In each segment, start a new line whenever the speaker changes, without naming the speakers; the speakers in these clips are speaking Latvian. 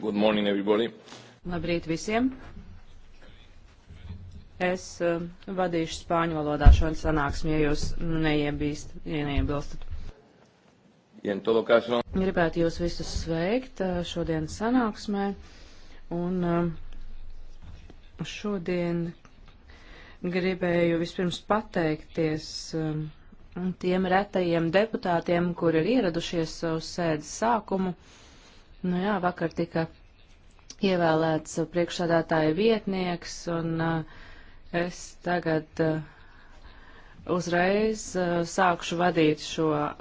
Good morning, everybody.
Labrīt visiem. Es uh, vadīšu spāņu valodā šodien sanāksmi, ja jūs neiebīst, ja neiebilstat.
Ja caso...
Gribētu jūs visus sveikt uh, šodien sanāksmē. Un uh, šodien gribēju vispirms pateikties um, tiem retajiem deputātiem, kuri ir ieradušies savu sēdes sākumu. Uh, Nu jā, vakar tika ievēlēts priekšsādātāja vietnieks, un uh, es tagad uh, uzreiz uh, sākšu vadīt šo uh,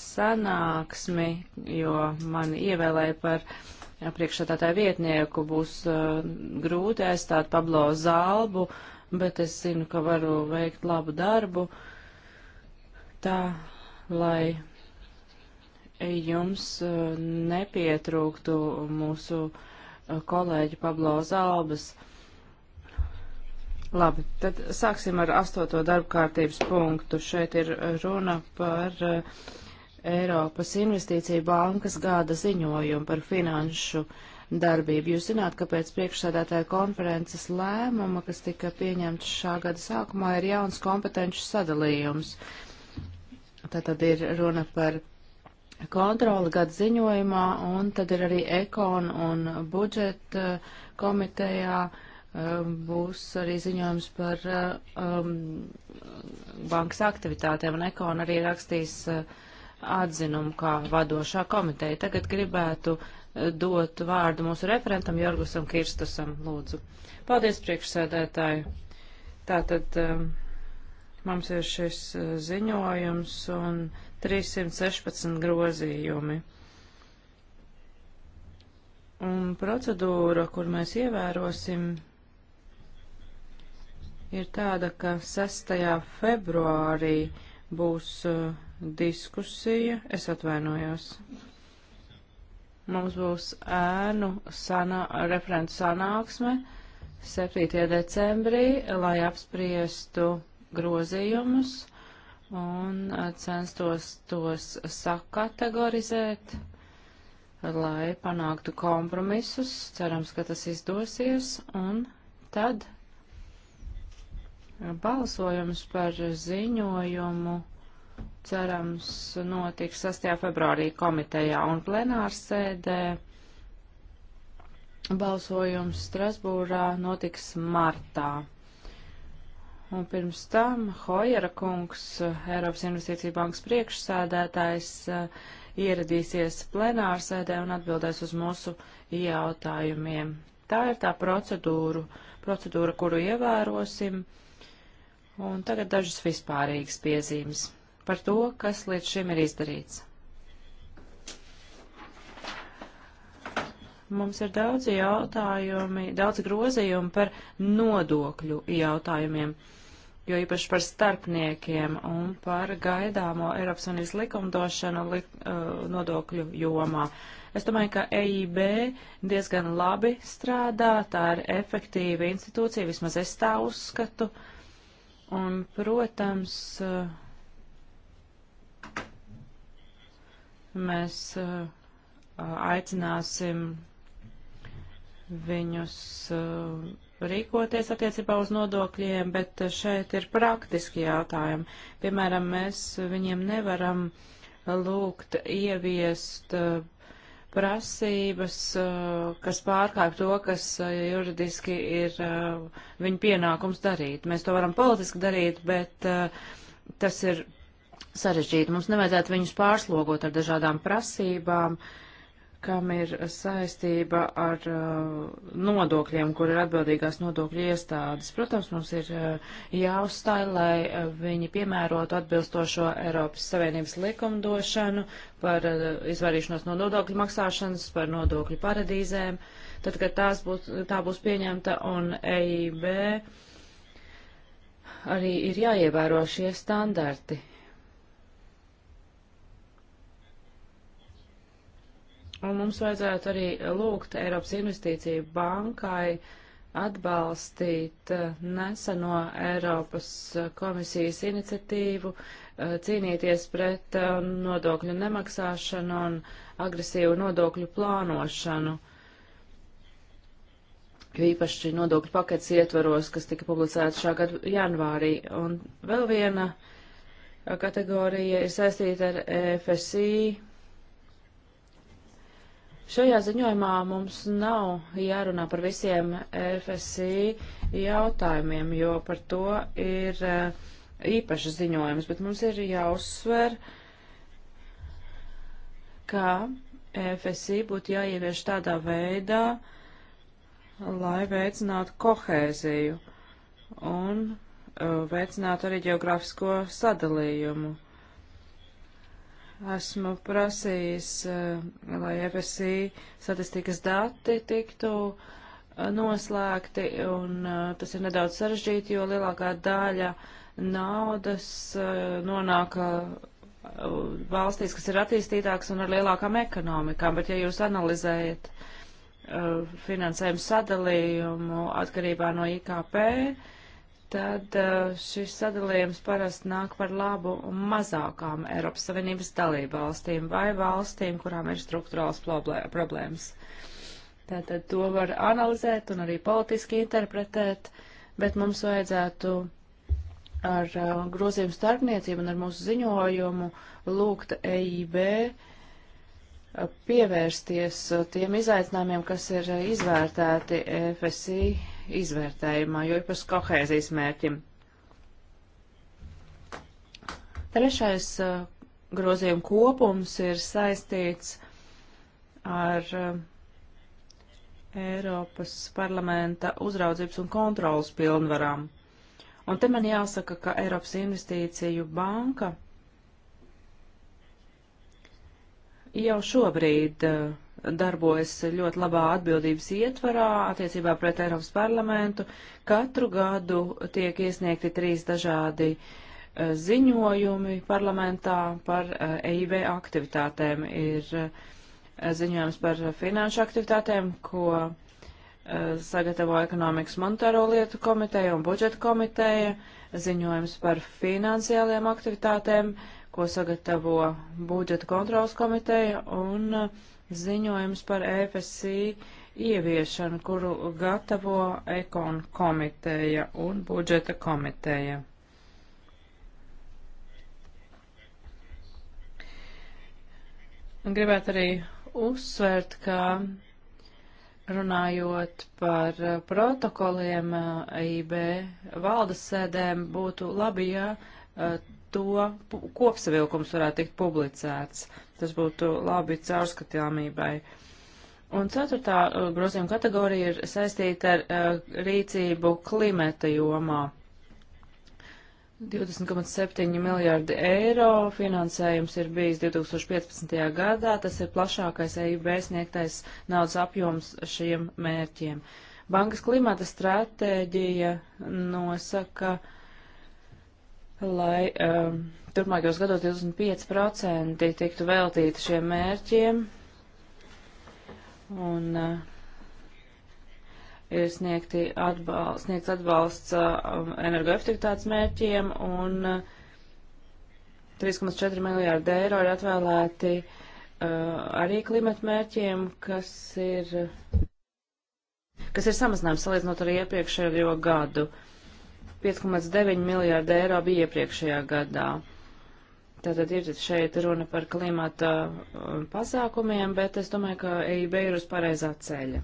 sanāksmi, jo mani ievēlēja par uh, priekšsādātāja vietnieku. Būs uh, grūti aizstāt Pablo Zalbu, bet es zinu, ka varu veikt labu darbu. Tā, lai jums eh, nepietrūktu mūsu eh, kolēģi Pablo Zalbas. Labi, tad sāksim ar astoto darba kārtības punktu. Šeit ir runa par eh, Eiropas Investīcija bankas gada ziņojumu par finanšu darbību. Jūs zināt, ka pēc priekšsēdētāja konferences lēmuma, kas tika pieņemts šā gada sākumā, ir jauns kompetenci sadalījums. Tātad ir runa par kontrola gada ziņojumā, un tad ir arī ekon un budžeta eh, komitejā eh, būs arī ziņojums par eh, um, bankas aktivitātēm, un ekon arī rakstīs atzinumu kā vadošā komiteja. Tagad gribētu dot vārdu mūsu referentam Jorgusam Kirstusam, lūdzu. Paldies, priekšsēdētāji. Tātad um, mums ir šis ziņojums, un 316 grozījumi. Un procedūra, kur mēs ievērosim, ir tāda, ka 6. februārī būs uh, diskusija. Es atvainojos. Mums būs ēnu sanā, referentu sanāksme 7. decembrī, lai apspriestu grozījumus un uh, censtos tos sakategorizēt, lai panāktu kompromisus. Cerams, ka tas izdosies, un tad balsojums par ziņojumu cerams notiks 6. februārī komitejā un plenārsēdē. Balsojums Strasbūrā notiks martā. Un pirms tam Hojera kungs, eh, Eiropas Investīcija bankas priekšsēdētājs, eh, ieradīsies plenārsēdē un atbildēs uz mūsu jautājumiem. Tā ir tā procedūra, procedūra kuru ievērosim. Un tagad dažas vispārīgas piezīmes par to, kas līdz šim ir izdarīts. mums ir daudzi jautājumi, daudz grozījumi par nodokļu jautājumiem jo īpaši par starpniekiem un par gaidāmo Eiropas Unības likumdošanu lik, uh, nodokļu jomā. Es domāju, ka EIB diezgan labi strādā, tā ir efektīva institūcija, vismaz es tā uzskatu. Un, protams, uh, mēs uh, aicināsim viņus uh, rīkoties attiecībā uz nodokļiem, bet šeit ir praktiski jautājumi. Piemēram, mēs viņiem nevaram lūgt ieviest uh, prasības, uh, kas pārkāp to, kas uh, juridiski ir viņa pienākums darīt. Mēs to varam politiski darīt, bet tas ir sarežģīti. Mums nevajadzētu viņus pārslogot ar dažādām prasībām. Uh, kam ir saistība ar uh, nodokļiem, kur ir atbildīgās nodokļu iestādes. Protams, mums ir uh, jāuzstāj, lai uh, viņi piemērotu atbilstošo Eiropas Savienības likumdošanu par uh, izvairīšanos no nodokļu maksāšanas, par nodokļu paradīzēm. Tad, kad tās būs, tā būs pieņemta un EIB, arī ir jāievēro šie standarti Un mums vajadzētu arī lūgt Eiropas investīciju bankai atbalstīt eh, neseno Eiropas eh, komisijas iniciatīvu, eh, cīnīties pret nodokļu nemaksāšanu un agresīvu nodokļu plānošanu. Īpaši nodokļu paketes ietvaros, kas tika publicēts šā gada janvārī. Un vēl viena kategorija ir saistīta ar e FSI Šajā ziņojumā mums nav jārunā par visiem FSI jautājumiem, jo par to ir eh, īpašs ziņojums, bet mums ir jāuzsver, ka FSI būtu jāievieš tādā veidā, lai veicinātu kohēziju un eh, veicinātu arī geogrāfisko sadalījumu. Esmu prasījis, eh, lai FSI statistikas dati tiktu eh, noslēgti, un eh, tas ir nedaudz sarežģīti, jo lielākā daļa naudas nonāk valstīs, kas ir attīstītāks un ar lielākām ekonomikām, bet ja jūs analizējat finansējumu sadalījumu atkarībā no IKP, tad eh, šis sadalījums parasti nāk par labu mazākām Eiropas Savienības dalību valstīm vai valstīm, kurām ir struktūrāls problēmas. Tātad to var analizēt un arī politiski interpretēt, bet mums vajadzētu ar eh, grozījumu starpniecību un ar mūsu ziņojumu lūgt EIB eh, pievērsties tiem izaicinājumiem, kas ir izvērtēti FSI izvērtējumā, jo īpaši kohēzijas mērķim. Trešais uh, grozījuma kopums ir saistīts ar uh, Eiropas parlamenta uzraudzības un kontrolas pilnvarām. Un te man jāsaka, ka Eiropas investīciju banka jau šobrīd uh, darbojas ļoti labā atbildības ietvarā attiecībā pret Eiropas parlamentu. Katru gadu tiek iesniegti trīs dažādi uh, ziņojumi parlamentā par uh, eh, EIB aktivitātēm. Ir uh, ziņojums par finanšu aktivitātēm, ko sagatavo ekonomikas monetāro lietu komiteja un budžeta komiteja, ziņojums par finansiālajām aktivitātēm, ko sagatavo budžeta kontrolas komiteja un uh, ziņojums par EFSI ieviešanu, kuru gatavo ekon komiteja un budžeta komiteja. Gribētu arī uzsvērt, ka runājot par protokoliem IB valdes sēdēm, būtu labi, ja eh, to kopsavilkums varētu tikt publicēts. Uh, Tas būtu labi caurskatāmībai. Un ceturtā uh, grozījuma kategorija ir saistīta ar uh, rīcību klimata jomā. 20,7 miljārdi eiro finansējums ir bijis 2015. gadā. Tas ir plašākais EIB sniegtais naudas apjoms šiem mērķiem. Bankas klimata stratēģija nosaka uh, lai um, turpmākajos gados 25% tiktu veltīti šiem mērķiem un uh, ir sniegti atbalsts, sniegts atbalsts uh, energoefektivitātes mērķiem un uh, 3,4 miljārdi eiro ir atvēlēti uh, arī klimata mērķiem, kas ir, kas ir samazinājums salīdzinot ar iepriekšējo gadu. Uh, 5,9 miljārdi eiro bija iepriekšējā gadā. Tātad ir šeit runa par klimata um, pasākumiem, bet es domāju, ka EIB ir uz pareizā ceļa.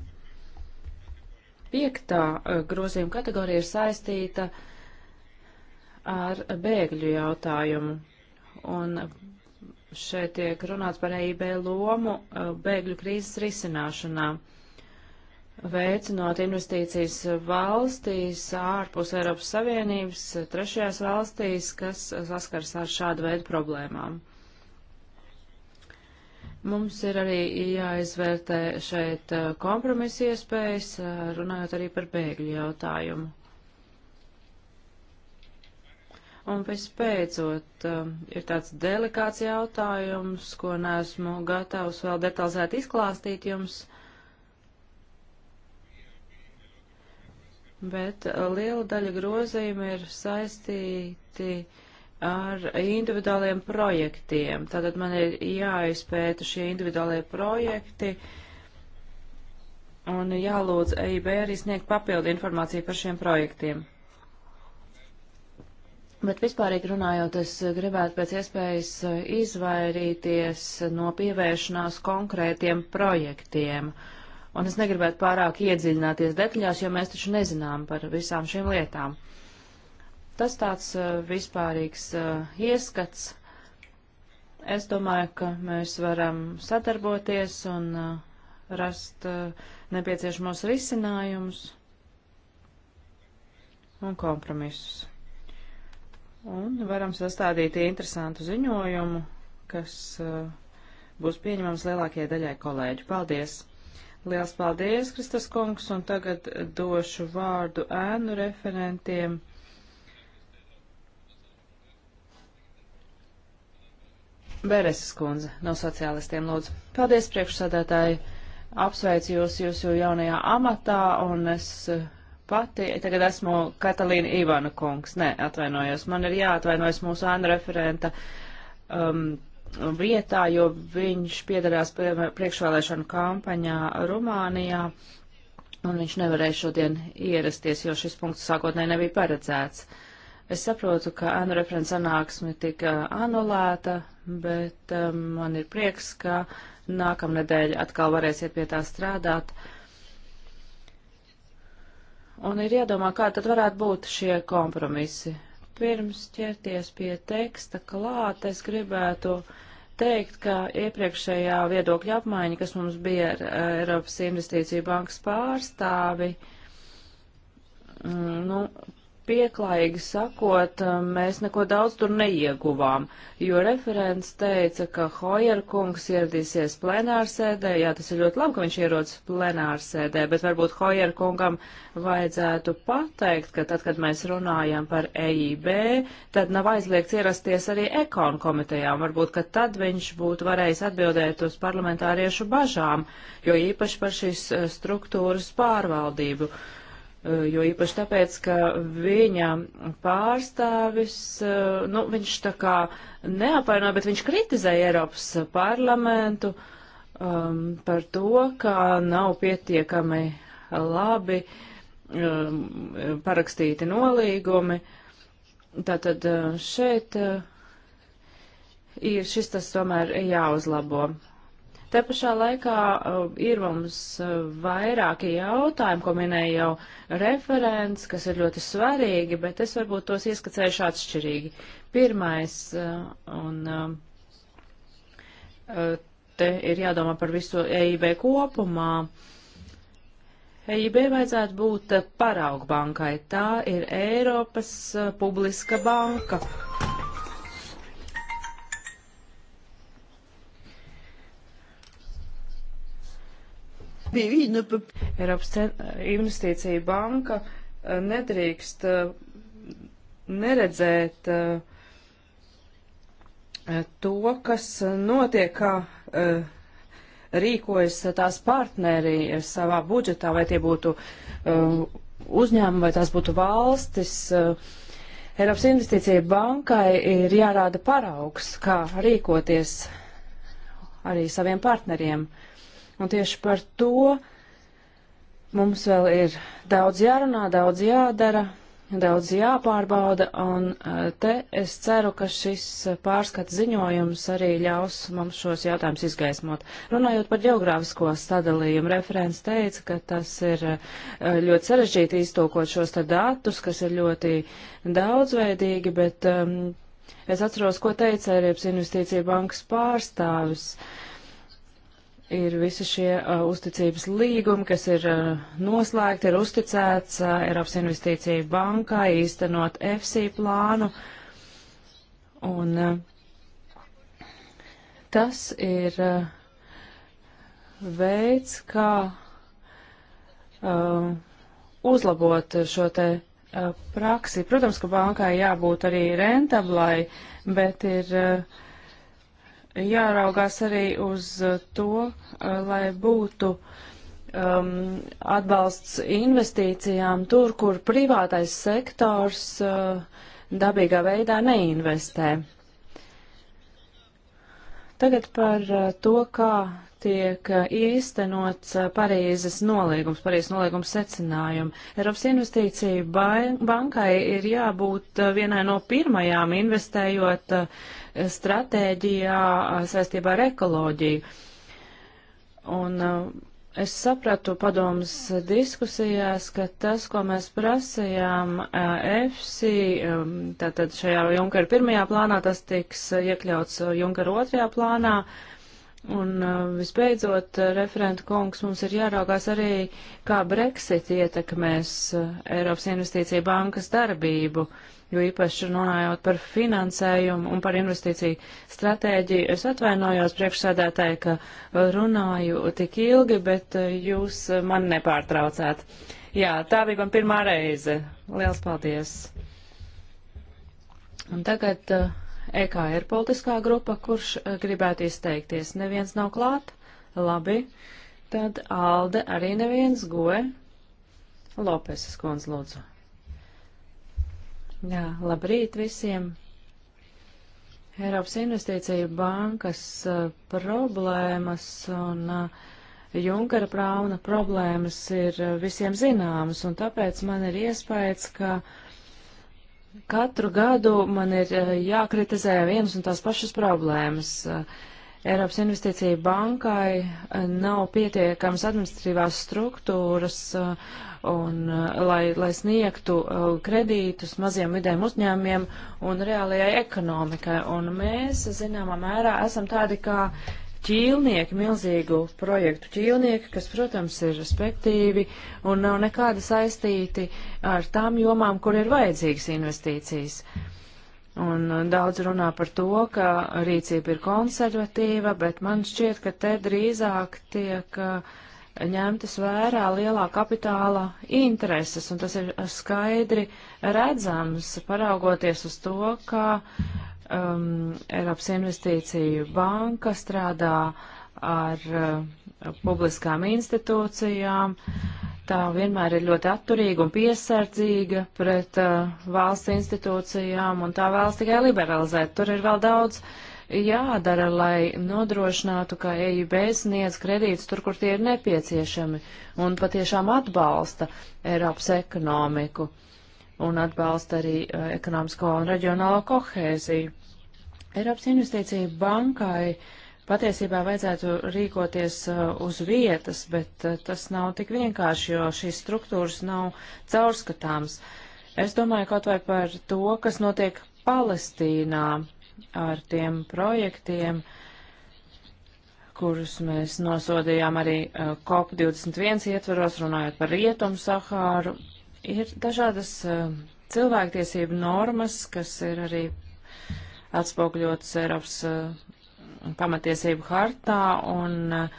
Piektā uh, grozījuma kategorija ir saistīta ar bēgļu jautājumu. Un šeit tiek runāts par EIB lomu uh, bēgļu krīzes risināšanā. Uh, veicinot investīcijas valstīs ārpus Eiropas Savienības, trešajās valstīs, kas saskars ar šādu veidu problēmām. Mums ir arī jāizvērtē šeit uh, kompromisa iespējas, uh, runājot arī par bēgļu jautājumu. Un vispēcot, uh, ir tāds delikāts jautājums, ko neesmu gatavs vēl detalizēti izklāstīt jums bet uh, liela daļa grozījuma ir saistīti ar individuāliem projektiem. Tātad man ir jāizpēta šie individuālie projekti un jālūdz EIB arī sniegt papildu informāciju par šiem projektiem. Bet vispārīgi runājot, es gribētu pēc iespējas uh, izvairīties no pievēršanās konkrētiem projektiem. Uh, un es negribētu pārāk iedziļināties detaļās, jo mēs taču nezinām par visām šīm lietām. Tas tāds uh, vispārīgs uh, ieskats. Es domāju, ka mēs varam sadarboties un uh, rast nepieciešamos risinājumus un kompromisus. Un varam sastādīt interesantu ziņojumu, kas uh, būs pieņemams lielākajai daļai kolēģu. Paldies! Liels paldies, Kristas kungs, un tagad došu vārdu ēnu referentiem. Bereses kundze no sociālistiem lūdzu. Paldies, priekšsādātāji. Apsveicu jūs jūsu jaunajā amatā, un es eh, pati tagad esmu Katalīna Ivana kungs. Nē, atvainojos. Man ir jāatvainojas mūsu ēnu referenta. Um, vietā, jo viņš piedarās priekšvēlēšanu kampaņā Rumānijā, un viņš nevarēja šodien ierasties, jo šis punkts sākotnēji nebija paredzēts. Es saprotu, ka ēnu referents sanāksme tika anulēta, bet um, man ir prieks, ka nākamnedēļ atkal varēsiet pie tā strādāt. Un ir jādomā, kā tad varētu būt šie kompromisi. Pirms ķerties pie teksta klāt, es gribētu teikt, ka iepriekšējā viedokļa apmaiņa, kas mums bija ar eh, Eiropas Investīciju bankas pārstāvi, mm, nu, pieklājīgi sakot, um, mēs neko daudz tur neieguvām, jo referents teica, ka Hojer kungs ieradīsies plenārsēdē. Jā, tas ir ļoti labi, ka viņš ierodas plenārsēdē, bet varbūt Hojer kungam vajadzētu pateikt, ka tad, kad mēs runājam par EIB, tad nav aizliegts ierasties arī ekonu komitejām. Varbūt, ka tad viņš būtu varējis atbildēt uz parlamentāriešu bažām, jo īpaši par šīs eh, struktūras pārvaldību. Uh, Uh, jo īpaši tāpēc, ka viņa pārstāvis, uh, nu, viņš tā kā neapainoja, bet viņš kritizēja Eiropas parlamentu um, par to, ka nav pietiekami labi um, parakstīti nolīgumi. Tātad uh, šeit ir šis tas tomēr jāuzlabo. Te pašā laikā uh, ir mums uh, vairāki jautājumi, ko minēja jau referents, kas ir ļoti svarīgi, bet es varbūt tos ieskacējuši atšķirīgi. Pirmais, uh, un te ir jādomā par visu EIB kopumā. EIB vajadzētu būt paraugbankai. Tā ir Eiropas publiska banka. Eiropas investīcija banka eh, nedrīkst eh, neredzēt eh, to, kas notiek, kā rīkojas tās partneri savā budžetā, vai tie būtu uzņēmumi, vai tās būtu valstis. Eiropas investīcija bankai ir jārāda paraugs, kā rīkoties arī saviem partneriem. Uh, Un tieši par to mums vēl ir daudz jārunā, daudz jādara, daudz jāpārbauda, un e, te es ceru, ka šis pārskats ziņojums arī ļaus mums šos jautājumus izgaismot. Runājot par geogrāfisko sadalījumu, referents teica, ka tas ir e, ļoti sarežģīti iztūkot šos datus, kas ir ļoti daudzveidīgi, bet um, es atceros, ko teica Eiropas Investīcija bankas pārstāvis. Uh, ir visi šie uh, uzticības līgumi, kas ir uh, noslēgti, ir uzticēts uh, Eiropas investīcija bankai īstenot FC plānu. Un uh, tas ir uh, veids, kā uh, uzlabot šo te uh, praksi. Protams, ka bankai jābūt arī rentablai, bet ir. Uh, jāraugās arī uz uh, to, uh, lai būtu um, atbalsts investīcijām tur, kur privātais sektors uh, dabīgā veidā neinvestē. Tagad par uh, to, kā tiek īstenots Parīzes nolīgums, Parīzes nolīgums secinājumi. Eiropas investīcija bankai ir jābūt vienai no pirmajām investējot uh, stratēģijā saistībā ar ekoloģiju. Un es sapratu padomas diskusijās, ka tas, ko mēs prasījām EFSI, tātad šajā Junkera pirmajā plānā, tas tiks iekļauts Junkera otrajā plānā. Uh, Un uh, visbeidzot, uh, referenta kungs, mums ir jāraugās arī, kā Brexit ietekmēs uh, Eiropas investīcija bankas darbību, jo īpaši runājot par finansējumu un par investīciju stratēģiju. Es atvainojos priekšsēdētāji, ka runāju tik ilgi, bet jūs man nepārtraucāt. Jā, tā bija man pirmā reize. Liels paldies! Un tagad. Uh, EKR politiskā grupa, kurš eh, gribētu izteikties. Neviens nav klāt? Labi. Tad Alde arī neviens goe. Lopeses kundz lūdzu. Jā, labrīt visiem. Eiropas investīcija bankas eh, problēmas un uh, eh, Junkara prāvna problēmas ir visiem zināmas, un tāpēc man ir iespējas, ka uh, Katru gadu man ir eh, jākritizē vienas un tās pašas problēmas. Eh, Eiropas investīcija bankai eh, nav pietiekams administratīvās struktūras, un, lai, lai sniegtu kredītus maziem vidējiem uzņēmiem un reālajai ekonomikai. Un mēs, zināmā mērā, esam tādi kā ķīlnieki, milzīgu projektu ķīlnieki, kas, protams, ir respektīvi un nav nekāda saistīti ar tām jomām, kur ir vajadzīgas investīcijas. Un uh, daudz runā par to, ka rīcība ir konservatīva, bet man šķiet, ka te drīzāk tiek uh, ņemtas vērā lielā kapitāla intereses, un tas ir skaidri redzams, paraugoties uz to, ka uh, um, Eiropas investīciju banka strādā ar uh, publiskām institūcijām. Tā vienmēr ir ļoti atturīga un piesardzīga pret uh, valsts institūcijām, un tā vēlas tikai liberalizēt. Tur ir vēl daudz jādara, lai nodrošinātu, ka EIB sniedz kredītus tur, kur tie ir nepieciešami, un patiešām atbalsta Eiropas ekonomiku. Uh, un atbalsta arī uh, ekonomisko un reģionālo kohēziju. Eiropas investīcija bankai patiesībā vajadzētu rīkoties uh, uz vietas, bet uh, tas nav tik vienkārši, jo šīs struktūras nav caurskatāmas. Es domāju kaut vai par to, kas notiek Palestīnā ar tiem projektiem, kurus mēs nosodījām arī COP21 ietvaros, runājot par Rietumu Sahāru. Ir dažādas uh, cilvēktiesību normas, kas ir arī atspoguļotas Eiropas uh, pamatiesību hartā, un uh,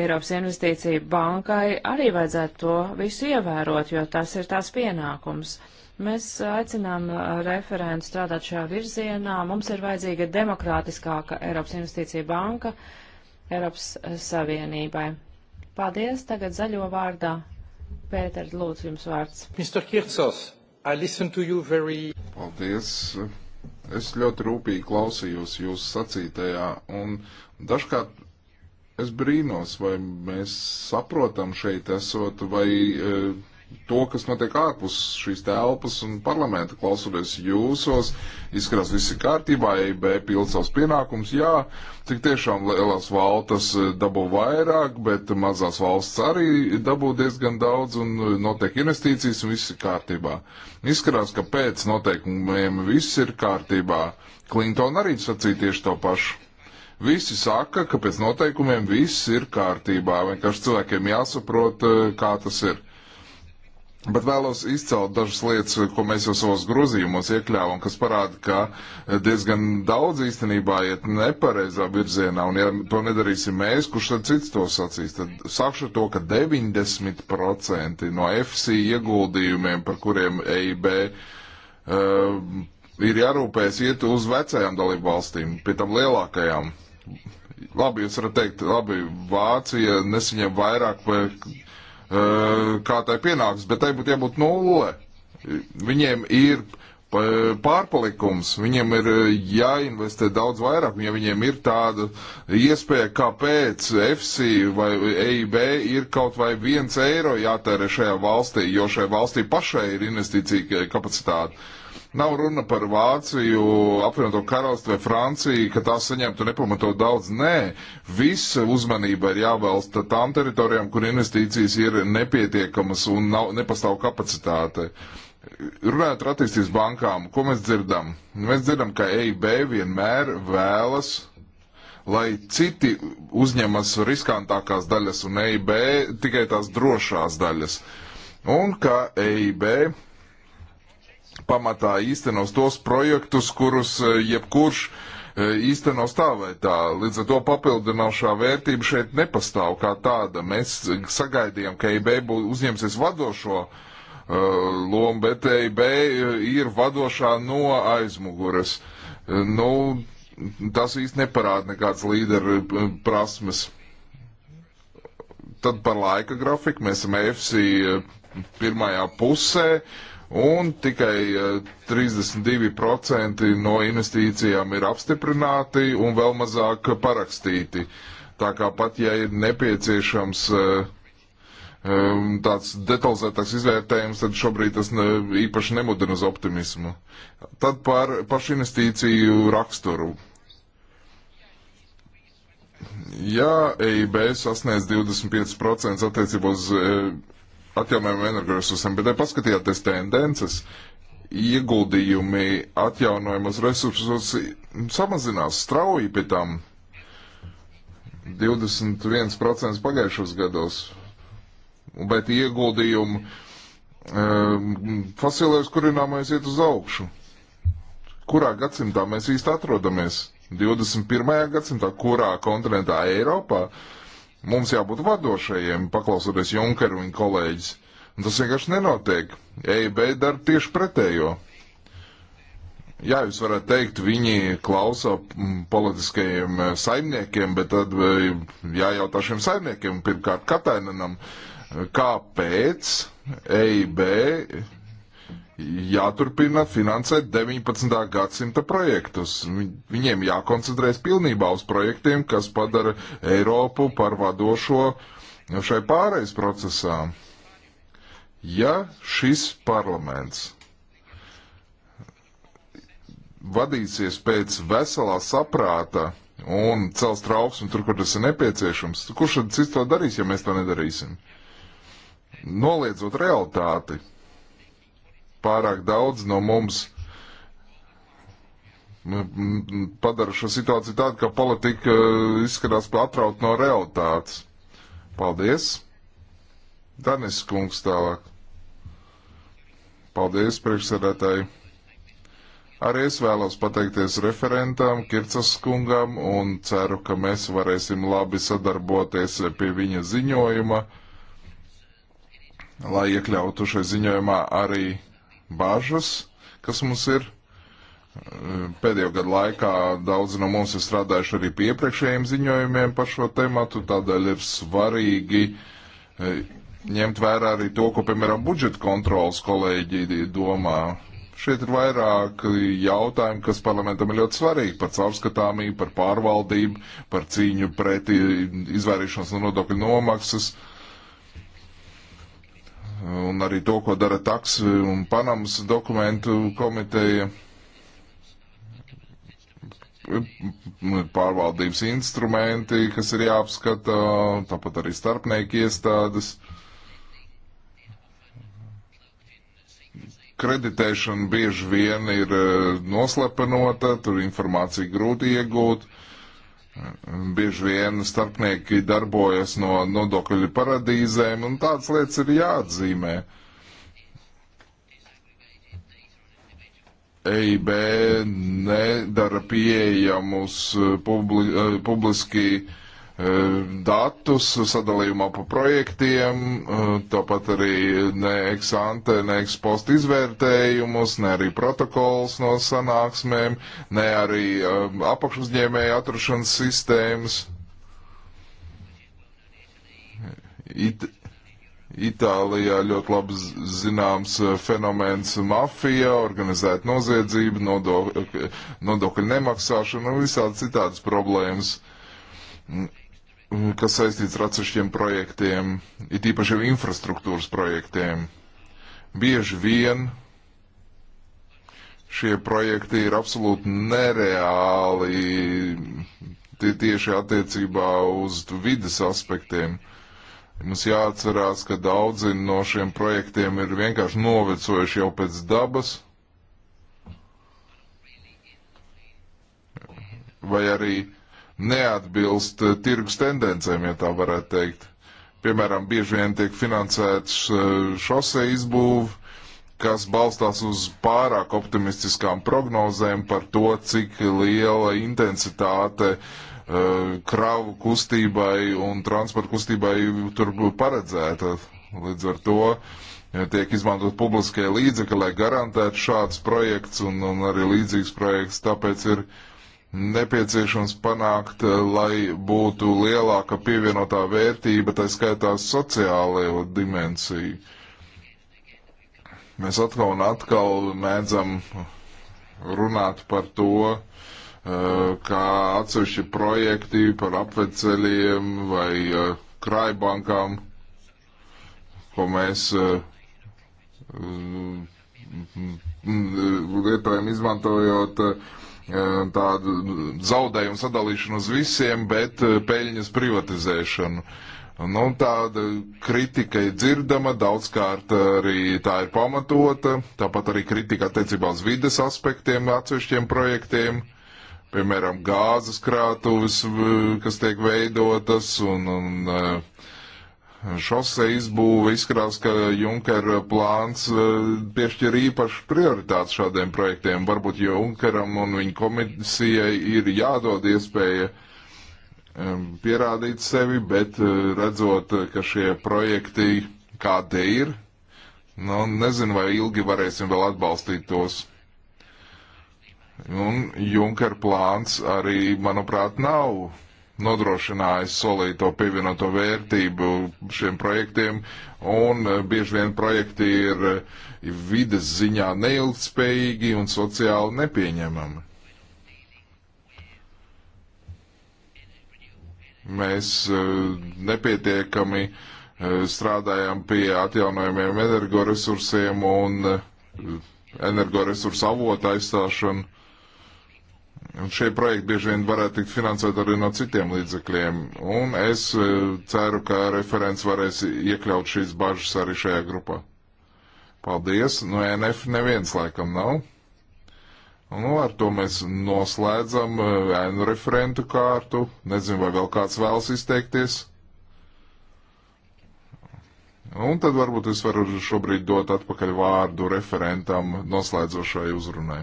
Eiropas investīcija bankai arī vajadzētu to visu ievērot, jo tas ir tās pienākums. Mēs aicinām referentu strādāt šajā virzienā. Mums ir vajadzīga demokrātiskāka Eiropas investīcija banka Eiropas Savienībai. Paldies, tagad zaļo vārdā Pēter, lūdzu, jums
vārds.
Mr. Kircos, I listen to you very. Paldies. Es ļoti rūpīgi klausījos jūsu sacītajā, un dažkārt es brīnos, vai mēs saprotam šeit esot, vai. Uh, to, kas notiek ārpus šīs telpas un parlamenta. Klausoties jūsos, izskatās visi kārtībā, EIB pild savus pienākumus. Jā, tik tiešām lielās valtas eh, dabū vairāk, bet mazās valsts arī dabū diezgan daudz un eh, notiek investīcijas un viss ir kārtībā. Izskatās, ka pēc noteikumiem viss ir kārtībā. Clinton arī sacīja tieši to pašu. Visi saka, ka pēc noteikumiem viss ir kārtībā. Vienkārši cilvēkiem jāsaprot, eh, kā tas ir. Bet vēlos izcelt dažas lietas, ko mēs jau savos grozījumos iekļāvām, kas parāda, ka eh, diezgan daudz īstenībā iet nepareizā virzienā, un ja to nedarīsim mēs, kurš tad cits to sacīs, tad sākšu to, ka 90% no FC ieguldījumiem, par kuriem EIB uh, eh, ir jārūpējas, iet uz vecajām dalību valstīm, pie tam lielākajām. Labi, jūs varat teikt, labi, Vācija nesaņem vairāk vai Eh, kā tai pienāks, bet tai būtu jābūt nulle. Viņiem ir eh, pārpalikums, viņiem ir eh, jāinvestē daudz vairāk, ja viņiem ir tāda iespēja, kāpēc FC vai EIB ir kaut vai viens eiro jātērē šajā valstī, jo šai valstī pašai ir investīcija kapacitāte. Uh, Nav runa par Vāciju, apvienoto karalstu vai Franciju, ka tās saņemtu nepamatot daudz. Nē, visa uzmanība ir jābalsta tām teritorijām, kur investīcijas ir nepietiekamas un nav, nepastāv kapacitāte. Runājot ar attīstības bankām, ko mēs dzirdam? Mēs dzirdam, ka EIB vienmēr vēlas lai citi uzņemas riskantākās daļas un EIB tikai tās drošās daļas. Un ka EIB pamatā īstenos tos projektus, kurus e, jebkurš e, īstenos tā vai tā. Līdz ar to papildinošā vērtība šeit nepastāv kā tāda. Mēs sagaidījām, ka EIB uzņemsies vadošo e, lomu, bet EIB ir vadošā no aizmuguras. Nu, tas īsti neparāda nekādas līderu prasmes. Tad par laika grafiku mēs esam EFSI pirmajā pusē. Uh, un tikai 32% eh, no investīcijām ir apstiprināti un vēl mazāk parakstīti. Tā kā pat ja ir nepieciešams eh, eh, tāds detalizētāks izvērtējums, tad šobrīd tas ne, īpaši nemudina uz optimismu. Tad par pašu investīciju raksturu. Ja EIB sasniedz 25% attiecībā uz atjaunojumiem energoresursiem, bet, ja paskatījāties tendences, ieguldījumi atjaunojumos resursos samazinās strauji pie tam 21% pagājušos gados, bet ieguldījumi um, ehm, fosilēs kurināmais iet uz augšu. Kurā gadsimtā mēs īsti atrodamies? 21. gadsimtā, kurā kontinentā Eiropā? Uh, Mums jābūt vadošajiem, paklausoties Junkeru un kolēģis. Un tas vienkārši nenotiek. EIB dara tieši pretējo. Jā, jūs varat teikt, viņi klausa mm, politiskajiem e, saimniekiem, bet tad e, jājautā šiem saimniekiem, pirmkārt Katainanam, kāpēc EIB jāturpina finansēt 19. gadsimta projektus. Viņiem jākoncentrēs pilnībā uz projektiem, kas padara Eiropu par vadošo šai pārejas procesā. Ja šis parlaments vadīsies pēc veselā saprāta un cels trauksmi tur, kur tas ir nepieciešams, kurš tad cits to darīs, ja mēs to nedarīsim? Noliedzot realitāti pārāk daudz no mums padara šo situāciju tādu, ka politika e, izskatās atraut no realitātes. Paldies! Danis Kungs tālāk. Paldies, priekšsēdētāji! Arī es vēlos pateikties referentam, Kircas kungam, un ceru, ka mēs varēsim labi sadarboties pie viņa ziņojuma, lai iekļautu šai ziņojumā arī bažas, kas mums ir. Pēdējo gadu laikā daudzi no mums ir strādājuši arī pie iepriekšējiem ziņojumiem par šo tematu, tādēļ ir svarīgi e, ņemt vērā arī to, ko, piemēram, budžeta kontrolas kolēģi domā. Šeit ir vairāk jautājumu, kas parlamentam ir ļoti svarīgi par caurskatāmību, par pārvaldību, par cīņu pret izvairīšanos no nodokļu nomaksas. Uh, un arī to, ko dara taks un Panamas dokumentu komiteja pārvaldības instrumenti, kas ir jāapskata, tāpat arī starpnieki iestādes. Kreditēšana bieži vien ir eh, noslepenota, tur informācija grūti iegūt. Uh, Bieži vien starpnieki darbojas no nodokļu paradīzēm, un tādas lietas ir jāatzīmē. EIB nedara pieejamus publi, publiski uh, E, datus sadalījumā pa projektiem, e, tāpat arī ne eksante, ne ekspostu izvērtējumus, ne arī protokols no sanāksmēm, ne arī e, apakšuzņēmēja atrašanas sistēmas. It Itālijā ļoti labi zināms fenomens mafija, organizēta noziedzība, nodokļu nemaksāšana un visādi citādas problēmas. Mm Mm, kas saistīts ar atsevišķiem projektiem, it īpaši jau infrastruktūras projektiem. Bieži vien šie projekti ir absolūti nereāli tie tieši attiecībā uz vidas aspektiem. Mums jāatcerās, ka daudzi no šiem projektiem ir vienkārši novecojuši jau pēc dabas, vai arī uh, neatbilst eh, tirgus tendencēm, ja tā varētu teikt. Piemēram, bieži vien tiek finansēts eh, šose izbūve, kas balstās uz pārāk optimistiskām prognozēm par to, cik liela intensitāte eh, kravu kustībai un transporta kustībai tur paredzēta. Līdz ar to tiek izmantot publiskie līdzekļi, lai garantētu šādus projekts un, un arī līdzīgs projekts. Tāpēc ir uh, nepieciešams panākt, eh, lai būtu lielāka pievienotā vērtība, tā skaitā sociālajā dimensija. Mēs atkal un atkal mēdzam runāt par to, eh, kā atsevišķi projekti par apveceļiem vai eh, krājbankām, ko mēs mm, mm, mm, lietojam izmantojot uh, tādu nu, zaudējumu sadalīšanu uz visiem, bet peļņas privatizēšanu. Nu, tāda kritika ir dzirdama, daudzkārt arī tā ir pamatota, tāpat arī kritika attiecībā uz vides aspektiem atsevišķiem projektiem, piemēram, gāzes krātuves, kas tiek veidotas un, un uh, šose izbūve izskatās, ka Junker plāns eh, piešķir īpašu prioritāti šādiem projektiem. Varbūt Junkeram un viņa komisijai ir jādod iespēja pierādīt sevi, bet eh, redzot, ka šie projekti kādi ir, nu, nezinu, vai ilgi varēsim vēl atbalstīt tos. Un Junker plāns arī, manuprāt, nav nodrošinājis solīto pievienoto vērtību šiem projektiem, un eh, bieži vien projekti ir eh, vides ziņā neilgtspējīgi un sociāli nepieņemami. Mēs eh, nepietiekami strādājam pie atjaunojumiem energoresursiem un energoresursu avotu aizstāšanu Un šie projekti bieži vien varētu tikt finansēt arī no citiem līdzekļiem. Un es e, ceru, ka referents varēs iekļaut šīs bažas arī šajā grupā. Paldies. No NF neviens laikam nav. Un nu, ar to mēs noslēdzam e, ēnu referentu kārtu. Nezinu, vai vēl kāds vēlas izteikties. Un tad varbūt es varu šobrīd dot atpakaļ vārdu referentam noslēdzošai uzrunai.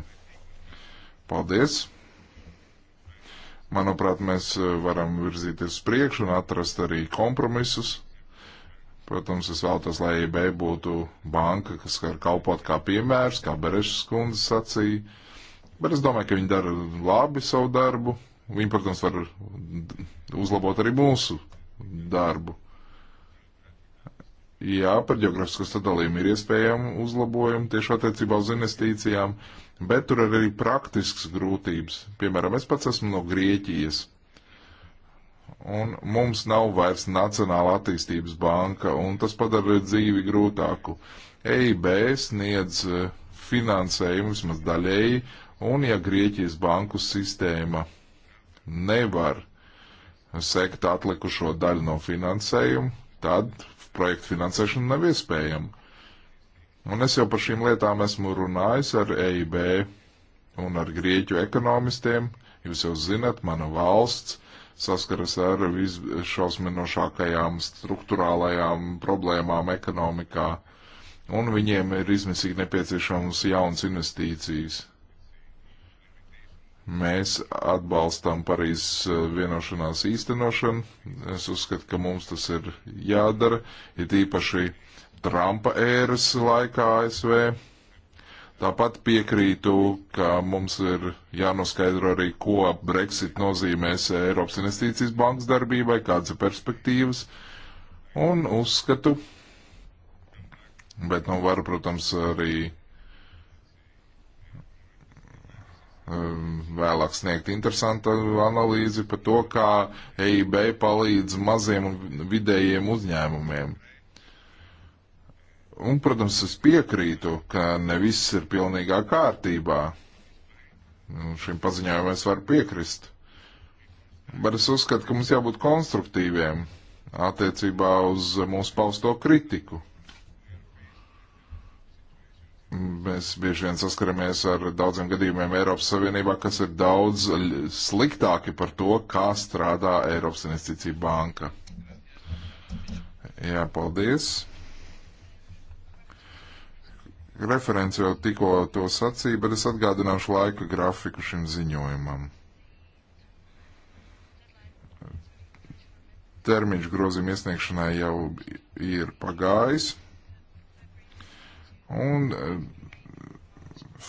Paldies! Manuprāt, mēs eh, varam virzīties uz priekšu un atrast arī kompromisus. Protams, es vēlos, lai EIB būtu banka, kas var kalpot kā piemērs, kā Berešas kundze sacīja. Bet es domāju, ka viņi dara labi savu darbu. Viņi, protams, var uzlabot arī mūsu darbu. Jā, par geogrāfisko sadalījumu ir iespējama uzlabojuma tieši attiecībā uz investīcijām, Bet tur ir arī praktisks grūtības. Piemēram, es pats esmu no Grieķijas. Un mums nav vairs Nacionāla attīstības banka, un tas padara dzīvi grūtāku. EIB sniedz e, finansējumu vismaz daļēji, un ja Grieķijas banku sistēma nevar sekt atlikušo daļu no finansējuma, tad projektu finansēšana nav iespējama. Un es jau par šīm lietām esmu runājis ar EIB un ar grieķu ekonomistiem. Jūs jau zinat, mana valsts saskaras ar visšausminošākajām struktūrālajām problēmām ekonomikā, un viņiem ir izmisīgi nepieciešams jauns investīcijas. Mēs atbalstam Parīzes eh, vienošanās īstenošanu. Es uzskatu, ka mums tas ir jādara, ir ja īpaši uh, Trumpa ēras laikā ASV. Tāpat piekrītu, ka mums ir jānoskaidro arī, ko Brexit nozīmēs Eiropas investīcijas bankas darbībai, kādas ir perspektīvas. Un uzskatu, bet nu varu, protams, arī um, vēlāk sniegt interesantu analīzi par to, kā EIB palīdz maziem un vidējiem uzņēmumiem. Un, protams, es piekrītu, ka ne viss ir pilnīgā kārtībā. Un nu, šim paziņojumam es varu piekrist. Bet es uzskatu, ka mums jābūt konstruktīviem attiecībā uz mūsu pausto kritiku. Mēs bieži vien saskaramies ar daudziem gadījumiem Eiropas Savienībā, kas ir daudz sliktāki par to, kā strādā Eiropas Investīcija banka. Jā, paldies. Referents jau tikko to sacīja, bet es atgādināšu laika grafiku šim ziņojumam. Termiņš grozījuma iesniegšanai jau ir pagājis. Un eh,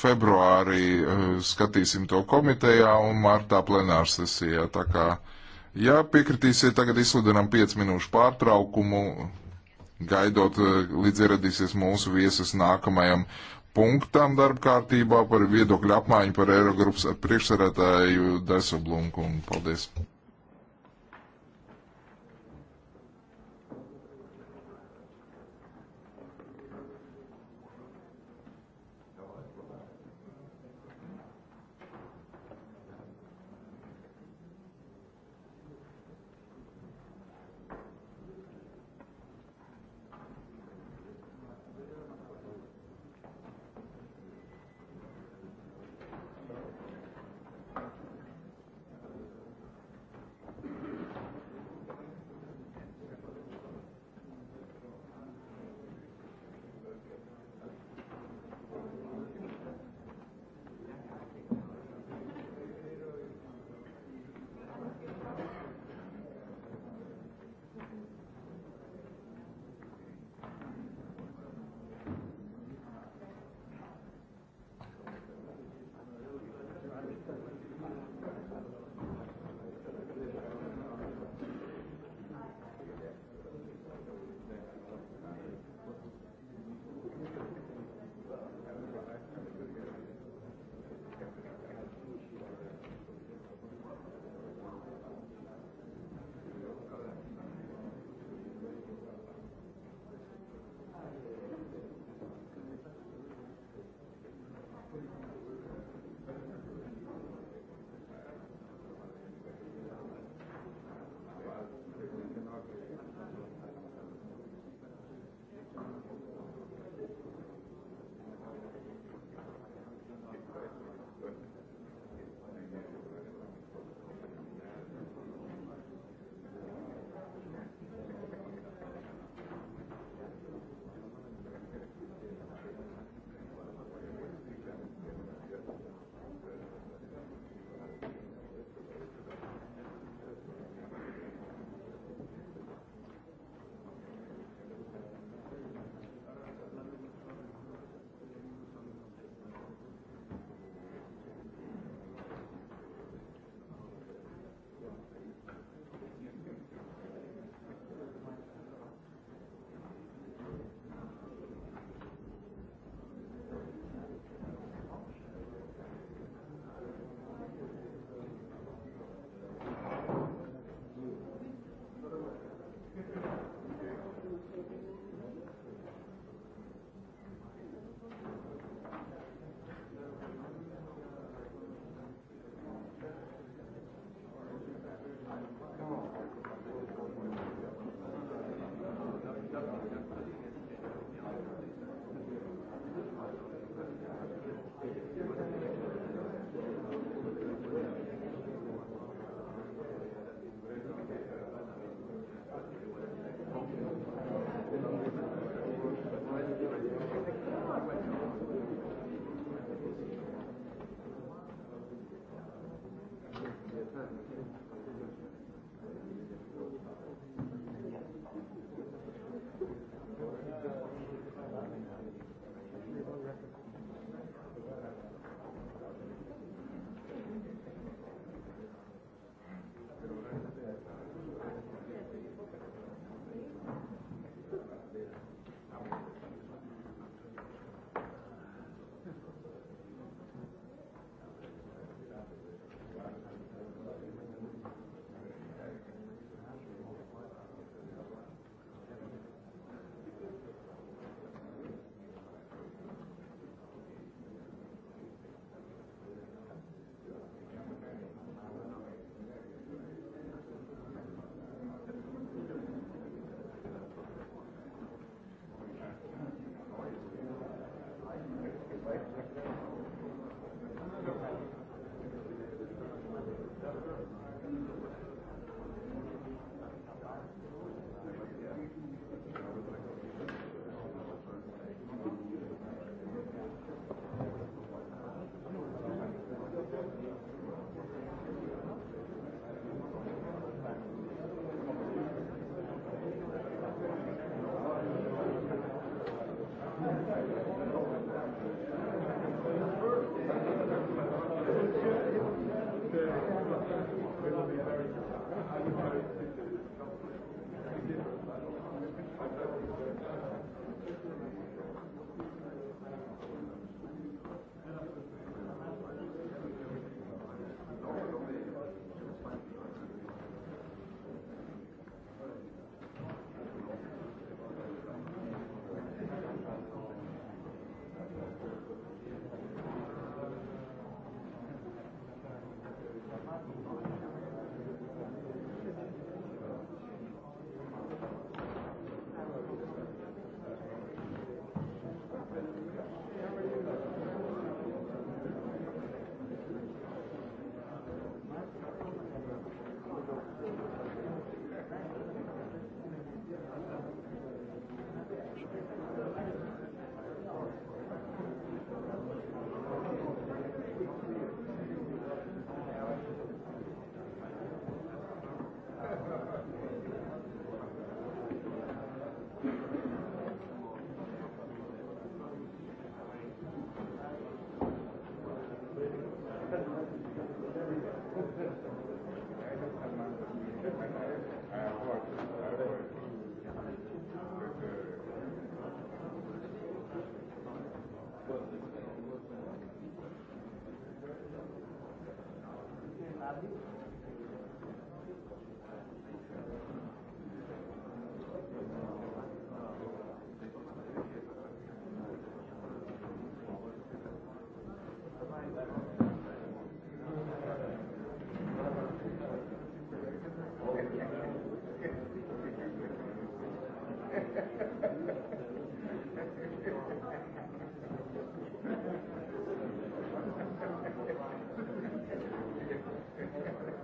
februārī eh, skatīsim to komitejā un martā plenārsesijā. Tā kā, ja piekritīsiet, tagad izsludinām 5 minūšu pārtraukumu gaidot, eh, līdz ieradīsies mūsu viesis nākamajam punktam darba kārtībā par viedokļu apmaiņu par Eirogrupas priekšsarētāju Desu Blunkungu. Paldies!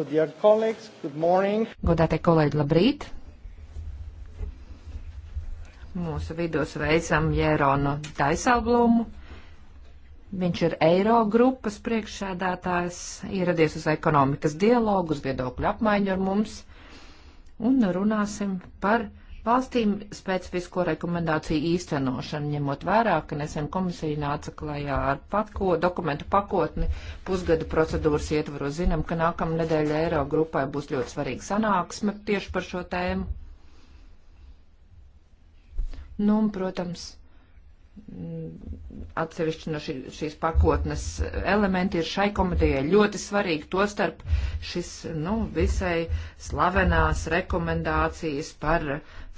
So dear colleagues, good morning. Godātie kolēģi, labrīt. Mūsu vidū sveicam Jēronu Taisalblumu. Viņš ir Eiro grupas priekšsēdētājs, ieradies uz ekonomikas dialogu, uz viedokļu apmaiņu ar mums. Un runāsim par valstīm specifisko rekomendāciju īstenošanu, ņemot vērā, ka nesen komisija nāca klajā ar patko, dokumentu pakotni pusgada procedūras ietvaru. Zinām, ka nākamā nedēļa Eiro grupai būs ļoti svarīga sanāksme tieši par šo tēmu. Nu, un, protams, atsevišķi no šī, šīs pakotnes elementi ir šai komitejai ļoti svarīgi. Tostarp šis nu, visai slavenās rekomendācijas par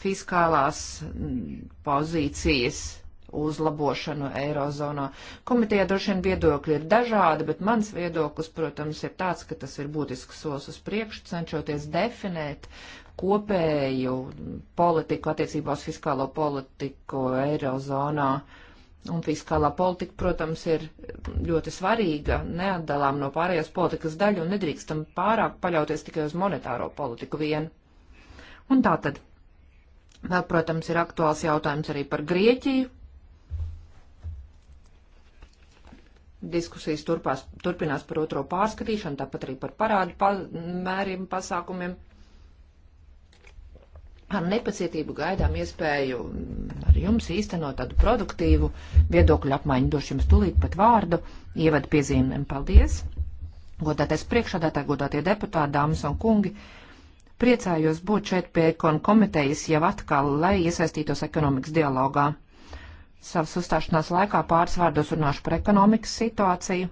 fiskālās mm, pozīcijas uzlabošanu Eirozonā. Komitejā droši vien viedokļi ir dažādi, bet mans viedoklis, protams, ir tāds, ka tas ir būtisks solis uz priekšu, cenšoties definēt kopēju politiku attiecībā uz fiskālo politiku Eirozonā. Un fiskālā politika, protams, ir ļoti svarīga, neatdalām no pārējās politikas daļu un nedrīkstam pārāk paļauties tikai uz monetāro politiku vien. Un tā tad. Vēl, protams, ir aktuāls jautājums arī par Grieķiju. Diskusijas turpās, turpinās par otro pārskatīšanu, tāpat arī par parādu pa, mēriem pasākumiem ar nepacietību gaidām iespēju ar jums īstenot tādu produktīvu viedokļu apmaiņu. Došu jums tulīt pat vārdu, ievadu piezīmēm. Paldies! Godātais priekšādātā, godātie deputāti, dāmas un kungi! Priecājos būt šeit pie ekon komitejas jau atkal, lai iesaistītos ekonomikas dialogā. Savas uzstāšanās laikā pāris vārdos runāšu par ekonomikas situāciju,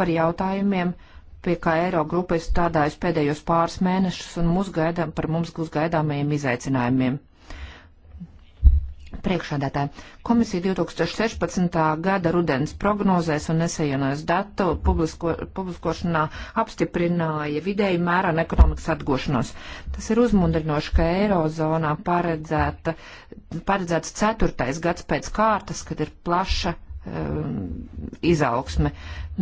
par jautājumiem, uh, pie kā Eiro grupa ir strādājusi pēdējos pāris mēnešus un mūs gaidām par mums gaidāmajiem izaicinājumiem. Priekšādātāji, komisija 2016. gada rudens prognozēs un nesajanojas datu publisko, publiskošanā apstiprināja vidēji mērā ekonomikas atgošanos. Tas ir uzmundrinoši, ka Eirozonā paredzēta, paredzēts ceturtais gads pēc kārtas, kad ir plaša Um, izaugsme.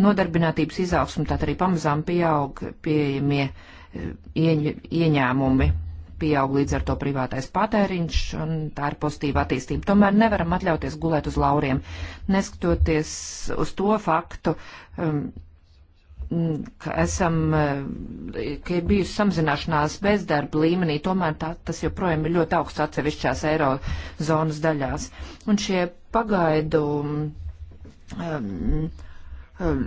Nodarbinātības izaugsme tātad arī pamazām pieaug pieejamie uh, ieņēmumi, pieaug līdz ar to privātais patēriņš, un tā ir pozitīva attīstība. Tomēr nevaram atļauties gulēt uz lauriem, neskatoties uz to faktu, um, ka esam, uh, ka ir bijusi samazināšanās bezdarba līmenī, tomēr tā, tas joprojām ir ļoti augsts atsevišķās eiro zonas daļās. Un šie pagaidu mm, Um, um,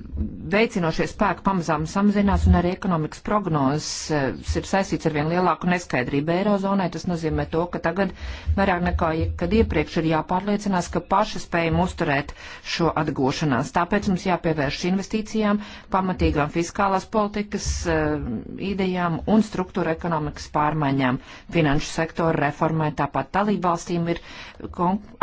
veicinošie spēki pamazām samazinās un arī ekonomikas prognozes uh, ir saistīts ar vien lielāku neskaidrību Eirozonai. Tas nozīmē to, ka tagad vairāk nekā kad iepriekš ir jāpārliecinās, ka paši spējam uzturēt šo atgošanās. Tāpēc mums jāpievērš investīcijām, pamatīgām fiskālās politikas uh, idejām un struktūra ekonomikas pārmaiņām. Finanšu sektora reformai tāpat dalībvalstīm ir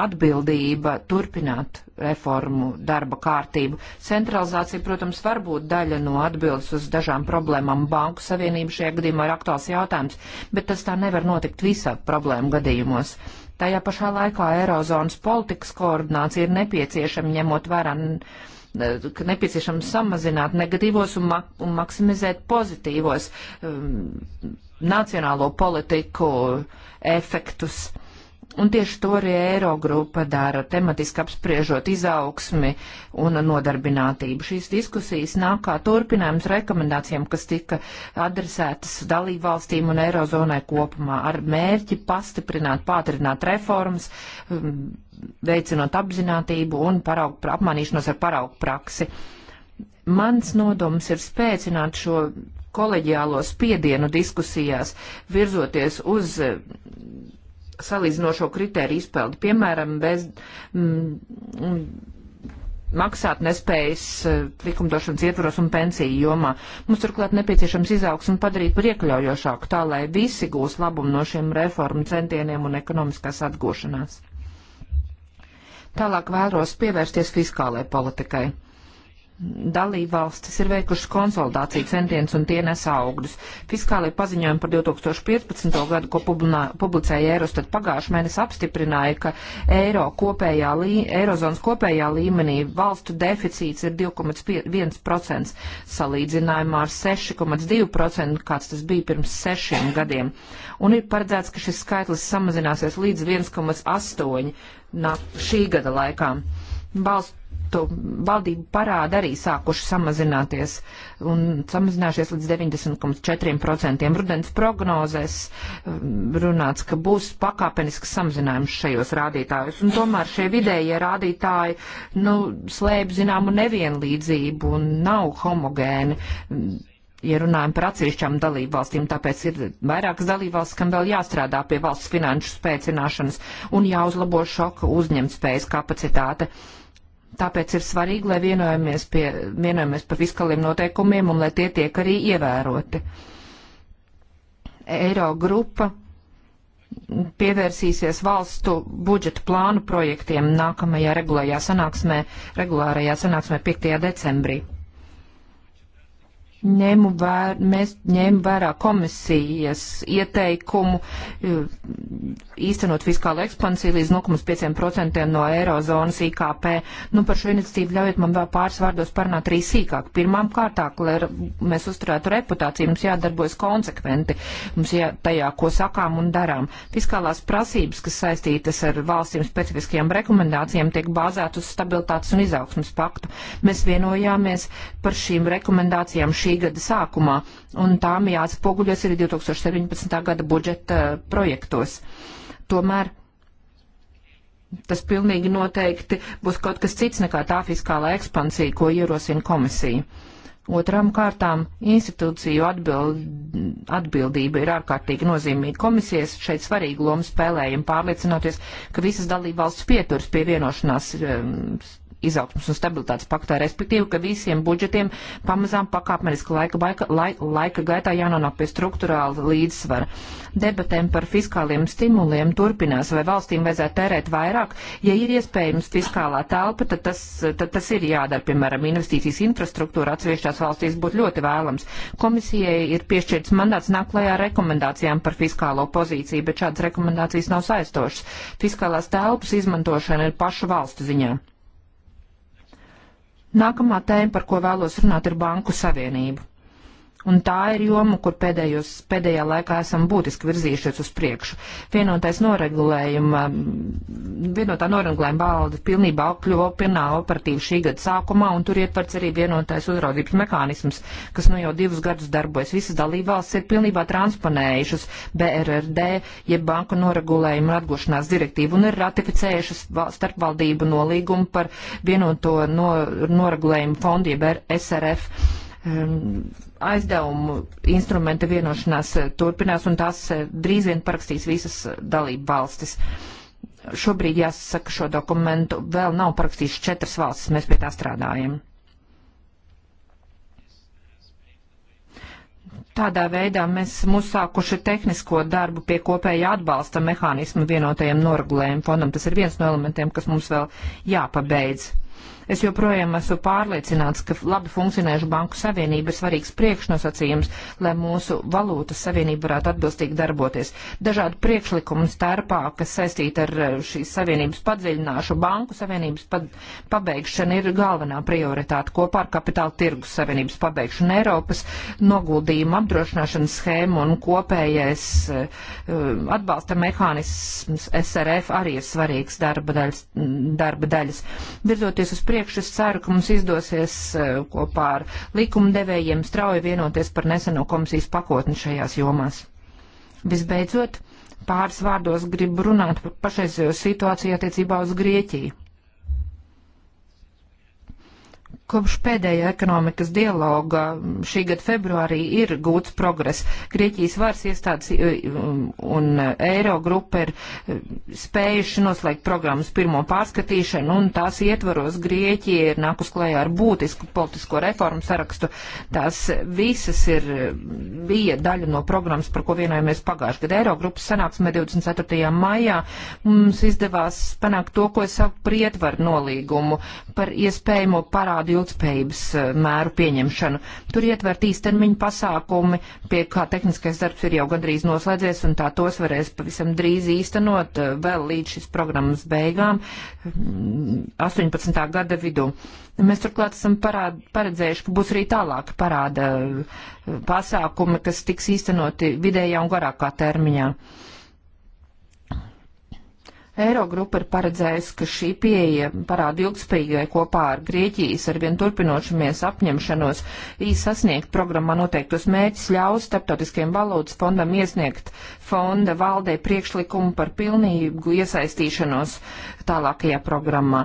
atbildība turpināt reformu darba kārtību. Centralizācija, protams, var būt daļa no atbildes uz dažām problēmām. Banku savienība šajā gadījumā ir aktuāls jautājums, bet tas tā nevar notikt visā problēmu gadījumos. Tajā pašā laikā Eirozonas politikas koordinācija ir nepieciešama ņemot vērā ka nepieciešams samazināt negatīvos un, ma un maksimizēt pozitīvos um, nacionālo politiku efektus. Un tieši to arī Eirogrupa dara, tematiski apspriežot izaugsmi un nodarbinātību. Šīs diskusijas nāk kā turpinājums rekomendācijām, kas tika adresētas dalībvalstīm un Eirozonai kopumā ar mērķi pastiprināt, pātrināt reformas, um, veicinot apzinātību un paraugu, apmanīšanos ar paraugu praksi. Mans nodoms ir spēcināt šo koleģiālo spiedienu diskusijās, virzoties uz salīdzinošo kritēriju izpeldi, piemēram, bez mm, mm maksāt nespējas eh, likumdošanas ietvaros un pensiju jomā. Mums turklāt nepieciešams izaugs un padarīt par iekļaujošāku tā, lai visi gūs labumu no šiem reformu centieniem un ekonomiskās atgūšanās. Tālāk vēlos pievērsties fiskālajai politikai dalībvalstis ir veikušas konsolidāciju centienus un tie nes augļus. Fiskālie paziņojumi par 2015. gadu, ko publicēja Eurostat pagājuši mēnesi, apstiprināja, ka eiro kopējā lī, eirozonas kopējā līmenī valstu deficīts ir 2,1% salīdzinājumā ar 6,2%, kāds tas bija pirms sešiem gadiem. Un ir paredzēts, ka šis skaitlis samazināsies līdz 1,8% šī gada laikā. Balstu parādu, valdību parādi arī sākuši samazināties un samazinājušies līdz 90,4%. Rudens prognozēs um, runāts, ka būs pakāpenisks samazinājums šajos rādītājos. Un tomēr šie vidējie rādītāji nu, slēp zināmu nevienlīdzību un nav homogēni um, ja runājam par atsevišķām dalībvalstīm, tāpēc ir vairākas dalībvalstis, kam vēl jāstrādā pie valsts finanšu spēcināšanas un jāuzlabo šoka uzņemtspējas kapacitāte. Uh, Tāpēc ir svarīgi, lai vienojamies, pie, vienojamies par fiskaliem noteikumiem un lai tie tiek arī ievēroti. Eiro grupa pievērsīsies valstu budžeta plānu projektiem nākamajā regulārajā sanāksmē, regulārajā sanāksmē 5. decembrī ņēmu vēr, mēs ņēmu vērā komisijas ieteikumu eh, īstenot fiskālu ekspansiju līdz 0,5% no eirozonas IKP. Nu, par šo iniciatīvu ļaujiet man vēl pāris vārdos parunāt arī sīkāk. Pirmām kārtāk, lai mēs uzturētu reputāciju, mums jādarbojas konsekventi, mums jā, tajā, ko sakām un darām. Fiskālās prasības, kas saistītas ar valstīm specifiskajām rekomendācijām, tiek bāzētas uz stabilitātes un izaugsmas paktu. Mēs vienojāmies par šīm rekomendācijām šī šī gada sākumā, un tām jāatspoguļos arī 2017. gada budžeta projektos. Tomēr tas pilnīgi noteikti būs kaut kas cits nekā tā fiskālā ekspansija, ko ierosina komisija. Otram kārtām institūciju atbild, atbildība ir ārkārtīgi nozīmīga. Komisijas šeit svarīgu lomu spēlējam pārliecinoties, ka visas dalībvalsts pieturas pie vienošanās um, izaugsmas un stabilitātes paktā, respektīvi, ka visiem budžetiem pamazām pakāpeniski laika, laika, laika, laika gaitā jānonāk pie struktūrāla līdzsvara. Debatēm par fiskāliem stimuliem turpinās, vai valstīm vajadzētu tērēt vairāk. Ja ir iespējams fiskālā telpa, tad tas, tad tas ir jādara, piemēram, investīcijas infrastruktūra atsevišķās valstīs būtu ļoti vēlams. Komisijai ir piešķirts mandāts nāk klajā rekomendācijām par fiskālo pozīciju, bet šādas rekomendācijas nav saistošas. Fiskālās telpas izmantošana ir pašu valstu ziņā. Nākamā tēma, par ko vēlos runāt, ir Banku Savienība. Un tā ir joma, kur pēdējos, pēdējā laikā esam būtiski virzījušies uz priekšu. Vienotais noregulējuma, vienotā noregulējuma balda pilnībā kļuva pirmā operatīva šī gada sākumā, un tur ietverts arī vienotais uzraudzības mehānisms, kas nu jau divus gadus darbojas. Visas dalībvalstis ir pilnībā transponējušas BRRD, jeb banku noregulējuma atgošanās direktīvu, un ir ratificējušas starpvaldību nolīgumu par vienoto no, noregulējumu fondu, jeb SRF. Um, ehm, aizdevumu instrumenta vienošanās eh, turpinās un tās eh, drīz vien parakstīs visas eh, dalību valstis. Šobrīd jāsaka, šo dokumentu vēl nav parakstījuši četras valstis, mēs pie tā strādājam. Tādā veidā mēs mūs sākuši tehnisko darbu pie kopējā atbalsta mehānismu vienotajam noregulējumu fondam. Tas ir viens no elementiem, kas mums vēl jāpabeidz. Es joprojām esmu pārliecināts, ka labi funkcionēšu banku savienība ir svarīgs priekšnosacījums, lai mūsu valūtas savienība varētu atbilstīgi darboties. Dažādu priekšlikumu starpā, kas saistīta ar eh, šīs savienības padziļināšu, banku savienības pad pabeigšana ir galvenā prioritāte kopā ar kapitāla tirgus savienības pabeigšanu Eiropas noguldījumu apdrošināšanas schēmu un kopējais eh, eh, atbalsta mehānisms SRF arī ir svarīgs darba daļas. Darba daļas. Virzoties uz priekšu, priekšu. Es ceru, ka mums izdosies eh, kopā ar likumdevējiem strauji vienoties par neseno komisijas pakotni šajās jomās. Visbeidzot, pāris vārdos gribu runāt par pašreizējo situāciju attiecībā uz Grieķiju. Kopš pēdējā ekonomikas dialoga šī gada februārī ir gūts progress. Grieķijas varas iestādes e, um, un Eiro grupa ir e, spējuši noslēgt programmas pirmo pārskatīšanu, un tās ietvaros Grieķija ir nākus klējā ar būtisku politisko reformu sarakstu. Tās visas ir, e, bija daļa no programmas, par ko vienojamies pagājušajā gadā. Eiro grupas sanāksmē 24. maijā mums izdevās panākt to, ko es saku par ietvaru nolīgumu, par iespējamo parādu ilgspējības eh, mēru pieņemšanu. Tur ietvert īstermiņu pasākumi, pie kā tehniskais darbs ir jau gandrīz noslēdzies, un tā tos varēs pavisam drīz īstenot eh, vēl līdz šis programmas beigām 18. Mm, gada vidū. Mēs turklāt esam parād, paredzējuši, ka būs arī tālāk parāda eh, pasākumi, kas tiks īstenoti vidējā un garākā termiņā. Eirogrupa ir paredzējusi, ka šī pieeja parāda ilgspējīgai kopā ar Grieķijas arvien turpinošamies apņemšanos īsasniegt programmā noteiktos mērķus ļaus starptautiskiem valūtas fondam iesniegt fonda valdē priekšlikumu par pilnīgu iesaistīšanos tālākajā programmā.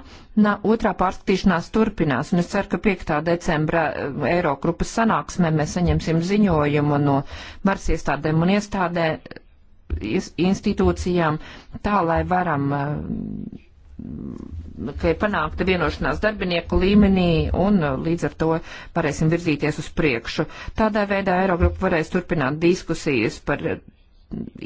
Na, otrā pārskatīšanās turpinās, un es ceru, ka 5. decembra eh, Eirogrupas sanāksmē mēs saņemsim ziņojumu no varas iestādēm un iestādē institūcijām, tā lai varam eh, ka ir panākta vienošanās darbinieku līmenī un eh, līdz ar to varēsim virzīties uz priekšu. Tādā veidā Eirogrupa varēs turpināt diskusijas par eh,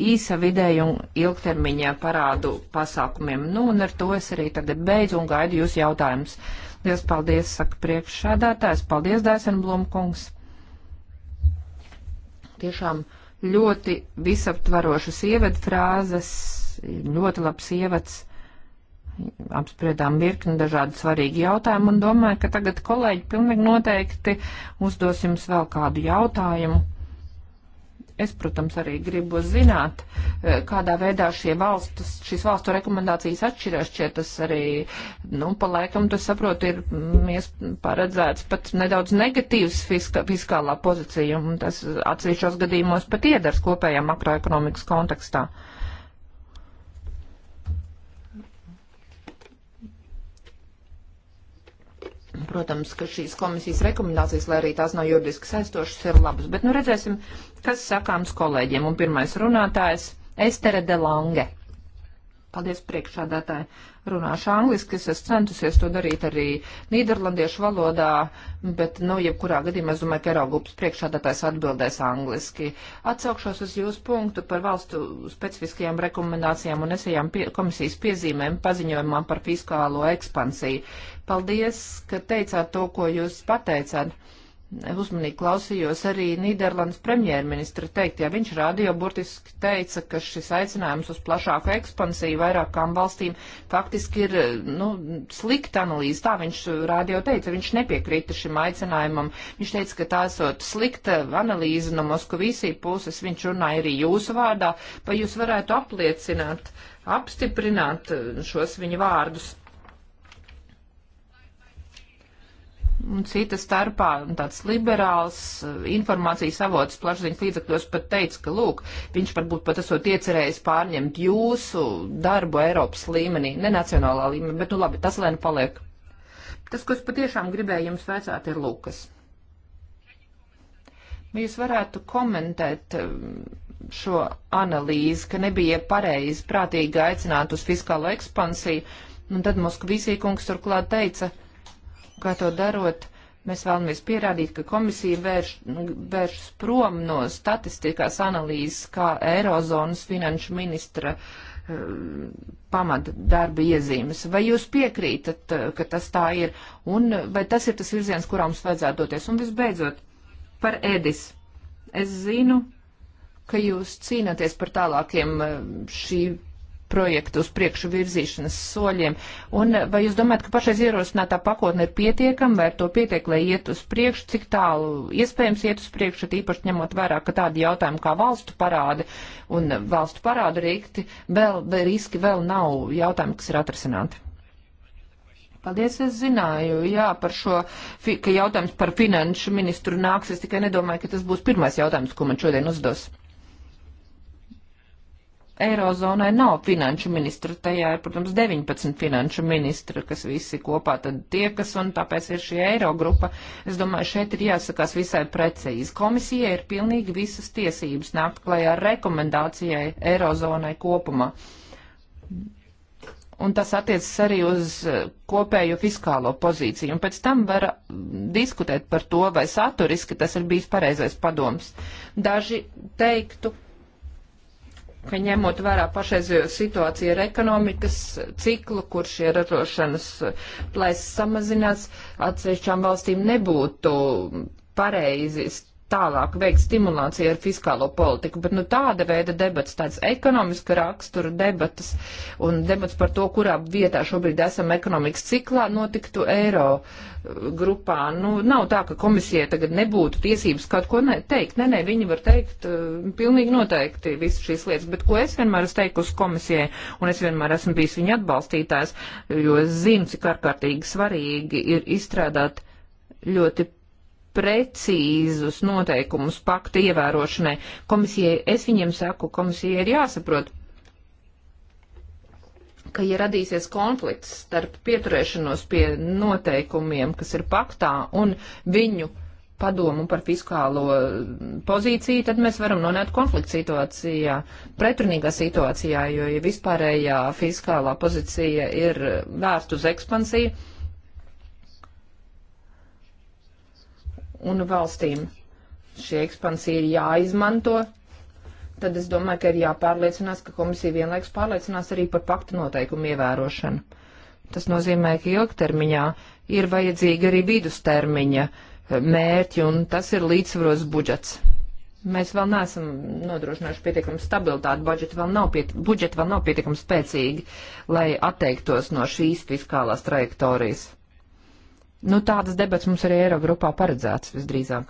īsa vidēja un ilgtermiņā parādu pasākumiem. Nu, un ar to es arī tagad beidzu un gaidu jūs jautājumus. Lielas paldies, saka priekšsēdētājs. Paldies, Dēsenblom kungs. Tiešām ļoti visaptvarošas ievadfrāzes, ļoti labs ievads apspriedām virkni dažādu svarīgu jautājumu un domāju, ka tagad kolēģi pilnīgi noteikti uzdos jums vēl kādu jautājumu. Es, protams, arī gribu zināt, eh, kādā veidā valstus, šīs valstu rekomendācijas atšķirās. Šķiet, tas arī, nu, pa laikam, tu saproti, ir mm, paredzēts pat nedaudz negatīvs fiska, fiskālā pozīcija, un tas atsevišķos gadījumos pat iedars kopējā makroekonomikas kontekstā. Uh, Protams, ka šīs komisijas rekomendācijas, lai arī tās nav juridiski saistošas, ir labas. Bet nu redzēsim, kas sakāms kolēģiem. Un pirmais runātājs - Estere de Lange. Paldies priekšādātāji runāšu angliski, es esmu centusies to darīt arī nīderlandiešu valodā, bet, nu, jebkurā gadījumā es domāju, ka Eiropas priekšādātājs atbildēs angliski. Atsaukšos uz jūsu punktu par valstu specifiskajām rekomendācijām un esajām pie, komisijas piezīmēm paziņojumām par fiskālo ekspansiju. Paldies, ka teicāt to, ko jūs pateicāt uzmanīgi klausījos arī Nīderlandes premjerministra teiktajā. Ja viņš radio burtiski teica, ka šis aicinājums uz plašāku ekspansiju vairākām valstīm faktiski ir nu, slikta analīze. Tā viņš radio teica, viņš nepiekrita šim aicinājumam. Viņš teica, ka tā esot slikta analīze no Moskavīsī puses. Viņš runāja arī jūsu vārdā, vai jūs varētu apliecināt, apstiprināt šos viņa vārdus. un cita starpā tāds liberāls eh, informācijas avots plašsaziņas līdzakļos pat teica, ka, lūk, viņš varbūt pat esot iecerējis pārņemt jūsu darbu Eiropas līmenī, ne nacionālā līmenī, bet, nu labi, tas lēni nu paliek. Tas, ko es patiešām gribēju jums vecāt, ir Lūkas. Jūs varētu komentēt eh, šo analīzi, ka nebija pareizi prātīgi aicināt uz fiskālo ekspansiju, un tad Moskvisī kungs turklāt teica, kā to darot, mēs vēlamies pierādīt, ka komisija vērš, vērš prom no statistikās analīzes kā Eirozonas finanšu ministra uh, pamata darba iezīmes. Vai jūs piekrītat, eh, ka tas tā ir, un vai tas ir tas virziens, kurā mums vajadzētu doties? Un visbeidzot, par Edis. Es zinu, ka jūs cīnāties par tālākiem eh, šī projektu uz priekšu virzīšanas soļiem. Un vai jūs domājat, ka pašais ierosinātā pakotne ir pietiekama, vai ar to pietiek, lai iet uz priekšu, cik tālu iespējams iet uz priekšu, tīpaši ņemot vērā, ka tādi jautājumi kā valstu parādi un valstu parādu rikti, vēl, riski vēl nav jautājumi, kas ir atrasināti? Paldies, es zināju, jā, par šo, ka jautājums par finanšu ministru nāks, es tikai nedomāju, ka tas būs pirmais jautājums, ko man šodien uzdos. Eirozonai nav finanšu ministra, tajā ir, protams, 19 finanšu ministra, kas visi kopā tad tiekas, un tāpēc ir šī Eirogrupa. Es domāju, šeit ir jāsakās visai precīzi. Komisija ir pilnīgi visas tiesības nākt klajā ar rekomendācijai Eirozonai kopumā. Un tas attiecas arī uz eh, kopējo fiskālo pozīciju. Un pēc tam var mm, diskutēt par to, vai saturiski tas ir bijis pareizais padoms. Daži teiktu, ka ņemot vērā pašreizējo situāciju ar ekonomikas ciklu, kur šie ražošanas plaisas samazinās, atsevišķām valstīm nebūtu pareizi tālāk veikt stimulāciju ar fiskālo politiku, bet nu tāda veida debats, tāds ekonomiska rakstura debatas un debats par to, kurā vietā šobrīd esam ekonomikas ciklā, notiktu eiro uh, grupā. Nu, nav tā, ka komisija tagad nebūtu tiesības kaut ko ne teikt. Nē, nē, viņi var teikt uh, pilnīgi noteikti visu šīs lietas, bet ko es vienmēr esmu teikusi komisijai, un es vienmēr esmu bijis viņa atbalstītājs, jo es zinu, cik ārkārtīgi svarīgi ir izstrādāt ļoti precīzus noteikumus pakta ievērošanai. Komisijai, es viņiem saku, komisijai ir jāsaprot, ka, ja radīsies konflikts starp pieturēšanos pie noteikumiem, kas ir paktā, un viņu padomu par fiskālo pozīciju, tad mēs varam nonākt konflikta situācijā, pretrunīgā situācijā, jo, ja vispārējā fiskālā pozīcija ir vērst uz ekspansiju, un valstīm. Šī ekspansija ir jāizmanto, tad es domāju, ka ir jāpārliecinās, ka komisija vienlaikus pārliecinās arī par paktu noteikumu ievērošanu. Tas nozīmē, ka ilgtermiņā ir vajadzīga arī vidustermiņa eh, mērķi, un tas ir līdzsvaros budžets. Mēs vēl neesam nodrošinājuši pietiekamu stabilitāti, budžeti vēl nav, piet, budžeti vēl nav pietiekami spēcīgi, lai atteiktos no šīs fiskālās trajektorijas. Nu, tādas debats mums arī Eirogrupā paredzēts visdrīzāk.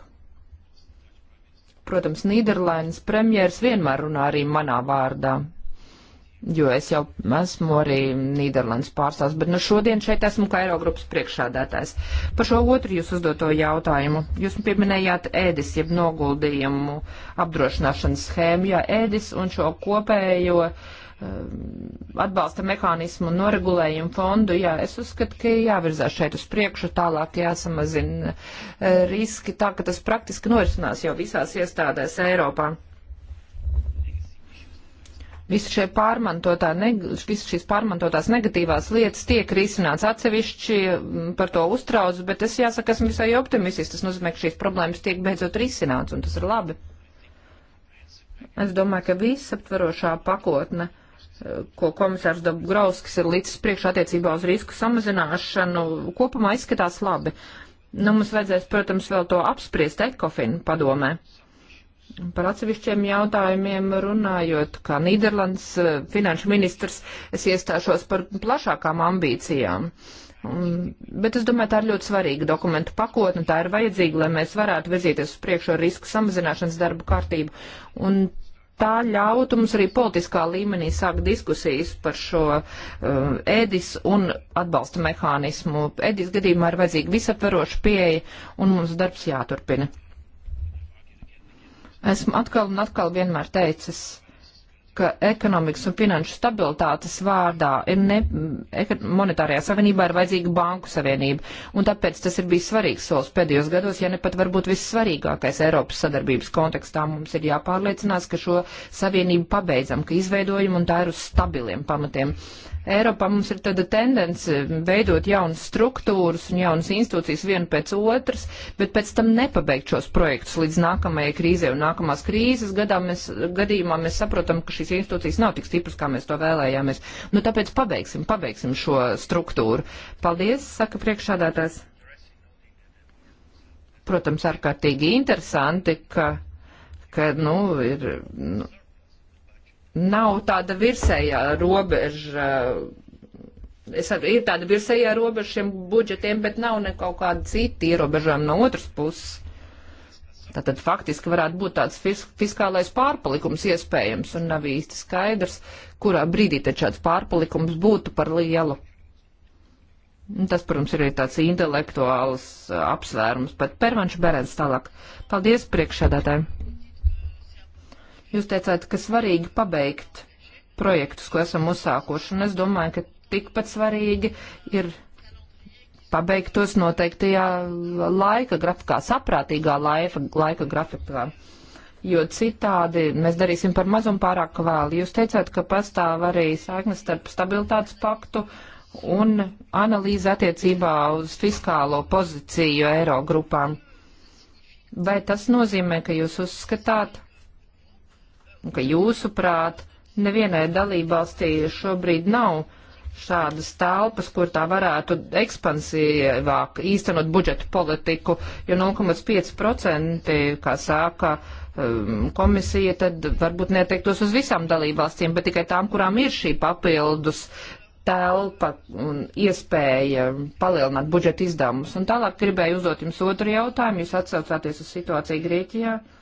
Protams, Nīderlandes premjers vienmēr runā arī manā vārdā, jo es jau esmu arī Nīderlandes pārstāvs, bet nu šodien šeit esmu kā Eirogrupas priekšādātājs. Par šo otru jūs uzdoto jautājumu. Jūs pieminējāt ēdis, jeb noguldījumu apdrošināšanas schēmu, jā, ēdis un šo kopējo uh, Um, atbalsta mehānismu un noregulējumu fondu, jā, es uzskatu, ka jāvirzās šeit uz priekšu, tālāk jāsamazina uh, riski, tā ka tas praktiski norisinās jau visās iestādēs Eiropā. Visi šie pārmantotā, neg visi šīs pārmantotās negatīvās lietas tiek risināts atsevišķi, mm, par to uztrauc, bet es jāsaka, esmu visai optimistiski, tas nozīmē, ka šīs problēmas tiek beidzot risināts, un tas ir labi. Es domāju, ka visaptvarošā pakotne ko komisārs Dabrauskis ir līdz priekšā attiecībā uz risku samazināšanu, kopumā izskatās labi. Nu, mums vajadzēs, protams, vēl to apspriest Ekofin padomē. Par atsevišķiem jautājumiem runājot, kā Nīderlandes eh, finanšu ministrs, es iestāšos par plašākām ambīcijām. Un, bet es domāju, tā ir ļoti svarīga dokumentu pakotne, tā ir vajadzīga, lai mēs varētu virzīties uz priekšu ar risku samazināšanas darbu kārtību. Un tā ļautu mums arī politiskā līmenī sākt diskusijas par šo uh, ēdis un atbalsta mehānismu. Ēdis gadījumā ir vajadzīga visaptveroša pieeja un mums darbs jāturpina. Esmu atkal un atkal vienmēr teicis, ka ekonomikas un finanšu stabilitātes vārdā ir ne, monetārajā savienībā ir vajadzīga banku savienība, un tāpēc tas ir bijis svarīgs solis pēdējos gados, ja ne pat varbūt vissvarīgākais Eiropas sadarbības kontekstā. Mums ir jāpārliecinās, ka šo savienību pabeidzam, ka izveidojam un tā ir uz stabiliem pamatiem. Eiropā mums ir tāda tendence veidot jaunas struktūras un jaunas institūcijas vienu pēc otras, bet pēc tam nepabeigt šos projektus līdz nākamajai krīzē. Un nākamās krīzes gadā mēs, gadījumā mēs saprotam, ka šīs institūcijas nav tik stipras, kā mēs to vēlējāmies. Nu, tāpēc pabeigsim, pabeigsim šo struktūru. Paldies, saka priekšādātājs. Protams, ārkārtīgi interesanti, ka, ka nu, ir. Nu, nav tāda virsējā robeža. Es, ir tāda virsējā robeža šiem budžetiem, bet nav ne kaut kāda cita ierobežojuma no otras puses. Tātad faktiski varētu būt tāds fisk fiskālais pārpalikums iespējams un nav īsti skaidrs, kurā brīdī tad šāds pārpalikums būtu par lielu. Un tas, protams, ir tāds intelektuāls uh, apsvērums, bet pervanš berens tālāk. Paldies priekšādātājiem! Jūs teicāt, ka svarīgi pabeigt projektus, ko esam uzsākuši, un es domāju, ka tikpat svarīgi ir pabeigt tos noteiktajā laika grafikā, saprātīgā laika, laika grafikā. Jo citādi mēs darīsim par mazumu pārāk vēl. Jūs teicāt, ka pastāv arī saiknes starp stabilitātes paktu un analīze attiecībā uz fiskālo pozīciju eiro grupām. Vai tas nozīmē, ka jūs uzskatāt, un ka jūsuprāt nevienai dalībvalstī šobrīd nav šādas telpas, kur tā varētu ekspansīvāk īstenot budžetu politiku, jo 0,5%, kā sāka um, komisija, tad varbūt neteiktos uz visām dalībvalstīm, bet tikai tām, kurām ir šī papildus telpa un iespēja palielināt budžeta izdevumus. Un tālāk gribēju uzdot jums otru jautājumu. Jūs atsaucāties uz situāciju Grieķijā. Uh,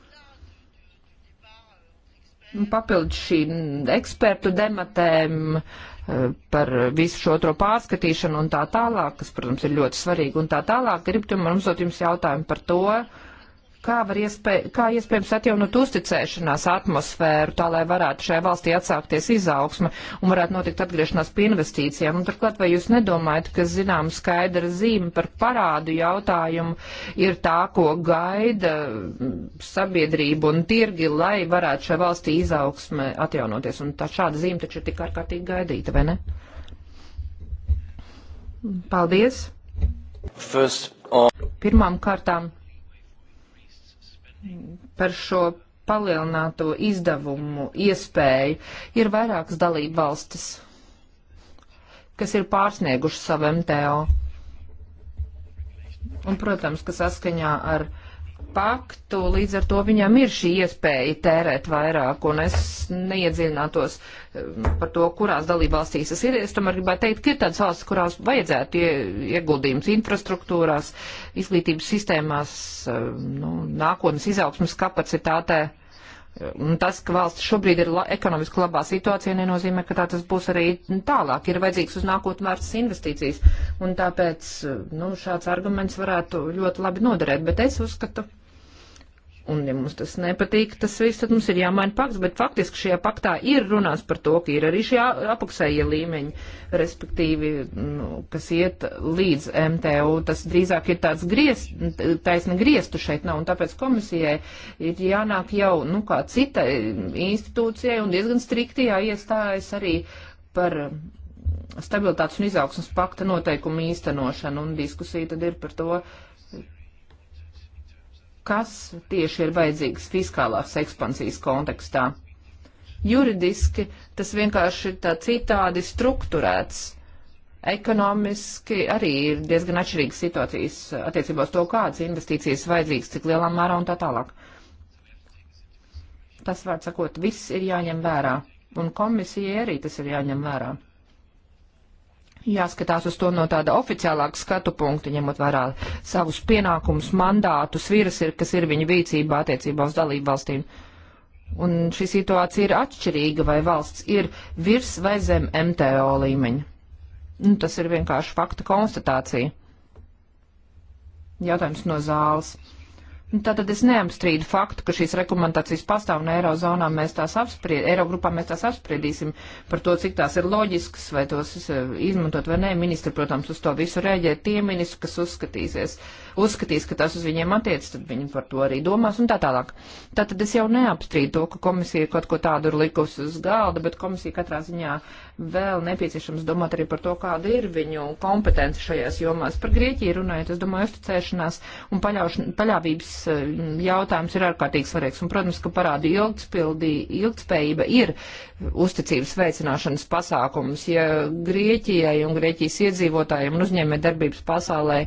Nu, papildus šīm ekspertu dematēm eh, par visu šo otro pārskatīšanu un tā tālāk, kas, protams, ir ļoti svarīgi un tā tālāk, gribu tomēr uzdot jums jautājumu par to, uh, kā, iespēj, kā iespējams atjaunot uzticēšanās atmosfēru, tā lai varētu šajā valstī atsākties izaugsme un varētu notikt atgriešanās pie investīcijām. Un turklāt, vai jūs nedomājat, ka zinām skaidra zīme par parādu jautājumu ir tā, ko gaida sabiedrība un tirgi, lai varētu šajā valstī izaugsme atjaunoties? Un tā šāda zīme taču ir tik ārkārtīgi gaidīta, vai ne? Paldies! First, on... Uh, Pirmām kārtām par šo palielināto izdevumu iespēju ir vairākas dalība valstis, kas ir pārsnieguši savu MTO. Un, protams, ka saskaņā ar paktu, līdz ar to viņam ir šī iespēja tērēt vairāk, un es neiedziļinātos um, par to, kurās dalībvalstīs tas ir. Es tomēr gribētu teikt, ka ir tādas valsts, kurās vajadzētu ieguldījums infrastruktūrās, izglītības sistēmās, um, nu, nākotnes izaugsmas kapacitātē. Un tas, ka valsts šobrīd ir la ekonomiski labā situācijā, nenozīmē, ka tā tas būs arī tālāk. Ir vajadzīgs uz nākotnē vērts investīcijas. Un tāpēc um, nu, šāds arguments varētu ļoti labi noderēt. Bet es uzskatu, Un, ja mums tas nepatīk, tas viss, tad mums ir jāmaina pakts, bet faktiski šajā paktā ir runās par to, ka ir arī šie apakšējie līmeņi, respektīvi, nu, kas iet līdz MTU. Tas drīzāk ir tāds griez, taisni griestu šeit nav, un tāpēc komisijai ir jānāk jau, nu, kā citai institūcijai, un diezgan strikti jāiestājas arī par stabilitātes un izaugsmas pakta noteikumu īstenošanu, un diskusija tad ir par to kas tieši ir vajadzīgs fiskālās ekspansijas kontekstā. Juridiski tas vienkārši ir tā citādi strukturēts. Ekonomiski arī ir diezgan atšķirīgas situācijas attiecībā uz to, kādas investīcijas vajadzīgas, cik lielā mērā un tā tālāk. Tas, vārds sakot, viss ir jāņem vērā, un komisijai arī tas ir jāņem vērā jāskatās uz to no tāda oficiālāka skatu punkta, ņemot vērā savus pienākumus, mandātus, vīras, ir, kas ir viņa rīcībā attiecībā uz dalību valstīm. Un šī situācija ir atšķirīga, vai valsts ir virs vai zem MTO līmeņa. Nu, tas ir vienkārši fakta konstatācija. Jautājums no zāles. Nu, tātad es neapstrīdu faktu, ka šīs rekomendācijas pastāv un Eirozonā mēs tās apspried, Eirogrupā mēs tās apspriedīsim par to, cik tās ir loģiskas, vai tos eh, izmantot vai nē. Ministri, protams, uz to visu rēģē tie ministri, kas uzskatīsies. Uh, uzskatīs, ka tas uz viņiem attiec, tad viņi par to arī domās un tā tālāk. Tātad es jau neapstrīdu to, ka komisija kaut ko tādu ir likusi uz galda, bet komisija katrā ziņā vēl nepieciešams domāt arī par to, kāda ir viņu kompetence šajās jomās. Par Grieķiju runājot, es domāju, uzticēšanās un paļauš, paļāvības mm, jautājums ir ārkārtīgi svarīgs. Un, protams, ka parāda ilgspējība ir uzticības veicināšanas pasākums. Ja Grieķijai un Grieķijas iedzīvotājiem un uzņēmē darbības pasaulē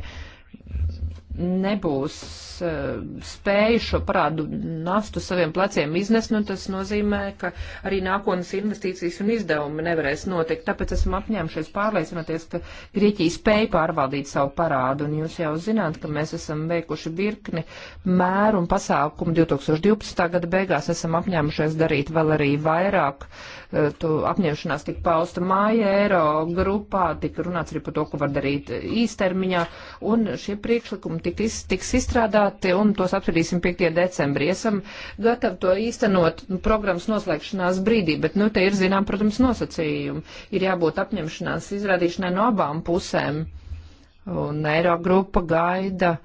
nebūs Eh, spēju šo parādu nastu saviem pleciem iznest, nu tas nozīmē, ka arī nākotnes investīcijas un izdevumi nevarēs notikt. Tāpēc esam apņēmušies pārliecināties, ka Grieķija spēja pārvaldīt savu parādu. Un jūs jau zināt, ka mēs esam veikuši virkni mēru un pasākumu. 2012. gada beigās esam apņēmušies darīt vēl arī vairāk. Eh, tu apņemšanās tika pausta māja eiro grupā, tika runāts arī par to, ko var darīt īstermiņā. Un šie priekšlikumi tiks, tiks izstrādāti prioritāti un tos apspriedīsim 5. decembrī. Esam gatavi to īstenot programmas noslēgšanās brīdī, bet, nu, te ir, zinām, protams, nosacījumi. Ir jābūt apņemšanās izrādīšanai no abām pusēm. Un Eirogrupa gaida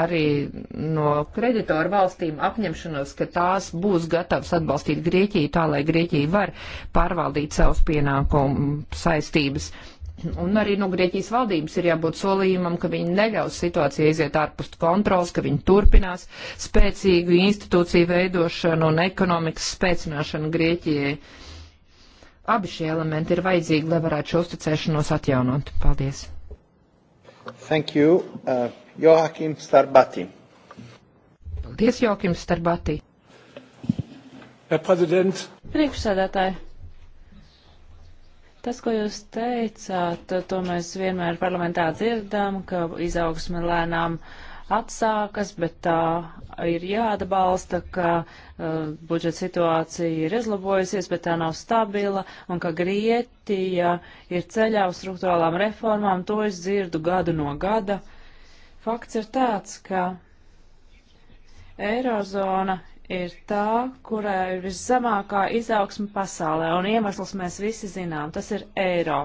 arī no kreditoru valstīm apņemšanos, ka tās būs gatavas atbalstīt Grieķiju tā, lai Grieķija var pārvaldīt savus pienākumu saistības. Uh, Un arī no nu, Grieķijas valdības ir jābūt solījumam, ka viņi neļaus situācijai iziet ārpus kontrols, ka viņi turpinās spēcīgu institūciju veidošanu un ekonomikas spēcināšanu Grieķijai. Abi šie elementi ir vajadzīgi, lai varētu šo uzticēšanos atjaunot. Paldies. Thank you.
Uh, Joakim Starbati.
Paldies, Joakim Starbati.
Herr Präsident.
Priekšsēdētāji.
Tas, ko jūs teicāt, to mēs vienmēr parlamentā dzirdam, ka izaugsme lēnām atsākas, bet tā ir jāatbalsta, ka uh, budžeta situācija ir izlabojusies, bet tā nav stabila, un ka Grietija ir ceļā uz struktūrālām reformām, to es dzirdu gadu no gada. Fakts ir tāds, ka Eirozona ir tā, kurā ir viszemākā izaugsme pasaulē, un iemesls mēs visi zinām, tas ir eiro.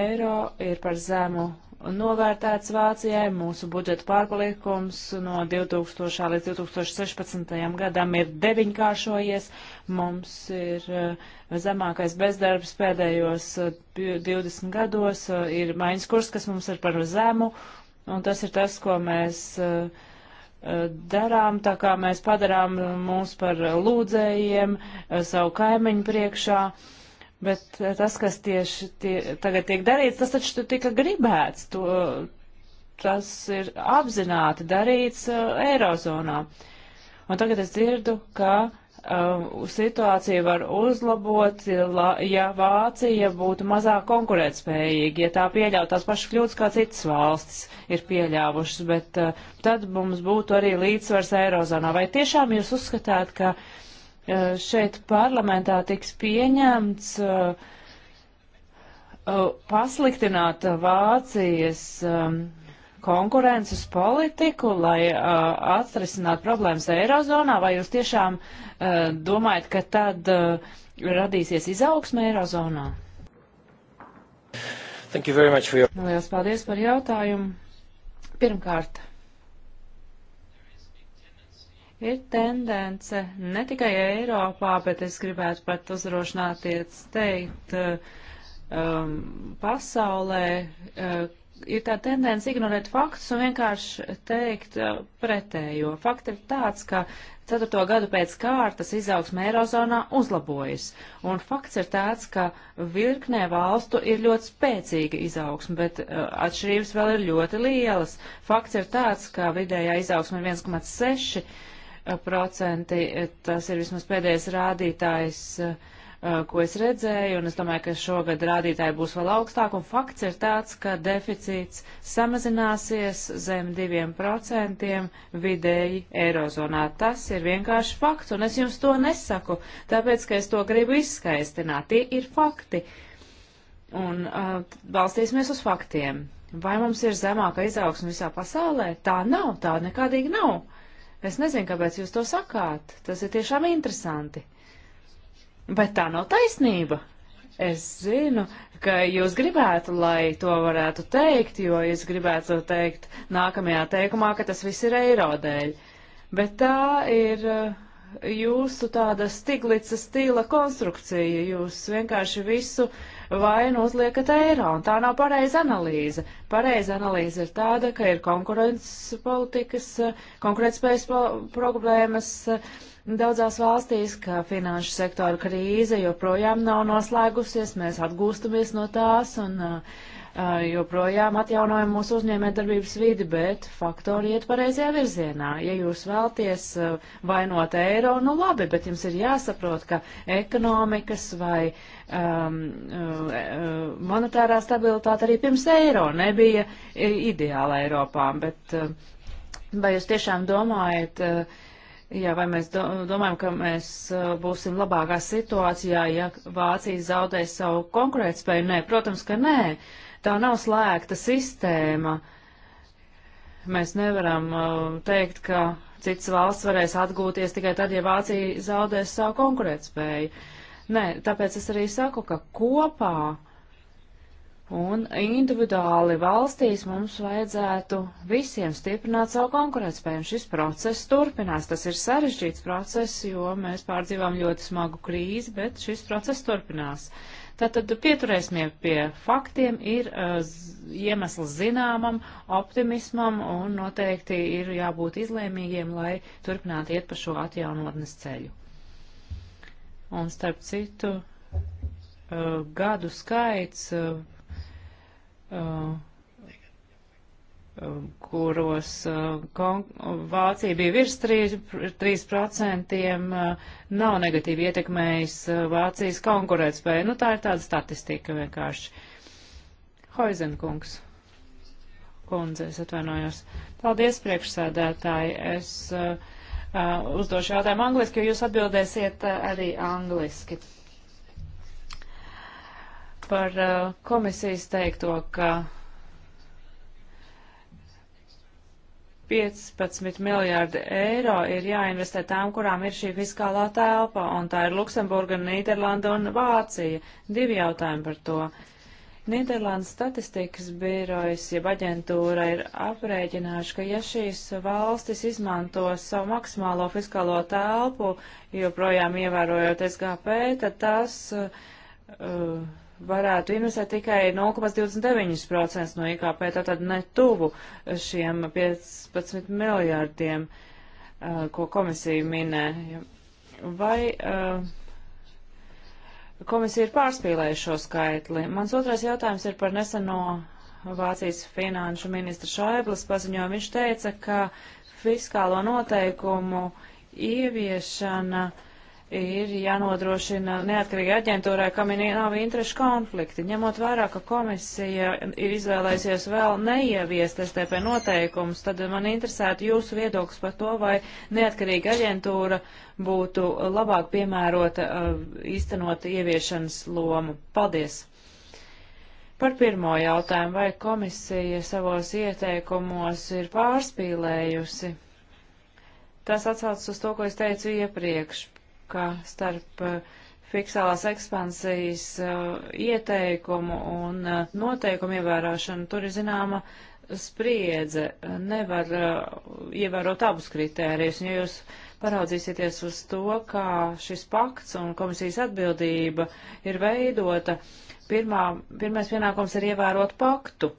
Eiro ir par zemu novērtēts Vācijai, mūsu budžeta pārpalikums no 2000. līdz 2016. gadam ir deviņkāršojies, mums ir eh, zemākais bezdarbs pēdējos 20 eh, gados, eh, ir maiņas kurs, kas mums ir par zemu, un tas ir tas, ko mēs uh, darām, tā kā mēs padarām mūs par lūdzējiem eh, savu kaimiņu priekšā. Bet eh, tas, kas tieši tie, tagad tiek darīts, tas taču tika gribēts. To, tas ir apzināti darīts eh, Eirozonā. Un tagad es dzirdu, ka uh, uh, um, situācija var uzlabot, la, ja Vācija būtu mazāk konkurētspējīga, ja tā pieļautu tās pašas kļūdas, kā citas valstis ir pieļāvušas, bet uh, tad mums būtu arī līdzsvars Eirozonā. Vai tiešām jūs uzskatāt, ka uh, šeit parlamentā tiks pieņemts uh, uh, pasliktināt Vācijas um, konkurences politiku, lai uh, atrisinātu problēmas Eirozonā, vai jūs tiešām uh, domājat, ka tad uh, radīsies izaugsme Eirozonā?
Your...
Lielas paldies par jautājumu. Pirmkārt, ir tendence ne tikai Eiropā, bet es gribētu pat uzrošināties teikt uh, um, pasaulē, uh, ir tā tendence ignorēt faktus un vienkārši teikt uh, pretējo. Fakti ir tāds, ka ceturto gadu pēc kārtas izaugsme Eirozonā uzlabojas. Un fakts ir tāds, ka virknē valstu ir ļoti spēcīga izaugsme, bet uh, atšķirības vēl ir ļoti lielas. Fakts ir tāds, ka vidējā izaugsme ir 1,6%, uh, uh, tas ir vismaz pēdējais rādītājs. Uh, Eh, ko es redzēju, un es domāju, ka šogad rādītāji būs vēl augstāk, un fakts ir tāds, ka deficīts samazināsies zem 2% vidēji Eirozonā. Tas ir vienkārši fakts, un es jums to nesaku, tāpēc, ka es to gribu izskaistināt. Tie ir fakti, un uh, balstīsimies uz faktiem. Vai mums ir zemāka izaugsme visā pasaulē? Tā nav, tā nekādīgi nav. Es nezinu, kāpēc jūs to sakāt. Tas ir tiešām interesanti. Bet tā nav taisnība. Es zinu, ka jūs gribētu, lai to varētu teikt, jo es gribētu teikt nākamajā teikumā, ka tas viss ir eiro dēļ. Bet tā ir uh, jūsu tāda stiglica stila konstrukcija. Jūs vienkārši visu vainu uzliekat eiro, un tā nav pareiza analīze. Pareiza analīze ir tāda, ka ir konkurences politikas, uh, konkurētspējas problēmas. Po uh, Daudzās valstīs, kā finanšu sektora krīze joprojām nav noslēgusies, mēs atgūstamies no tās un uh, joprojām atjaunojam mūsu uzņēmējdarbības vidi, bet faktori iet pareizajā virzienā. Ja jūs vēlties vainot eiro, nu labi, bet jums ir jāsaprot, ka ekonomikas vai um, monetārā stabilitāte arī pirms eiro nebija ideāla Eiropā, bet vai jūs tiešām domājat, uh, Jā, vai mēs do, domājam, ka mēs uh, būsim labākā situācijā, ja Vācija zaudēs savu konkurētspēju? Nē, protams, ka nē. Tā nav slēgta sistēma. Mēs nevaram uh, teikt, ka citas valsts varēs atgūties tikai tad, ja Vācija zaudēs savu konkurētspēju. Nē, tāpēc es arī saku, ka kopā uh, Un individuāli valstīs mums vajadzētu visiem stiprināt savu konkurētspēju. Šis process turpinās. Tas ir sarežģīts process, jo mēs pārdzīvām ļoti smagu krīzi, bet šis process turpinās. Tātad pieturēsimies pie faktiem, ir uh, iemesls zināmam, optimismam un noteikti ir jābūt izlēmīgiem, lai turpinātu iet pa šo atjaunotnes ceļu. Un starp citu, uh, gadu skaits. Uh, Uh, um, kuros uh, Vācija bija virs 3%, 3% uh, nav negatīvi ietekmējis Vācijas konkurētspēju. Nu, tā ir tāda statistika vienkārši. Hoizenkungs kundze, es atvainojos. Paldies, priekšsēdētāji. Es uh, uzdošu jautājumu angliski, jo jūs atbildēsiet uh, arī angliski par uh, komisijas teikto, ka 15 miljārdi eiro ir jāinvestē tām, kurām ir šī fiskālā telpa, un tā ir Luksemburga, Nīderlanda un Vācija. Divi jautājumi par to. Nīderlandes statistikas birojas, jeb aģentūra ir aprēķinājuši, ka ja šīs valstis izmanto savu maksimālo fiskālo telpu, joprojām ievērojot SGP, tad tas uh, varētu investēt tikai 0,29% no IKP, tātad ne tuvu šiem 15 miljārdiem, ko komisija minēja. Vai komisija ir pārspīlējuši šo skaitli? Mans otrais jautājums ir par neseno Vācijas finanšu ministra Šaiblas paziņojumu. Viņš teica, ka fiskālo noteikumu ieviešana uh, ir jānodrošina neatkarīga aģentūrai, kam ir nav interešu konflikti. Ņemot vērā, ka komisija ir izvēlējusies vēl neieviest STP noteikumus, tad man interesētu jūsu viedoklis par to, vai neatkarīga aģentūra būtu labāk piemērota uh, īstenot ieviešanas lomu. Paldies! Par pirmo jautājumu, vai komisija savos ieteikumos ir pārspīlējusi? Tas atsaucas uz to, ko es teicu iepriekš ka starp uh, fiksālās ekspansijas uh, ieteikumu un uh, noteikumu ievērošanu tur ir zināma spriedze. Nevar ievērot abus kritērijus. Ja jūs paraudzīsieties uz to, kā šis pakts un komisijas atbildība ir veidota, pirmā, pirmais pienākums ir ievērot paktu.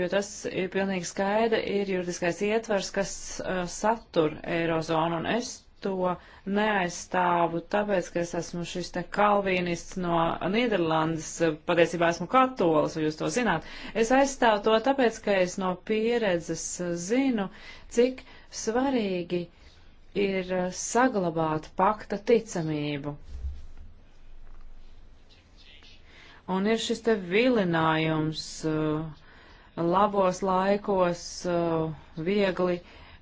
Jo tas ir pilnīgi skaidri, ir juridiskais ietvers, kas uh, satur Eirozonu, un es to neaizstāvu, tāpēc, ka es esmu šis te kalvīnists no Nīderlandes, patiesībā esmu katolis, jūs to zināt. Es aizstāvu to tāpēc, ka es no pieredzes zinu, cik svarīgi ir saglabāt pakta ticamību. Un ir šis te vilinājums uh, labos laikos uh, viegli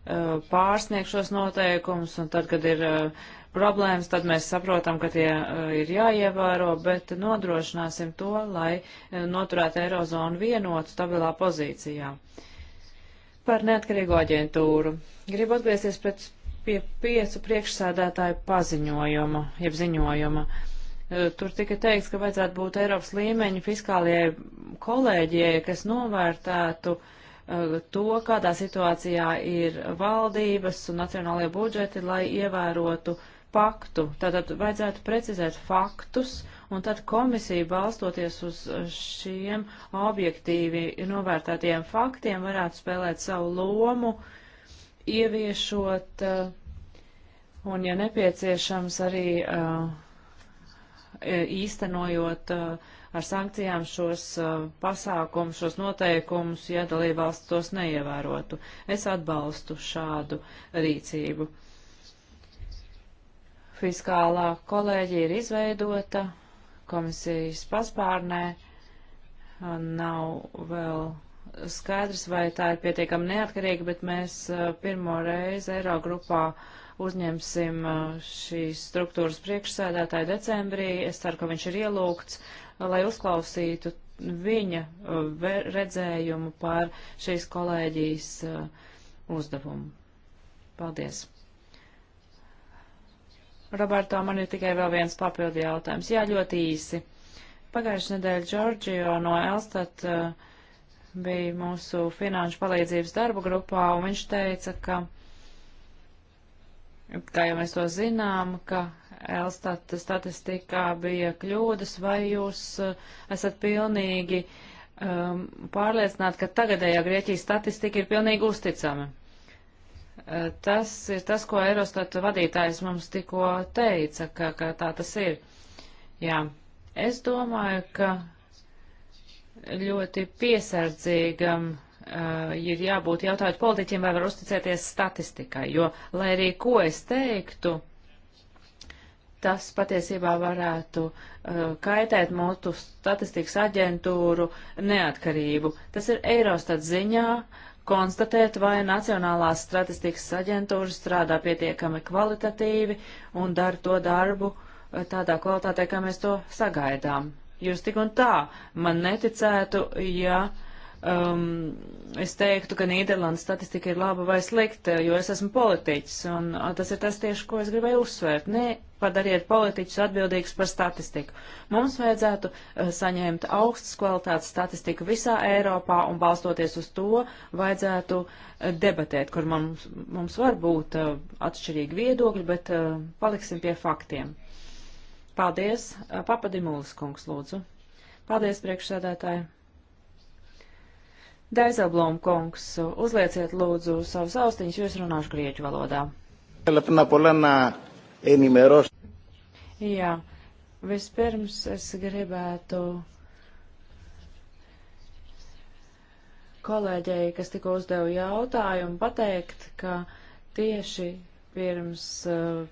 Eh, pārsniegt šos noteikumus, un tad, kad ir eh, problēmas, tad mēs saprotam, ka tie eh, ir jāievēro, bet nodrošināsim to, lai noturētu Eirozonu vienotu stabilā pozīcijā. Par neatkarīgo aģentūru. Gribu atgriezties pēc pie piecu priekšsēdētāju paziņojuma, jeb ziņojuma. Tur tika teikts, ka vajadzētu būt Eiropas līmeņa fiskālajai kolēģijai, kas novērtētu uh, Eh, to, kādā situācijā ir valdības un nacionālajie budžeti, lai ievērotu paktu. Tātad vajadzētu precizēt faktus, un tad komisija balstoties uz šiem objektīvi novērtētiem faktiem varētu spēlēt savu lomu, ieviešot eh, un, ja nepieciešams, arī eh, īstenojot uh, ar sankcijām šos uh, pasākumus, šos noteikumus, ja dalībvalsts tos neievērotu. Es atbalstu šādu rīcību. Fiskālā kolēģija ir izveidota komisijas paspārnē. Nav vēl skaidrs, vai tā ir pietiekami neatkarīga, bet mēs uh, pirmo reizi Eirogrupā uzņemsim uh, šīs struktūras priekšsēdētāju decembrī. Es ceru, ka viņš ir ielūgts lai uzklausītu viņa uh, redzējumu par šīs kolēģijas uh, uzdevumu. Paldies! Roberto, man ir tikai vēl viens papildi jautājums. Jā, ļoti īsi. Pagājušajā nedēļā Džordžio no Elstat uh, bija mūsu finanšu palīdzības darba grupā, un viņš teica, ka, kā jau mēs to zinām, ka Elstat statistikā bija kļūdas, vai jūs eh, esat pilnīgi um, pārliecināti, ka tagadējā Grieķijas statistika ir pilnīgi uzticama? Eh, tas ir tas, ko Eurostata vadītājs mums tikko teica, ka, ka tā tas ir. Jā, es domāju, ka ļoti piesardzīgam uh, ir jābūt jautājot politiķiem, vai var uzticēties statistikai, jo, lai arī ko es teiktu, uh, tas patiesībā varētu uh, kaitēt mūsu statistikas aģentūru neatkarību. Tas ir Eirostat ziņā konstatēt, vai Nacionālās statistikas aģentūra strādā pietiekami kvalitatīvi un dara to darbu uh, tādā kvalitātē, kā mēs to sagaidām. Jūs tik un tā man neticētu, ja uh, um, es teiktu, ka Nīderlandes statistika ir laba vai slikta, jo es esmu politiķis, un a, tas ir tas tieši, ko es gribēju uzsvērt. Nē, padariet politiķus atbildīgus par statistiku. Mums vajadzētu uh, saņemt augstas kvalitātes statistiku visā Eiropā, un balstoties uz to vajadzētu uh, debatēt, kur mums, mums var būt uh, atšķirīgi viedokļi, bet uh, paliksim pie faktiem. Paldies, uh, papadimulis kungs, lūdzu. Paldies, priekšsēdētāji. Daizelblom kungs, uzlieciet lūdzu savus austiņus, jo es runāšu grieķu valodā. Jā, vispirms es gribētu kolēģei, kas tikko uzdeva jautājumu, pateikt, ka tieši pirms uh,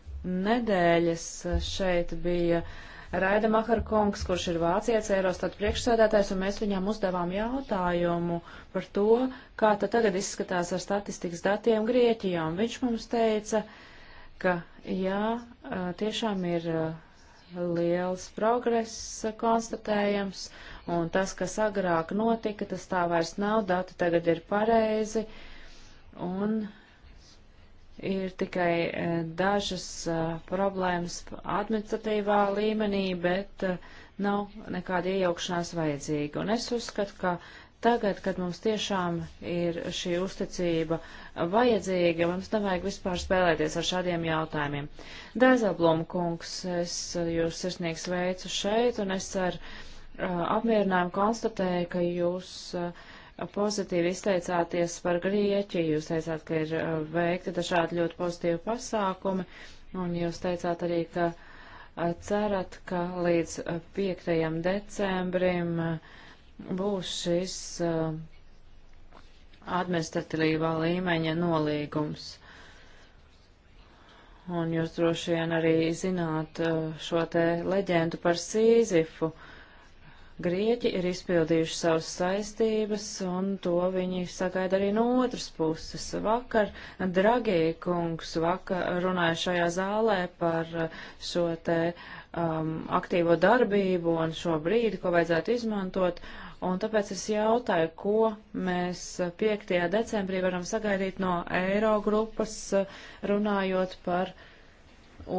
nedēļas šeit bija uh, Raida Mahara kungs, kurš ir vācietis Eirostat priekšsēdētājs, un mēs viņam uzdevām jautājumu par to, kā tad tagad izskatās ar statistikas datiem Grieķijā. Un viņš mums teica, ka jā, tiešām ir liels progress konstatējams, un tas, kas agrāk notika, tas tā vairs nav, dati tagad ir pareizi. Un ir tikai e, dažas e, problēmas administratīvā līmenī, bet e, nav nekāda iejaukšanās vajadzīga. Un es uzskatu, ka tagad, kad mums tiešām ir šī uzticība vajadzīga, mums nevajag vispār spēlēties ar šādiem jautājumiem. Dēzelblom kungs, es jūs sirsnīgs veicu šeit, un es ar uh, apmierinājumu konstatēju, ka jūs uh, pozitīvi izteicāties par Grieķiju. Jūs teicāt, ka ir uh, veikti dažādi ļoti pozitīvi pasākumi, un jūs teicāt arī, ka uh, cerat, ka līdz 5. Uh, decembrim būs šis administratīvā līmeņa nolīgums. Un jūs droši vien arī zināt šo te leģendu par Sīzifu. Uh, Grieķi ir izpildījuši savas saistības, un to viņi sagaida arī no otras puses. Vakar Dragija kungs vakar runāja šajā zālē par šo te um, aktīvo darbību un šo brīdi, ko vajadzētu izmantot. Un tāpēc es jautāju, ko mēs 5. decembrī varam sagaidīt no Eiro grupas, runājot par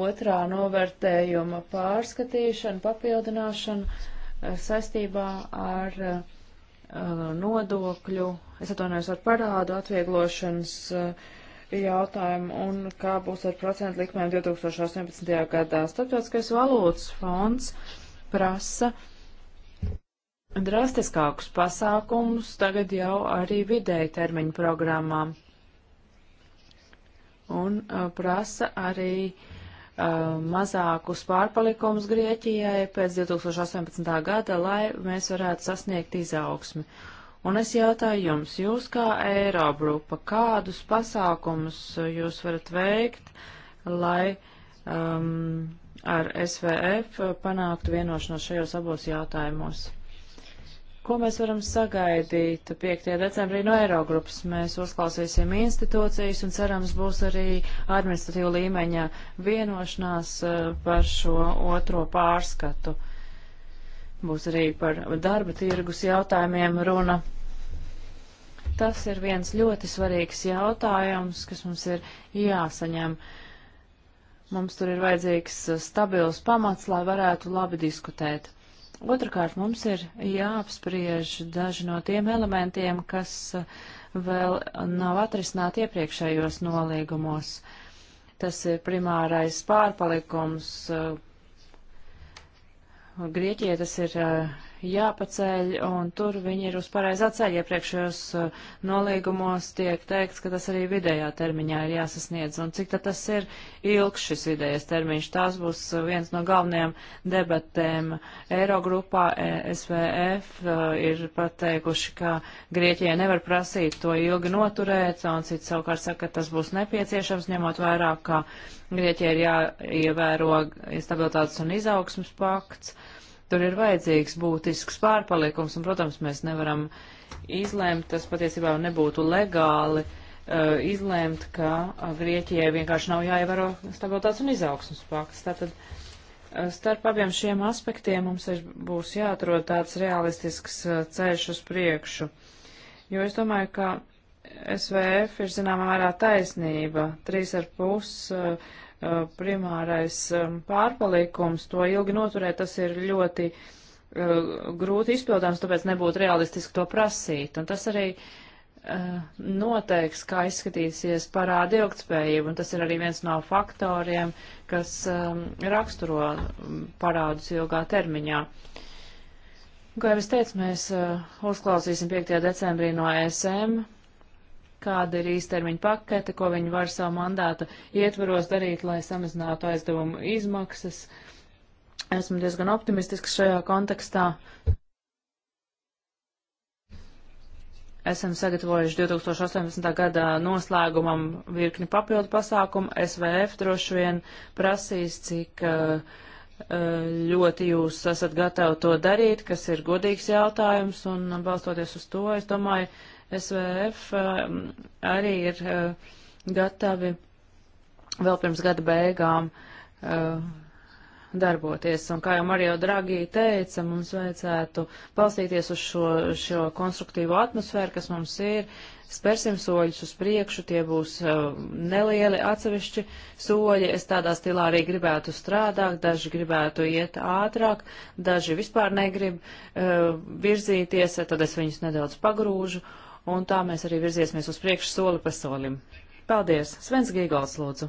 otrā novērtējuma pārskatīšanu, papildināšanu saistībā ar uh, nodokļu, es atvainojos ar parādu atvieglošanas uh, jautājumu un kā būs ar procentu likmēm 2018. gadā. Starptautiskais valūtas fonds prasa drastiskākus pasākumus tagad jau arī vidēji termiņu programmām un uh, prasa arī uh, Uh, mazākus pārpalikumus Grieķijai pēc 2018. gada, lai mēs varētu sasniegt izaugsmi. Un es jautāju jums, jūs kā Eirogrupa, kādus pasākumus jūs varat veikt, lai um, ar SVF panāktu vienošanos šajos abos jautājumos? Ko mēs varam sagaidīt 5. decembrī no Eirogrupas? Mēs uzklausīsim institūcijas un cerams būs arī administratīva līmeņa vienošanās eh, par šo otro pārskatu. Būs arī par darba tirgus jautājumiem runa. Tas ir viens ļoti svarīgs jautājums, kas mums ir jāsaņem. Mums tur ir vajadzīgs eh, stabils pamats, lai varētu labi diskutēt. Otrakārt, mums ir jāapspriež daži no tiem elementiem, kas vēl nav atrisināti iepriekšējos nolīgumos. Tas ir primārais pārpalikums. Grieķijai tas ir jāpaceļ, un tur viņi ir uz pareizā ceļa. Iepriekšējos uh, nolīgumos tiek teikts, ka tas arī vidējā termiņā ir jāsasniedz, un cik tad tas ir ilgs šis vidējais termiņš. Tās būs eh, viens no galvenajām debatēm Eirogrupā. Eh, SVF uh, ir pateikuši, ka Grieķijai nevar prasīt to ilgi noturēt, un cits savukārt saka, ka tas būs nepieciešams, ņemot vairāk, ka Grieķijai ir jāievēro stabilitātes un izaugsmas pakts. Uh, Tur ir vajadzīgs būtisks pārpalikums, un, protams, mēs nevaram izlēmt, tas patiesībā nebūtu legāli uh, izlēmt, ka uh, Grieķijai vienkārši nav jāievēro stabilitātes un izaugsmas pakts. Tātad uh, starp abiem šiem aspektiem mums ir, būs jāatrod tāds realistisks uh, ceļš uz priekšu, jo es domāju, ka SVF ir zināmā mērā taisnība. 3,5 Uh, primārais um, pārpalikums, to ilgi noturēt, tas ir ļoti uh, grūti izpildāms, tāpēc nebūtu realistiski to prasīt. Un tas arī uh, noteiks, kā izskatīsies parāda ilgtspējība, un tas ir arī viens no faktoriem, kas um, raksturo um, parādus ilgā termiņā. Kā jau es teicu, mēs uzklausīsim 5. decembrī no ESM kāda ir īstermiņa pakete, ko viņi var savu mandātu ietvaros darīt, lai samazinātu aizdevumu izmaksas. Esmu diezgan optimistisks šajā kontekstā. Esam sagatavojuši 2018. gadā noslēgumam virkni papildu pasākumu. SVF droši vien prasīs, cik eh, eh, ļoti jūs esat gatavi to darīt, kas ir godīgs jautājums, un eh, balstoties uz to, es domāju, SVF um, arī ir uh, gatavi vēl pirms gada beigām uh, darboties. Un kā jau Mario Dragī teica, mums vajadzētu balstīties uz šo, šo konstruktīvo atmosfēru, kas mums ir. Spērsim soļus uz priekšu, tie būs uh, nelieli atsevišķi soļi. Es tādā stilā arī gribētu strādāt, daži gribētu iet ātrāk, daži vispār negrib uh, virzīties, tad es viņus nedaudz pagrūžu. Uh, un tā mēs arī virziesimies uz priekšu soli pa solim. Paldies! Svens Gīgals, lūdzu!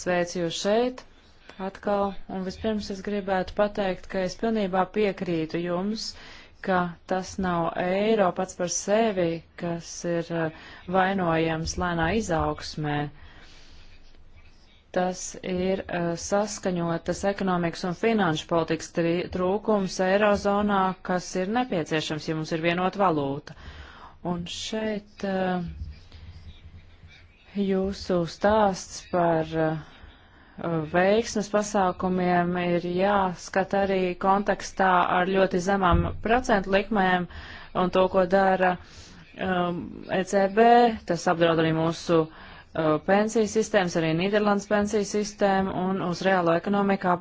Sveicu jūs šeit atkal, un vispirms es gribētu pateikt, ka es pilnībā piekrītu jums, ka tas nav eiro pats par sevi, kas ir eh, vainojams lēnā izaugsmē tas ir uh, saskaņotas ekonomikas un finanšu politikas trūkums Eirozonā, kas ir nepieciešams, ja mums ir vienota valūta. Un šeit eh, jūsu stāsts par eh, veiksmes pasākumiem ir jāskata arī kontekstā ar ļoti zemām procentu likmēm un to, ko dara um, eh, ECB. Tas apdraud arī mūsu uh, pensiju sistēmas, arī Nīderlandes pensiju sistēmu un uz reālo ekonomiku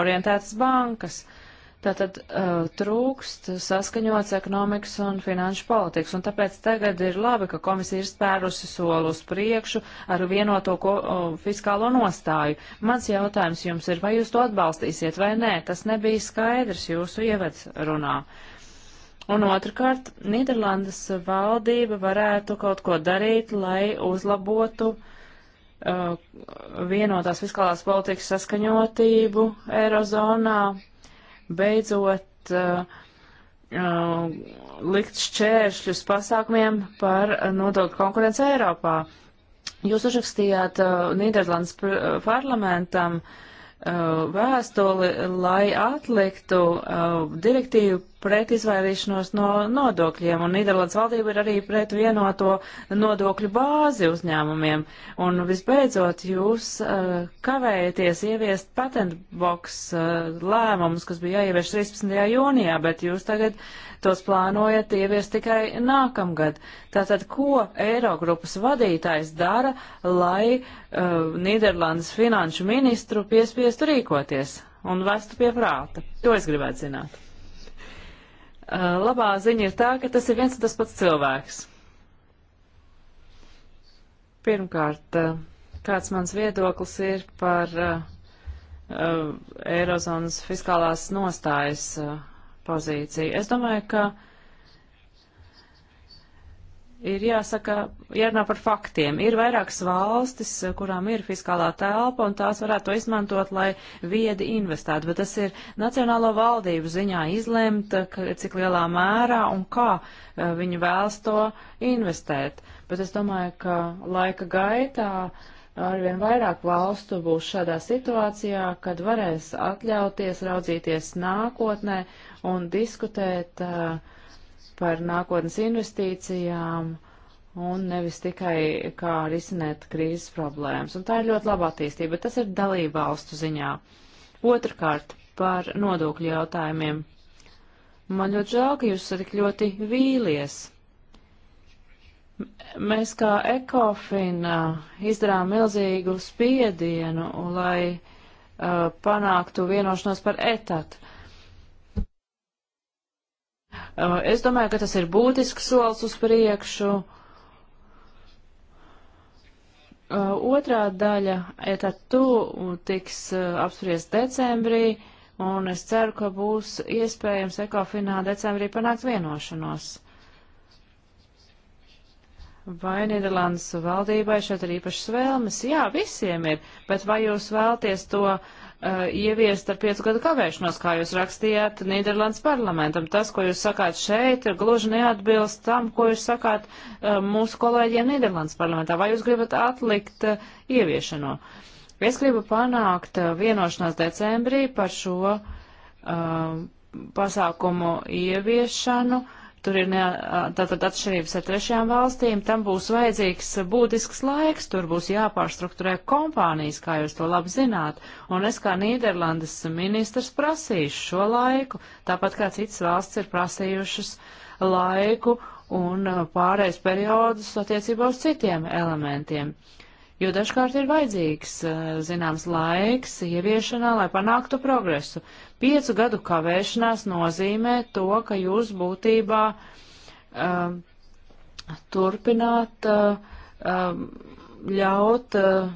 orientētas bankas. Uh, Tātad uh, trūkst saskaņots ekonomikas un finanšu politikas, un tāpēc tagad ir labi, ka komisija ir spērusi soli uz priekšu ar vienoto ko, uh, fiskālo nostāju. Mans jautājums jums ir, vai jūs to atbalstīsiet vai nē, tas nebija skaidrs jūsu ievads runā. Un otrkārt, Nīderlandes valdība varētu kaut ko darīt, lai uzlabotu uh, vienotās fiskālās politikas saskaņotību Eirozonā, beidzot uh, uh, likt šķēršļus pasākumiem par nodokļu konkurenci Eiropā. Jūs uzrakstījāt uh, Nīderlandes parlamentam vēstuli, lai atliktu direktīvu pret izvairīšanos no nodokļiem, un Nīderlandes valdība ir arī pret vienoto nodokļu bāzi uzņēmumiem. Un visbeidzot, jūs uh, kavējaties ieviest patentboks uh, eh, lēmumus, kas bija jāievieš 13. jūnijā, bet jūs tagad tos plānojat ieviest tikai nākamgad. Tātad, ko Eirogrupas vadītājs dara, lai uh, Nīderlandes finanšu ministru piespiestu rīkoties un vestu pie prāta? To es gribētu zināt. Labā ziņa ir tā, ka tas ir viens un tas pats cilvēks. Pirmkārt, kāds mans viedoklis ir par Eirozonas fiskālās nostājas pozīciju? Es domāju, ka ir jāsaka, jārunā par faktiem. Ir vairākas valstis, kurām ir fiskālā telpa, un tās varētu to izmantot, lai viedi investētu, bet tas ir nacionālo valdību ziņā izlemt, cik lielā mērā un kā eh, viņi vēlas to investēt. Bet es domāju, ka laika gaitā arvien vairāk valstu būs šādā situācijā, kad varēs atļauties raudzīties nākotnē un diskutēt uh, par nākotnes investīcijām un nevis tikai kā risinēt krīzes problēmas. Un tā ir ļoti laba attīstība, bet tas ir dalība valstu ziņā. Otrakārt, par nodokļu jautājumiem. Man ļoti žēl, ka jūs esat tik ļoti vīlies. Mēs kā ekofina izdarām milzīgu spiedienu, lai uh, panāktu vienošanos par etatu. Uh, Uh, es domāju, ka tas ir būtisks solis uz priekšu. Uh, otrā daļa etatu tiks uh, apspriest decembrī, un es ceru, ka būs iespējams ekofinā decembrī panākt vienošanos. Vai Nīderlandes valdībai šeit ir īpašas vēlmes? Jā, visiem ir, bet vai jūs vēlties to uh, Uh, ieviest ar piecu gadu kavēšanos, kā jūs rakstījāt Nīderlandes parlamentam. Tas, ko jūs sakāt šeit, gluži neatbilst tam, ko jūs sakāt uh, mūsu kolēģiem Nīderlandes parlamentā. Vai jūs gribat atlikt uh, ieviešanu? Es gribu panākt vienošanās decembrī par šo uh, pasākumu ieviešanu. Uh, tur ir ne, tātad atšķirības ar trešajām valstīm, tam būs vajadzīgs būtisks laiks, tur būs jāpārstruktūrē kompānijas, kā jūs to labi zināt, un es kā Nīderlandes ministrs prasīšu šo laiku, tāpat kā citas valsts ir prasījušas laiku un pārējais periodus attiecībā uz citiem elementiem. Uh, jo dažkārt ir vajadzīgs eh, zināms laiks ieviešanā, lai panāktu progresu. Piecu gadu kavēšanās nozīmē to, ka jūs būtībā um, turpināt um, ļaut uh,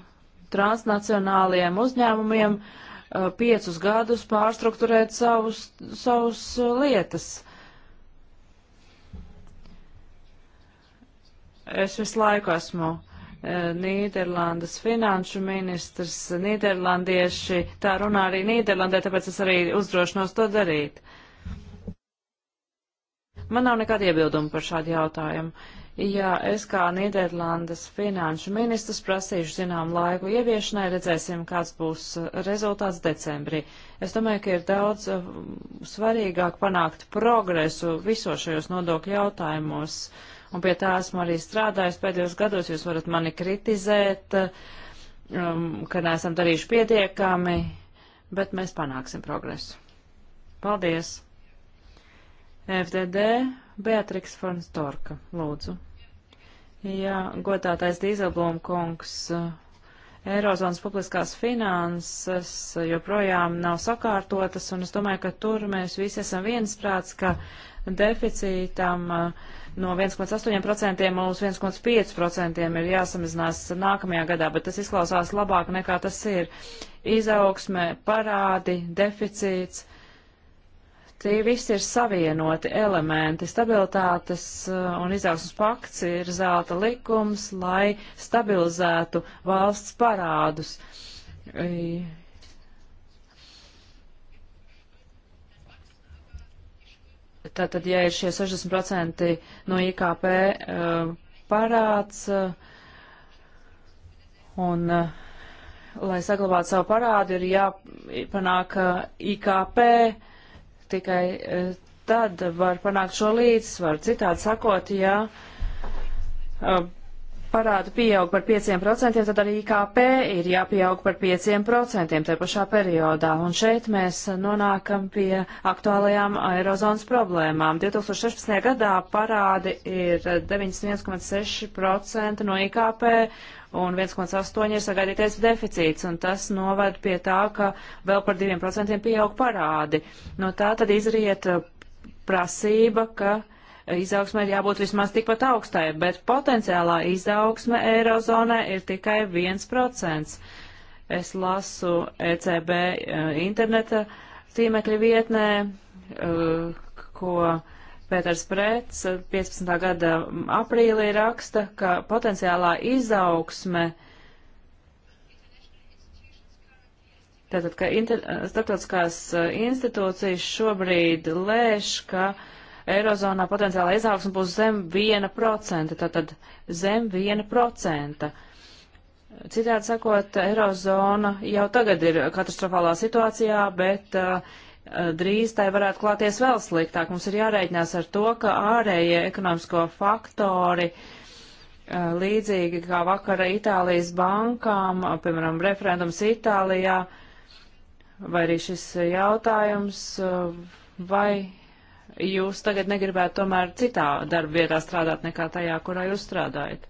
transnacionāliem uzņēmumiem uh, piecus gadus pārstruktūrēt savus, savus lietas. Es visu laiku esmu uh, Eh, Nīderlandes finanšu ministrs, nīderlandieši, tā runā arī Nīderlandē, tāpēc es arī uzdrošinos to darīt. Man nav nekāda iebilduma par šādu jautājumu. Ja es kā Nīderlandes finanšu ministrs prasīšu zinām laiku ieviešanai, redzēsim, kāds būs eh, rezultāts decembrī. Es domāju, ka ir daudz eh, svarīgāk panākt progresu visos šajos nodokļu jautājumos. Uh, un pie tā esmu arī strādājis pēdējos gados. Jūs varat mani kritizēt, um, ka neesam darījuši pietiekami, bet mēs panāksim progresu. Paldies! FDD Beatriks von Storka, lūdzu. Jā, godātais Dīzelblom kungs, Eirozonas publiskās finanses joprojām nav sakārtotas, un es domāju, ka tur mēs visi esam viensprāts, ka deficītam uh, no 1,8% uz 1,5% ir jāsamazinās nākamajā gadā, bet tas izklausās labāk nekā tas ir. Izaugsme, parādi, deficīts. Tie visi ir savienoti elementi. Stabilitātes uh, un izaugsmas pakts ir zelta likums, lai stabilizētu valsts parādus Tātad, ja ir šie 60% no IKP uh, eh, parāds uh, un, uh, lai saglabātu savu parādu, ir jāpanāk IKP, tikai tad var panākt šo līdzsvaru. Citādi sakot, ja parādu pieaug par 5%, tad arī IKP ir jāpieaug par 5% tajā pašā periodā. Un šeit mēs nonākam pie aktuālajām eirozonas problēmām. 2016. gadā parādi ir 91,6% no IKP un 1,8 ir sagaidītais deficīts, un tas noved pie tā, ka vēl par 2% pieaug parādi. No tā tad izriet prasība, ka uh, izaugsme ir jābūt vismaz tikpat augstai, bet potenciālā izaugsme Eirozonē ir tikai 1%. Es lasu ECB eh, interneta tīmekļa vietnē, eh, ko Pēters Prets 15. Eh, gada mm, aprīlī raksta, ka potenciālā izaugsme Tātad, ka starptautiskās institūcijas šobrīd lēš, ka uh, Eirozonā potenciāla izaugsme būs zem 1%, tātad zem 1%. Citādi sakot, Eirozona jau tagad ir katastrofālā situācijā, bet uh, drīz tai varētu klāties vēl sliktāk. Mums ir jārēķinās ar to, ka ārējie ekonomisko faktori, uh, līdzīgi kā vakara Itālijas bankām, uh, piemēram, referendums Itālijā, vai arī šis jautājums, uh, vai jūs tagad negribētu tomēr citā darba vietā strādāt nekā tajā, kurā jūs strādājat?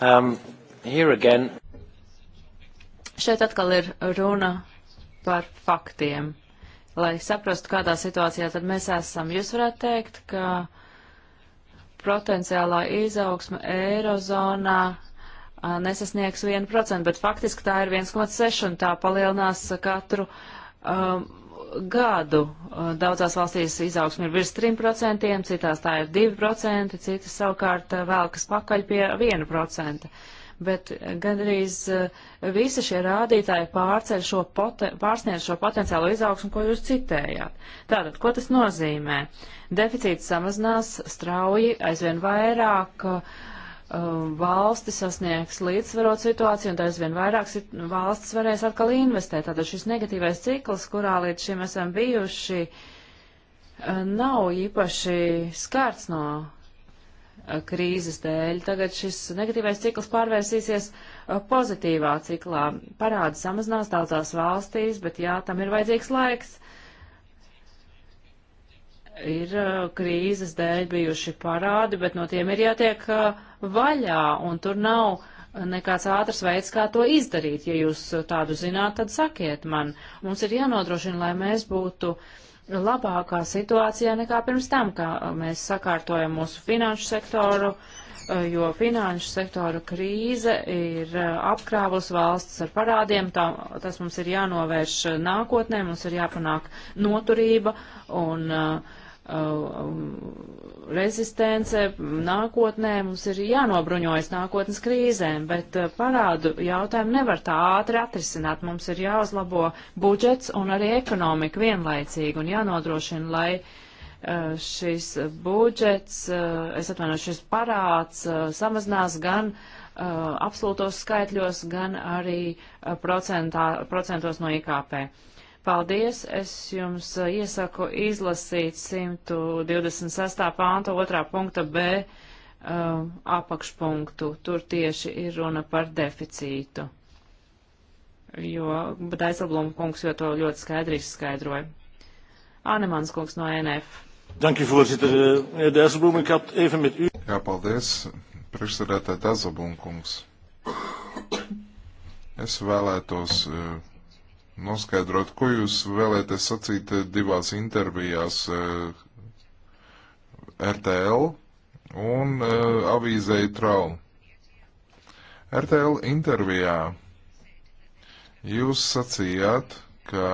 Um, Šeit atkal ir runa par faktiem. Lai saprastu, kādā situācijā tad mēs esam, jūs varētu teikt, ka potenciālā izaugsme Eirozonā nesasniegs 1%, bet faktiski tā ir 1,6 un tā palielinās katru um, gadu. Uh, daudzās valstīs izaugsme ir virs 3%, citās tā ir 2%, citas savukārt uh, velkas pakaļ pie 1%. Bet gandrīz uh, visi šie rādītāji pārceļ šo, poten, pārsniedz šo potenciālo izaugsmu, ko jūs citējāt. Tātad, ko tas nozīmē? Deficīts samazinās strauji, aizvien vairāk. Uh, Um, valsti sasniegs līdzsvarot situāciju, un tad aizvien vairāk valsts varēs atkal investēt. Tātad šis negatīvais cikls, kurā līdz šim esam bijuši, uh, nav īpaši skārts no uh, krīzes dēļ. Tagad šis negatīvais cikls pārvērsīsies uh, pozitīvā ciklā. Parādi samazinās daudzās valstīs, bet jā, tam ir vajadzīgs laiks ir krīzes dēļ bijuši parādi, bet no tiem ir jātiek uh, vaļā, un tur nav nekāds ātrs veids, kā to izdarīt. Ja jūs tādu zināt, tad sakiet man. Mums ir jānodrošina, lai mēs būtu labākā situācijā nekā pirms tam, kā mēs sakārtojam mūsu finanšu sektoru, jo finanšu sektora krīze ir apkrāvus valsts ar parādiem, tā, tas mums ir jānovērš nākotnē, mums ir jāpanāk noturība un uh, um, rezistence nākotnē, mums ir jānobruņojas nākotnes krīzēm, bet eh, parādu jautājumu nevar tā ātri atrisināt. Mums ir jāuzlabo budžets un arī ekonomika vienlaicīgi un jānodrošina, lai eh, šis budžets, eh, es atvainoju, šis parāds samazinās gan absolūtos skaitļos, gan arī procentā, procentos no IKP. Paldies! Es jums uh, iesaku izlasīt 126. pānta otrā punkta B um, apakšpunktu. Tur tieši ir runa par deficītu. Jo, bet aizsabluma kungs jau to ļoti skaidri izskaidroja. Anemans kungs no NF.
Dank u voorzitter. Eh, meneer Dijsselbloem, ik had even met u... Ja, paldies. Priekšsēdētāj Dijsselbloem kungs. Es vēlētos uh, noskaidrot, ko jūs vēlēties sacīt eh, divās intervijās eh, RTL un eh, avīzei Trau. RTL intervijā jūs sacījāt, ka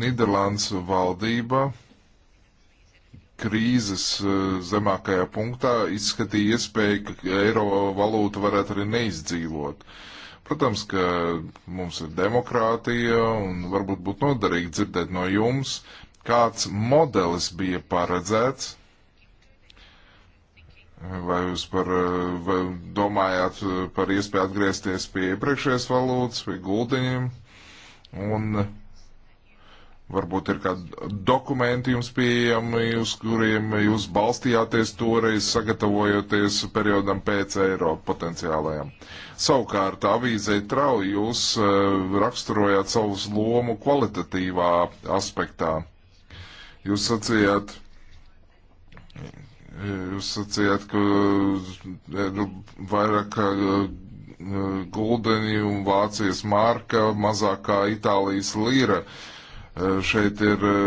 Nīderlandes valdība krīzes zemākajā punktā izskatīja iespēju, ka eiro valūta varētu arī neizdzīvot. Uh, Protams, ka mums ir demokrātija un varbūt būtu noderīgi dzirdēt no jums, kāds modelis bija paredzēts. Vai jūs par, vai domājāt par iespēju atgriezties pie iepriekšējās valūtas, pie guldiņiem? Un Varbūt ir kādi dokumenti jums pieejami, uz kuriem jūs balstījāties toreiz, sagatavojoties periodam pēc eiro potenciālajam. Savukārt, avīzē trauji jūs uh, raksturojāt savus lomu kvalitatīvā aspektā. Jūs sacījāt, e, jūs sacījāt, ka e, nu, vairāk guldeni un Vācijas marka, mazākā Itālijas līra. Uh, Eh, šeit ir eh,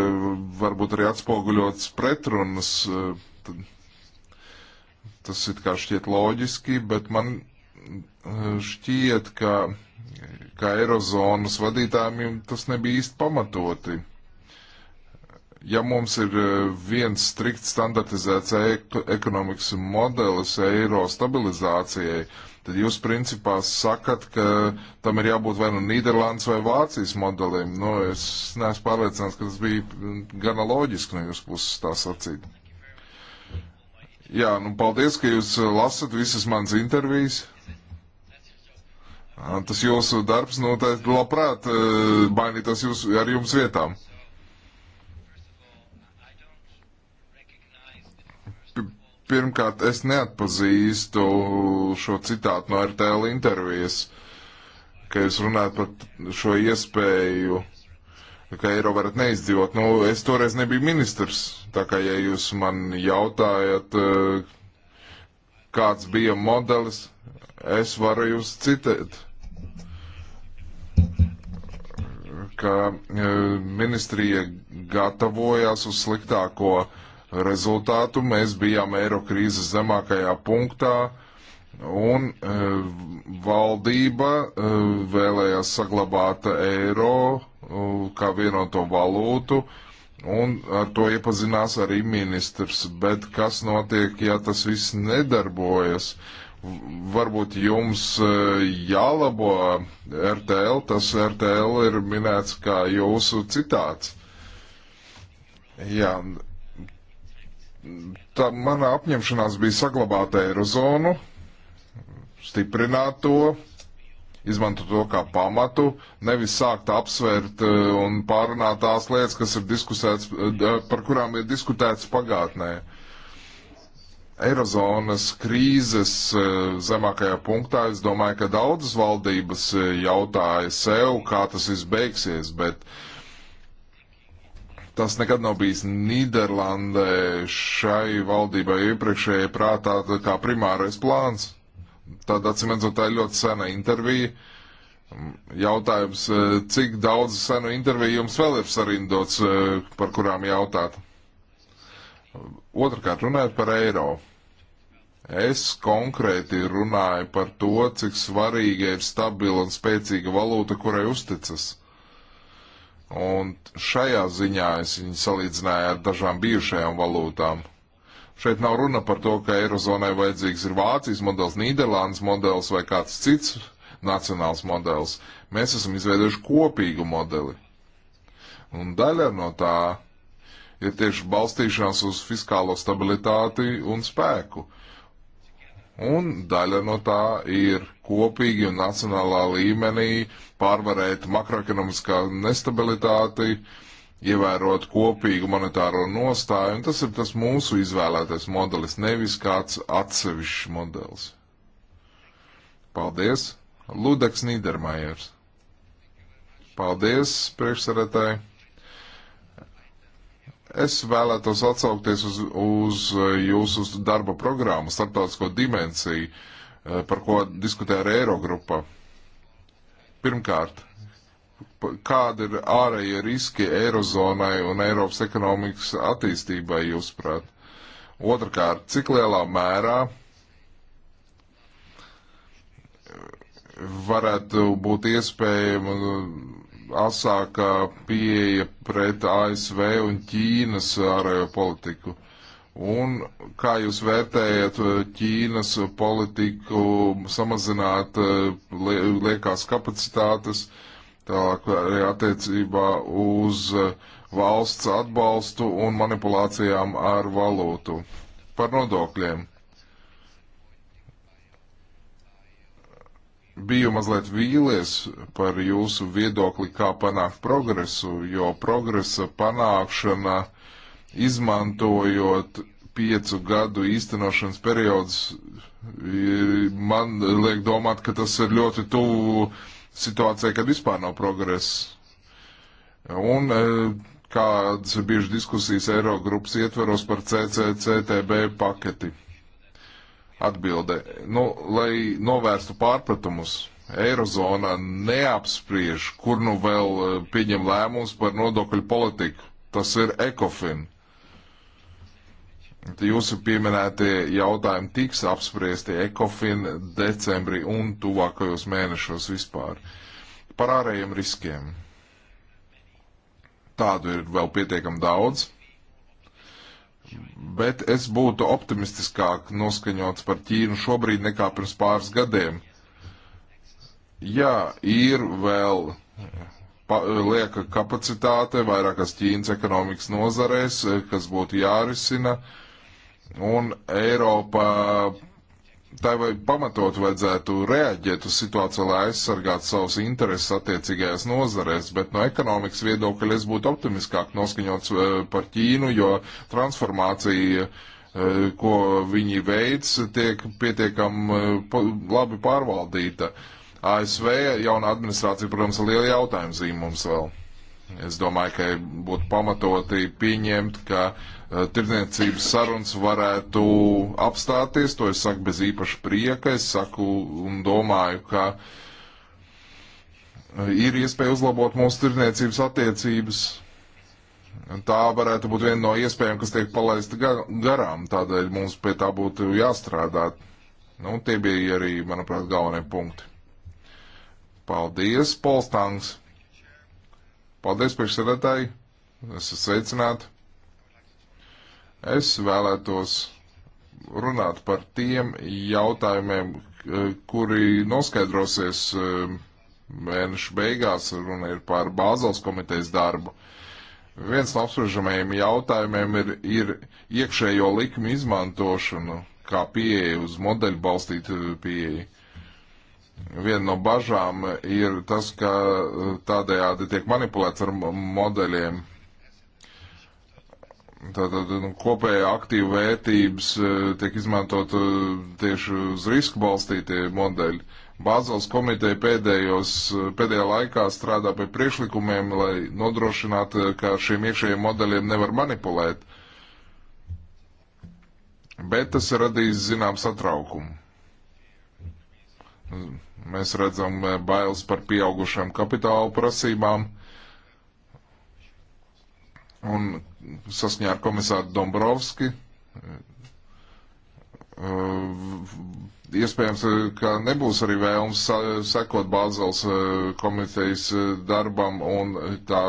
varbūt arī atspoguļots pretrunas. Eh, tas it kā šķiet loģiski, bet man šķiet, ka kā Eirozonas vadītājiem tas nebija īsti pamatoti. Ja mums ir viens strikt standartizēts e-, ekonomikas modelis eiro stabilizācijai, Tad jūs principā sakat, ka tam ir jābūt vai nu Nīderlandes vai Vācijas modelim. Nu, es neesmu pārliecināts, ka tas bija gana loģiski no jūsu puses tā sacīt. Jā, nu paldies, ka jūs lasat visas manas intervijas. Tas jūsu darbs, nu, tā labprāt e, mainītos jūs, ar jums vietām. Pirmkārt, es neatpazīstu šo citātu no RTL intervijas, ka jūs runājat par šo iespēju, ka eiro varat neizdzīvot. Nu, es toreiz nebiju ministrs, tā kā ja jūs man jautājat, eh, kāds bija modelis, es varu jūs citēt. ka eh, ministrija gatavojās uz sliktāko uh, rezultātu. Mēs bijām eiro krīzes zemākajā punktā, un e, valdība e, vēlējās saglabāt eiro e, kā vienoto valūtu, un ar to iepazinās arī ministrs. Bet kas notiek, ja tas viss nedarbojas? Varbūt jums e, jālabo RTL, tas RTL ir minēts kā jūsu citāts. Jā, tā mana apņemšanās bija saglabāt eirozonu, stiprināt to, izmantot to kā pamatu, nevis sākt apsvērt e, un pārunāt tās lietas, kas ir diskusēts, e, par kurām ir diskutēts pagātnē. Eirozonas krīzes e, zemākajā punktā es domāju, ka daudzas valdības jautāja sev, kā tas viss beigsies, bet uh, Tas nekad nav bijis Nīderlandē šai valdībai iepriekšējai prātā kā primārais plāns. Tad, acīm redzot, tā ir ļoti sena intervija. Jautājums, e, cik daudz senu interviju jums vēl ir sarindots, e, par kurām jautāt? Otrakārt, runājot par eiro. Es konkrēti runāju par to, cik svarīga ir stabila un spēcīga valūta, kurai uzticas. Uh, Un šajā ziņā es viņu salīdzināju ar dažām bijušajām valūtām. Šeit nav runa par to, ka Eirozonai vajadzīgs ir Vācijas modelis, Nīderlandes modelis vai kāds cits nacionāls modelis. Mēs esam izveidojuši kopīgu modeli. Un daļa no tā ir tieši balstīšanās uz fiskālo stabilitāti un spēku. Uh, Un daļa no tā ir kopīgi un nacionālā līmenī pārvarēt makroekonomiskā nestabilitāti, ievērot kopīgu monetāro nostāju, un tas ir tas mūsu izvēlētais modelis, nevis kāds atsevišķs modelis. Paldies! Ludeks Nīdermājers. Paldies, priekšsarētāji! Es vēlētos atsaukties uz, uz eh, jūsu darba programmu, starptautisko dimensiju, eh, par ko diskutē ar Eirogrupa. Pirmkārt, kāda ir ārējie riski Eirozonai un Eiropas ekonomikas attīstībai, jūsuprāt? Otrakārt, cik lielā mērā eh, varētu būt iespējama asākā pieeja pret ASV un Ķīnas ārējo politiku. Un kā jūs vērtējat eh, Ķīnas politiku samazināt eh, liekās kapacitātes, tālāk arī attiecībā uz eh, valsts atbalstu un manipulācijām ar valūtu par nodokļiem? biju mazliet vīlies par jūsu viedokli, kā panākt progresu, jo progresa panākšana izmantojot piecu gadu īstenošanas periodus, man liek domāt, ka tas ir ļoti tuvu situācijai, kad vispār nav progresa. Un e, kādas ir bijušas diskusijas Eirogrupas ietveros par CCCTB paketi. Atbilde. Nu, lai novērstu pārpratumus, Eirozona neapspriež, kur nu vēl eh, pieņem lēmums par nodokļu politiku. Tas ir ECOFIN. Jūsu pieminētie jautājumi tiks apspriesti ECOFIN decembrī un tuvākajos mēnešos vispār. Par ārējiem riskiem. Tādu ir vēl pietiekam daudz bet es būtu optimistiskāk noskaņots par Ķīnu šobrīd nekā pirms pāris gadiem. Jā, ir vēl pa, lieka kapacitāte vairākas Ķīnas ekonomikas nozarēs, kas būtu jārisina, un Eiropa tā vai pamatot vajadzētu reaģēt uz situāciju, lai aizsargātu savus intereses attiecīgajās nozarēs, bet no ekonomikas viedokļa es būtu optimiskāk noskaņots eh, par Ķīnu, jo transformācija, eh, ko viņi veids, tiek pietiekam eh, labi pārvaldīta. ASV jauna administrācija, protams, ir liela jautājuma zīmums vēl. Es domāju, ka būtu pamatoti pieņemt, ka uh, Eh, tirdzniecības sarunas varētu apstāties. To es saku bez īpaša prieka. Es saku un domāju, ka eh, ir iespēja uzlabot mūsu tirdzniecības attiecības. Tā varētu būt viena no iespējām, kas tiek palaista garām. Tādēļ mums pie tā būtu jāstrādā. Nu, tie bija arī, manuprāt, galvenie punkti. Paldies, Polstāns! Paldies, priekšsēdētāji! Es esmu sveicināti! Es vēlētos runāt par tiem jautājumiem, eh, kuri noskaidrosies eh, mēneša beigās, runa ir par Bāzels komitejas darbu. Viens no apspriežamajiem jautājumiem ir, ir iekšējo likumu izmantošanu kā pieeja uz modeļu balstītu eh, pieeju. Viena no bažām ir tas, ka tādējādi tiek manipulēts ar modeļiem Tātad nu, kopēja aktīva vērtības e, tiek izmantot e, tieši uz risku balstītie modeļi. Bāzels komiteja pēdējos, e, pēdējā laikā strādā pie priekšlikumiem, lai nodrošinātu, ka šiem iekšējiem modeļiem nevar manipulēt. Bet tas ir radījis zinām satraukumu. Mēs redzam bailes par pieaugušām kapitāla prasībām. Un saskaņā ar komisāru Dombrovski. Eh, iespējams, eh, ka nebūs arī vēlms sekot Bāzels eh, komitejas darbam un tā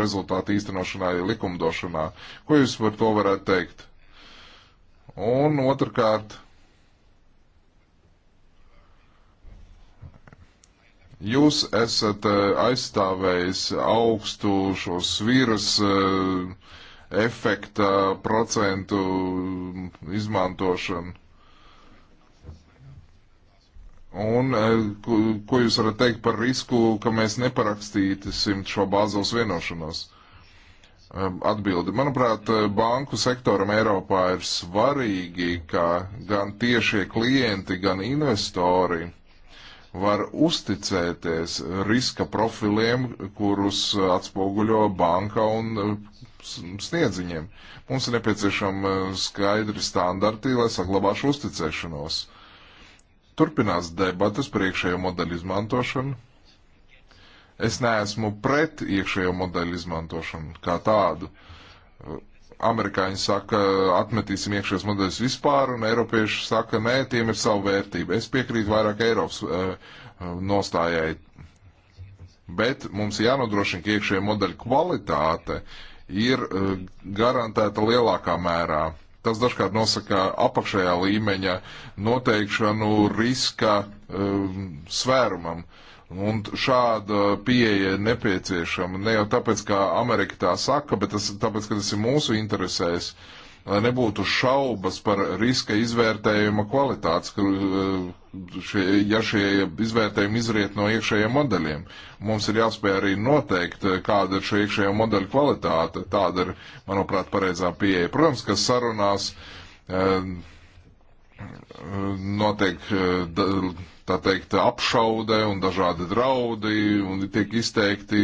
rezultātu īstenošanai likumdošanā. Ko jūs par to varētu teikt? Un otrkārt, jūs esat aizstāvējis augstu šos vīrus efekta procentu izmantošanu. Un e, ko, ko jūs varat teikt par risku, ka mēs neparakstīsim šo bāzels vienošanos? E, atbildi. Manuprāt, e, banku sektoram Eiropā ir svarīgi, ka gan tiešie klienti, gan investori var uzticēties riska profiliem, kurus atspoguļo banka un eh, sniedziņiem. Mums ir nepieciešama skaidri standarti, lai saglabāšu uzticēšanos. Turpinās debatas par iekšējo modeļu izmantošanu. Es neesmu pret iekšējo modeļu izmantošanu kā tādu amerikāņi saka, atmetīsim iekšējos modeļus vispār, un eiropieši saka, nē, tiem ir sava vērtība. Es piekrītu vairāk Eiropas eh, eh, nostājai, bet mums jānodrošina, ka iekšējā modeļa kvalitāte ir eh, garantēta lielākā mērā. Tas dažkārt nosaka apakšējā līmeņa noteikšanu riska um, svērumam. Uh, Un šāda pieeja ir nepieciešama ne jau tāpēc, ka Amerika tā saka, bet tas, tāpēc, ka tas ir mūsu interesēs, lai nebūtu šaubas par riska izvērtējuma kvalitātes, ka eh, šie, ja šie izvērtējumi izriet no iekšējiem modeļiem. Mums ir jāspēj arī noteikt, eh, kāda ir šo iekšējo modeļu kvalitāte. Tāda ir, manuprāt, pareizā pieeja. Protams, ka sarunās. Uh, notiek eh, tā teikt apšaudē un dažādi draudi un tiek izteikti.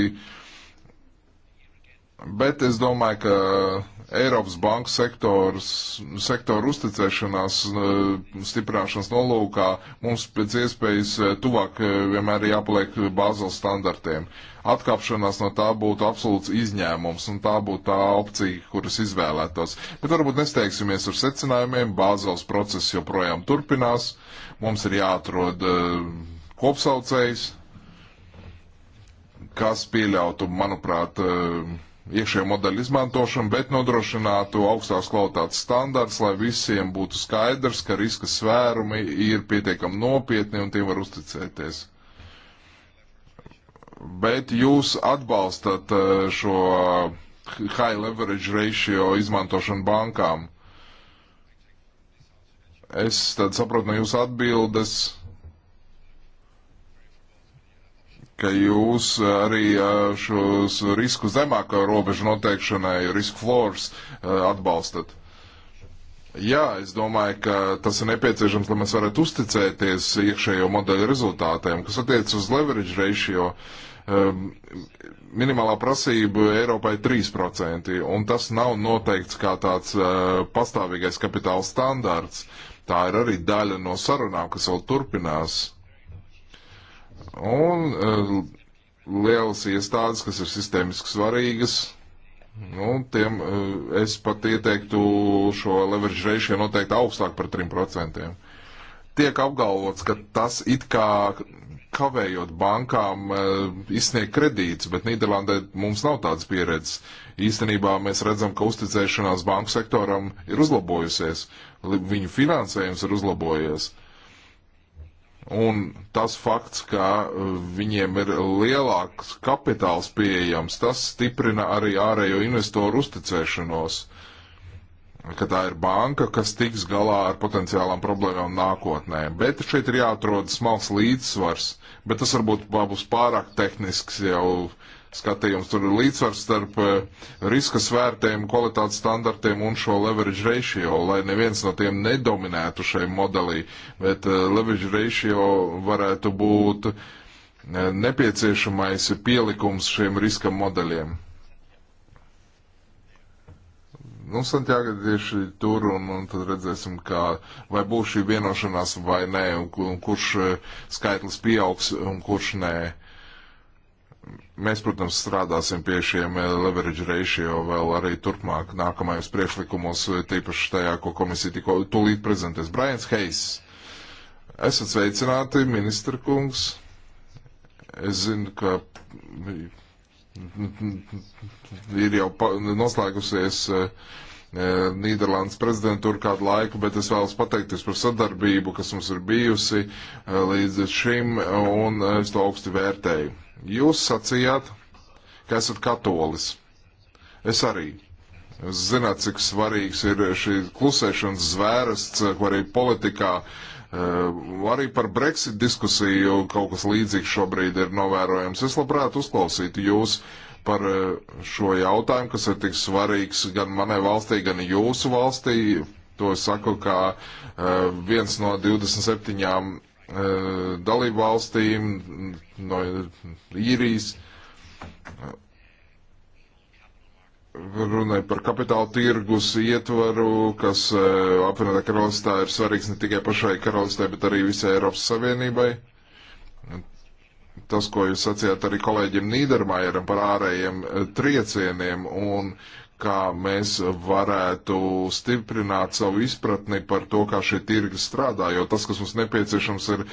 Bet es domāju, ka Eiropas banku sektors, sektoru uzticēšanās eh, stiprināšanas nolūkā mums pēc iespējas eh, tuvāk eh, vienmēr ir jāpaliek bāzes standartiem. Atkāpšanās no tā būtu absolūts izņēmums, un tā būtu tā opcija, kuras izvēlētos. Bet varbūt nesteigsimies ar secinājumiem, bāzes process joprojām turpinās, mums ir jāatrod kopsaucējs, kas pieļautu, manuprāt, uh, iekšējo modeļu izmantošanu, bet nodrošinātu augstās kvalitātes standarts, lai visiem būtu skaidrs, ka riska svērumi ir pietiekami nopietni un tiem var uzticēties. Bet jūs atbalstat eh, šo high leverage ratio izmantošanu bankām. Es tad saprotu no jūsu atbildes, ka jūs eh, arī eh, šos risku zemāko robežu noteikšanai, risku floors eh, atbalstat. Jā, es domāju, ka tas ir nepieciešams, lai mēs varētu uzticēties iekšējo modeļu rezultātiem, kas attiec uz leverage ratio. Ehm, minimālā prasība Eiropai ir 3%, un tas nav noteikts kā tāds pastāvīgais kapitāla standārts. Tā ir arī daļa no sarunām, kas vēl turpinās Un uh, lielas iestādes, kas ir sistēmiski svarīgas, nu, tiem uh, es pat ieteiktu šo leverage ratio noteikti augstāk par 3%. Tiek apgalvots, ka tas it kā kavējot bankām eh, izsniegt kredītus, bet Nīderlandē mums nav tādas pieredzes. Īstenībā mēs redzam, ka uzticēšanās banku sektoram ir uzlabojusies, viņu finansējums ir uzlabojies. Uh, Un tas fakts, ka uh, viņiem ir lielāks kapitāls pieejams, tas stiprina arī ārējo investoru uzticēšanos, ka tā ir banka, kas tiks galā ar potenciālām problēmām nākotnē. Bet šeit ir jāatrod smalks līdzsvars, bet tas varbūt būs pārāk tehnisks jau uh, skatījums. Tur ir līdzsvars starp eh, riska svērtēm, kvalitātes standartiem un šo leverage ratio, lai neviens no tiem nedominētu šai modelī, bet eh, leverage ratio varētu būt eh, nepieciešamais pielikums šiem riska modeļiem. Nu, Santiago tieši tur, un, un tad redzēsim, kā, vai būs šī vienošanās vai nē, un, un kurš skaitlis pieaugs un kurš nē. Uh, Mēs, protams, strādāsim pie šiem eh, leverage ratio vēl arī turpmāk nākamajos priekšlikumos, eh, tīpaši tajā, ko komisija tikko tūlīt prezentēs. Brians Heis, esat sveicināti, ministra kungs. Es zinu, ka ir jau noslēgusies eh, Nīderlandes prezidentūra kādu laiku, bet es vēlos pateikties par sadarbību, kas mums ir bijusi līdz šim, un es to augsti vērtēju. Jūs sacījāt, ka esat katolis. Es arī. Jūs zināt, cik svarīgs ir šī klusēšanas zvērsts, ko arī politikā, eh, arī par Brexit diskusiju kaut kas līdzīgs šobrīd ir novērojams. Es labprāt uzklausītu jūs par eh, šo jautājumu, kas ir tik svarīgs gan manai valstī, gan jūsu valstī. To es saku kā eh, viens no 27 Eh, dalību valstīm, no īrijas. Eh, Runāja par kapitāla tirgus ietvaru, kas eh, apvienotā karalistā ir svarīgs ne tikai pašai karalistē, bet arī visai Eiropas Savienībai. Tas, ko jūs sacījāt arī kolēģim Nīdermajeram par ārējiem triecieniem un uh, kā mēs varētu stiprināt savu izpratni par to, kā šie tirgi strādā, jo tas, kas mums nepieciešams, ir e,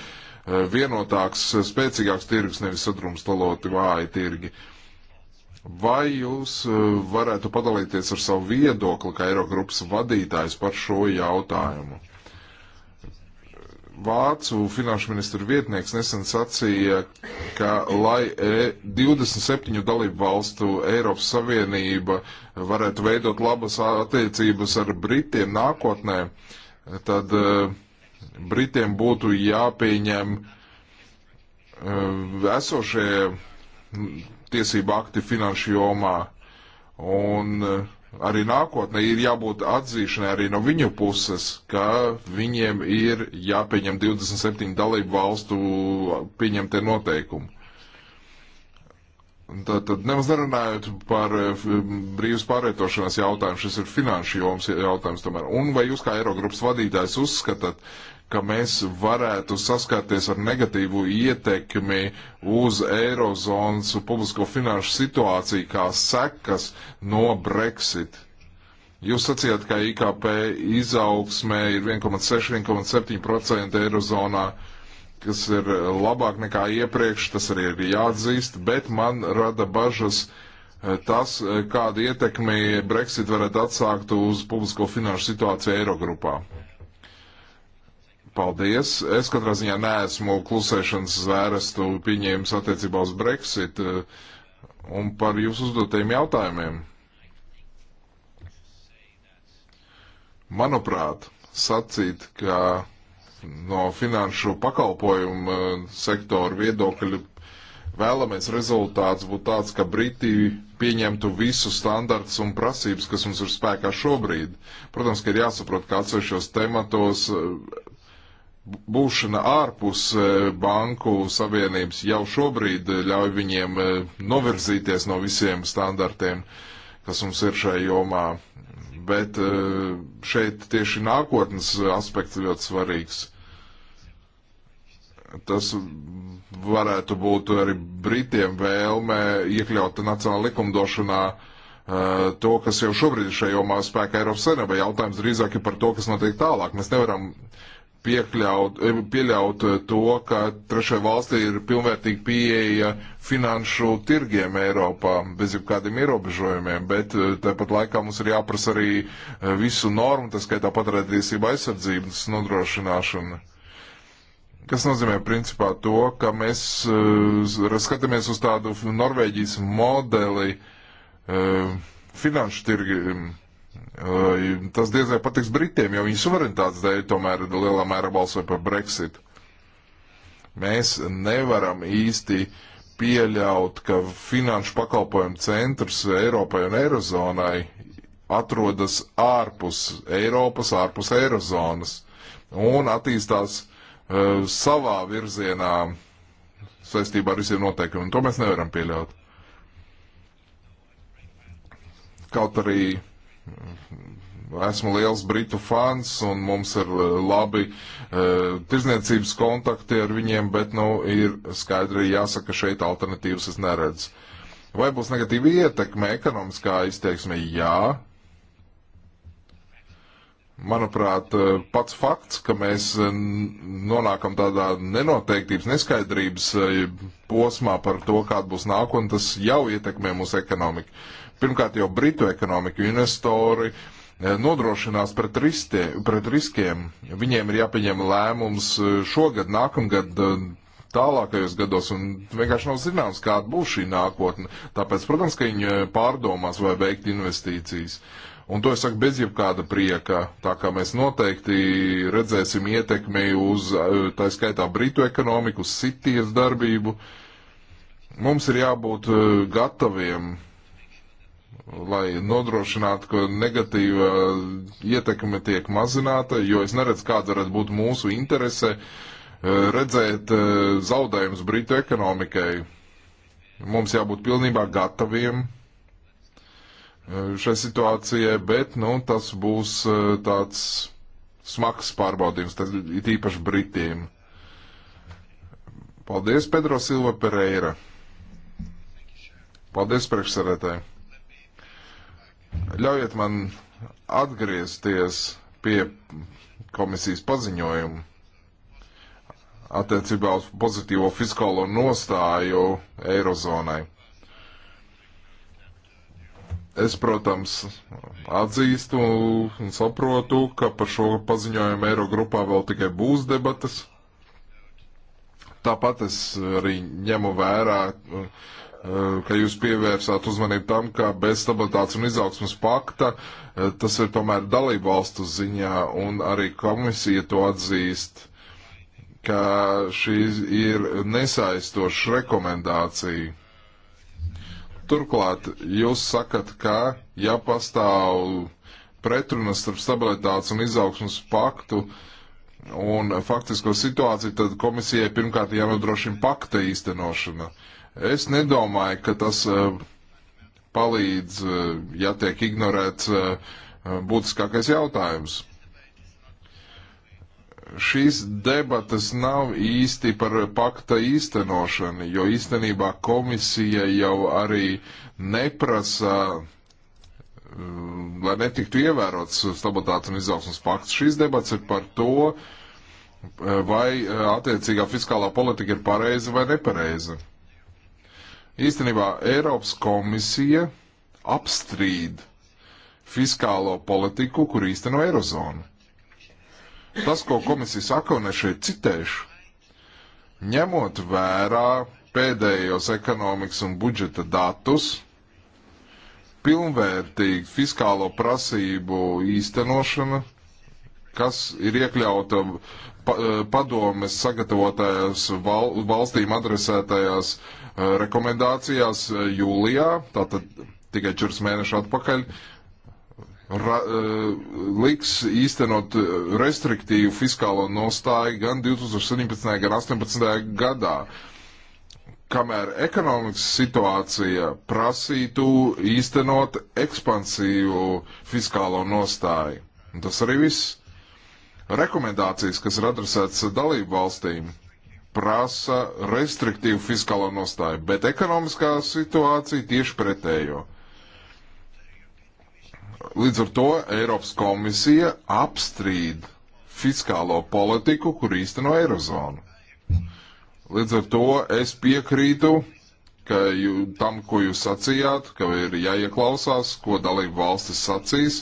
vienotāks, spēcīgāks tirgs, nevis sadrumstaloti vāji tirgi. Vai jūs e, varētu padalīties ar savu viedokli, kā Eirogrupas vadītājs par šo jautājumu? Vācu finanšu ministru vietnieks nesen sacīja, ka lai 27 e dalību valstu Eiropas Savienība varētu veidot labas attiecības ar Britiem nākotnē, tad e, Britiem būtu jāpieņem e, esošie tiesību akti finanšu jomā. Un uh, arī nākotnē ir jābūt atzīšanai arī no viņu puses, ka viņiem ir jāpieņem 27 dalību valstu pieņemtie noteikumi. Tad, tad nemaz nerunājot par eh, brīvas pārvietošanās jautājumu, šis ir finanšu joms jautājums tomēr. Un vai jūs kā Eirogrupas vadītājs uzskatāt, ka mēs varētu saskarties ar negatīvu ietekmi uz Eirozonas publisko finanšu situāciju kā sekas no Brexit. Jūs sacījāt, ka IKP izaugsmē ir 1,6-1,7% Eirozonā, kas ir labāk nekā iepriekš, tas arī ir jāatzīst, bet man rada bažas eh, tas, eh, kāda ietekme Brexit varētu atsākt uz publisko finanšu situāciju Eirogrupā. Paldies. Es katrā ziņā neesmu klusēšanas zvērestu pieņēmis attiecībā uz Brexit eh, un par jūsu uzdotajiem jautājumiem. Manuprāt, sacīt, ka no finanšu pakalpojumu eh, sektora viedokļa vēlamais rezultāts būtu tāds, ka Briti pieņemtu visu standarts un prasības, kas mums ir spēkā šobrīd. Protams, ka ir jāsaprot, ka atsevišķos tematos eh, būšana ārpus e, banku savienības jau šobrīd e, ļauj viņiem e, novirzīties no visiem standartiem, kas mums ir šajā jomā. Bet šeit tieši nākotnes aspekts ļoti svarīgs. Tas varētu būt arī Britiem vēlme iekļaut nacionālā likumdošanā to, kas jau šobrīd ir šajā jomā spēkā Eiropas Savienībā. Jautājums drīzāk ir par to, kas notiek tālāk. Mēs nevaram uh, piekļaut, eh, pieļaut eh, to, ka trešai valstī ir pilnvērtīga pieeja finanšu tirgiem Eiropā bez jebkādiem ierobežojumiem, bet eh, tāpat laikā mums ir jāprasa arī visu normu, tas skaitā patērētiesība aizsardzības nodrošināšana. Kas nozīmē principā to, ka mēs uh, skatāmies uz tādu Norvēģijas modeli uh, finanšu tirgiem Tas diez vai patiks Britiem, jo viņu suverenitātes dēļ tomēr lielā mērā balsoja par Brexit. Mēs nevaram īsti pieļaut, ka finanšu pakalpojumu centrs Eiropai un Eirozonai atrodas ārpus Eiropas, ārpus Eirozonas un attīstās uh, savā virzienā saistībā ar visiem noteikumiem. To mēs nevaram pieļaut. Kaut arī uh, Esmu liels britu fans un mums ir eh, labi uh, tirzniecības kontakti ar viņiem, bet nu, ir skaidri jāsaka, šeit alternatīvas es neredzu. Vai būs negatīva ietekme ekonomiskā izteiksmē? Jā. Manuprāt, eh, pats fakts, ka mēs nonākam tādā nenoteiktības, neskaidrības posmā par to, kāda būs nākotne, tas jau ietekmē mūsu ekonomiku. Uh, Pirmkārt, jau Britu ekonomiku investori eh, nodrošinās pret, ristie, pret riskiem. Viņiem ir jāpieņem lēmums eh, šogad, nākamgad, eh, tālākajos gados, un vienkārši nav zināms, kāda būs šī nākotne. Tāpēc, protams, ka viņi pārdomās, vai veikt investīcijas. Un to es saku bez jebkāda prieka, tā kā mēs noteikti redzēsim ietekmi uz, tā skaitā, Britu ekonomiku, uz Sitijas darbību. Mums ir jābūt gataviem lai nodrošinātu, ka negatīva ietekme tiek mazināta, jo es neredzu, kāda varētu būt mūsu interese eh, redzēt eh, zaudējumus Britu ekonomikai. Mums jābūt pilnībā gataviem eh, šai situācijai, bet nu, tas būs tāds smags pārbaudījums, tas ir īpaši Britiem. Paldies, Pedro Silva Pereira. Paldies, priekšsarētāji. Ļaujiet man atgriezties pie komisijas paziņojumu attiecībā uz pozitīvo fiskālo nostāju Eirozonai. Es, protams, atzīstu un saprotu, ka par šo paziņojumu Eirogrupā vēl tikai būs debatas. Tāpat es arī ņemu vērā uh, Eh, ka jūs pievērsāt uzmanību tam, ka bez stabilitātes un izaugsmas pakta eh, tas ir tomēr dalību valstu ziņā un arī komisija to atzīst, ka šī ir nesaistoša rekomendācija. Turklāt jūs sakat, ka ja pastāv pretrunas starp stabilitātes un izaugsmas paktu, Un faktisko situāciju tad komisijai pirmkārt jānodrošina pakta īstenošana. Uh, Es nedomāju, ka tas e, palīdz, e, ja tiek ignorēts e, būtiskākais jautājums. Šīs debatas nav īsti par pakta īstenošanu, jo īstenībā komisija jau arī neprasa, lai netiktu ievērots stabilitātes un izaugsmas pakts. Šīs debats ir par to, vai attiecīgā fiskālā politika ir pareiza vai nepareiza. Īstenībā Eiropas komisija apstrīd fiskālo politiku, kur īsteno Eirozonu. Tas, ko komisija saka, un es šeit citēšu, ņemot vērā pēdējos ekonomikas un budžeta datus, pilnvērtīgu fiskālo prasību īstenošana, kas ir iekļauta padomes sagatavotajās val, valstīm adresētajās uh, Eh, rekomendācijās eh, jūlijā, tātad tikai 4 mēneši atpakaļ, ra, eh, liks īstenot restriktīvu fiskālo nostāju gan 2017. gan 2018. gadā kamēr ekonomikas situācija prasītu īstenot ekspansīvu fiskālo nostāju. Un tas arī viss. Rekomendācijas, kas ir adresētas dalību valstīm, prasa restriktīvu fiskālo nostāju, bet ekonomiskā situācija tieši pretējo. Līdz ar to Eiropas komisija apstrīd fiskālo politiku, kur īsteno Eirozonu. Līdz ar to es piekrītu ka jū, tam, ko jūs sacījāt, ka ir jāieklausās, ko dalību valstis sacīs,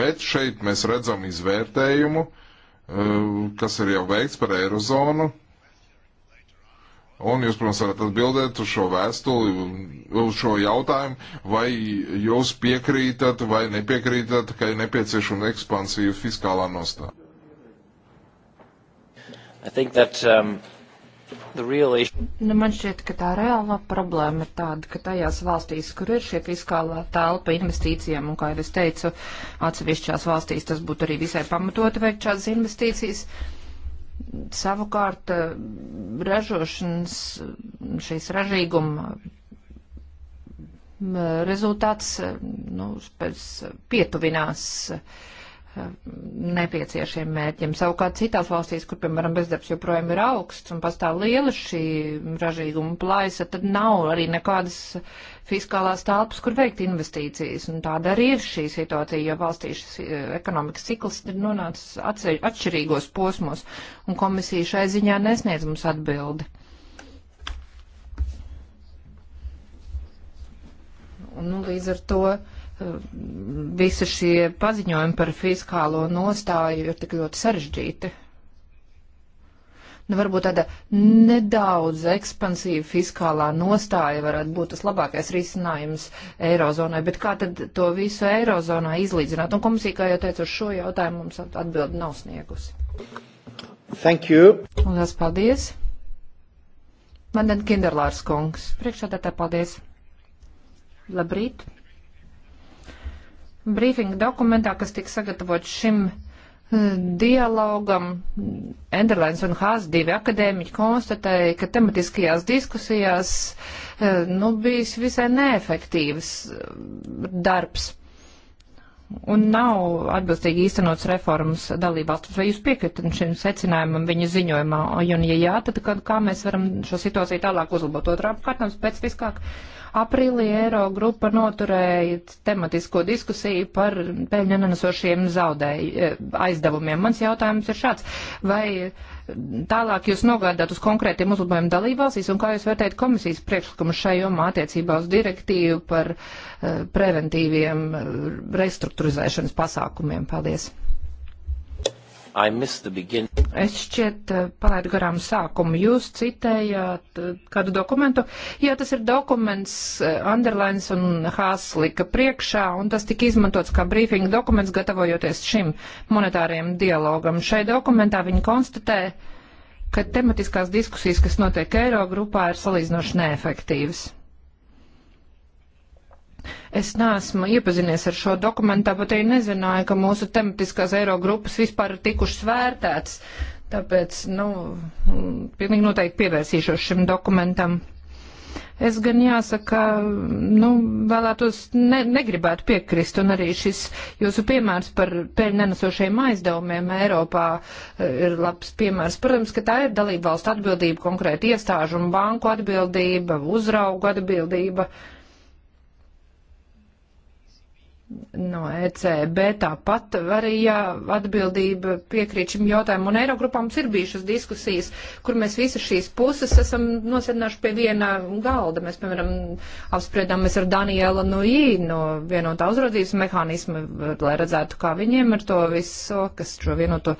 bet šeit mēs redzam izvērtējumu, eh, kas ir jau veikts par Eirozonu, Un jūs, protams, varat atbildēt uz šo vēstuli, uz šo jautājumu, vai jūs piekrītat vai nepiekrītat, ka ir nepieciešama ekspansija fiskālā nostā.
That, um, real... nu, man šķiet, ka tā reāla problēma ir tāda, ka tajās valstīs, kur ir šie fiskālā telpa investīcijām, un, kā jau es teicu, atsevišķās valstīs tas būtu arī visai pamatoti veikt šādas investīcijas, uh, savukārt eh, ražošanas, šīs ražīguma eh, rezultāts eh, nu, pietuvinās uh, nepieciešiem mērķiem. Savukārt citās valstīs, kur, piemēram, bezdarbs joprojām ir augsts un pastāv liela šī ražīguma plaisa, tad nav arī nekādas fiskālās telpas, kur veikt investīcijas. Un tāda arī ir šī situācija, jo valstī šis e, ekonomikas cikls ir nonācis atšķirīgos posmos, un komisija šai ziņā nesniedz mums atbildi. Un, nu, līdz ar to. Uh, visi šie paziņojumi par fiskālo nostāju ir tik ļoti sarežģīti. Nu, varbūt tāda nedaudz ekspansīva fiskālā nostāja varētu būt tas labākais risinājums Eirozonai, bet kā tad to visu Eirozonā izlīdzināt? Un komisija, kā jau teicu, uz šo jautājumu mums atbildi nav sniegusi. Thank you. Un tas paldies. Man ir Kinderlārs kungs. Priekšā tā tā paldies. Labrīt brīfinga dokumentā, kas tika sagatavots šim eh, dialogam, Enderlēns un Hāz divi akadēmiķi konstatēja, ka tematiskajās diskusijās eh, nu, bijis visai neefektīvs eh, darbs un nav atbilstīgi īstenots reformas dalībvalstis. Vai jūs piekritat šim secinājumam viņa ziņojumā? Un, ja jā, tad kad, kā mēs varam šo situāciju tālāk uzlabot? Otrā kārtams pēcfiskāk. Aprīlī Eiro grupa noturēja tematisko diskusiju par peļņu nenesošiem zaudēju eh, aizdevumiem. Mans jautājums ir šāds. Vai tālāk jūs nogādāt uz konkrētiem uzlabojumiem dalībvalstīs un kā jūs vērtējat komisijas priekšlikumu šai jomā attiecībā uz direktīvu par eh, preventīviem eh, restruktūrizēšanas pasākumiem? Paldies!
Es
šķiet eh, palaidu garām sākumu. Jūs citējāt eh, kādu dokumentu. Jā, tas ir dokuments eh, Anderleins un Hāslika priekšā, un tas tika izmantots kā brīfinga dokuments, gatavojoties šim monetāriem dialogam. Šai dokumentā viņi konstatē, ka tematiskās diskusijas, kas notiek Eirogrupā, ir salīdzinoši neefektīvas. Es neesmu iepazinies ar šo dokumentu, tāpat arī nezināju, ka mūsu tematiskās eiro grupas vispār ir tikušas vērtētas. Tāpēc, nu, pilnīgi noteikti pievērsīšos šim dokumentam. Es gan jāsaka, nu, vēlētos, ne, negribētu piekrist, un arī šis jūsu piemērs par peļņu nenesošajiem aizdevumiem Eiropā e, ir labs piemērs. Protams, ka tā ir dalība valsts atbildība, konkrēti iestāžu un banku atbildība, uzraugu atbildība. Uh, no ECB tāpat arī jā, atbildība piekrīt šim jautājumam. Un Eirogrupā mums ir bijušas diskusijas, kur mēs visas šīs puses esam nosēdinājuši pie viena galda. Mēs, piemēram, apspriedāmies ar Danielu no I, no vienotā uzraudzības mehānisma, lai redzētu, kā viņiem ar to visu, kas šo vienoto.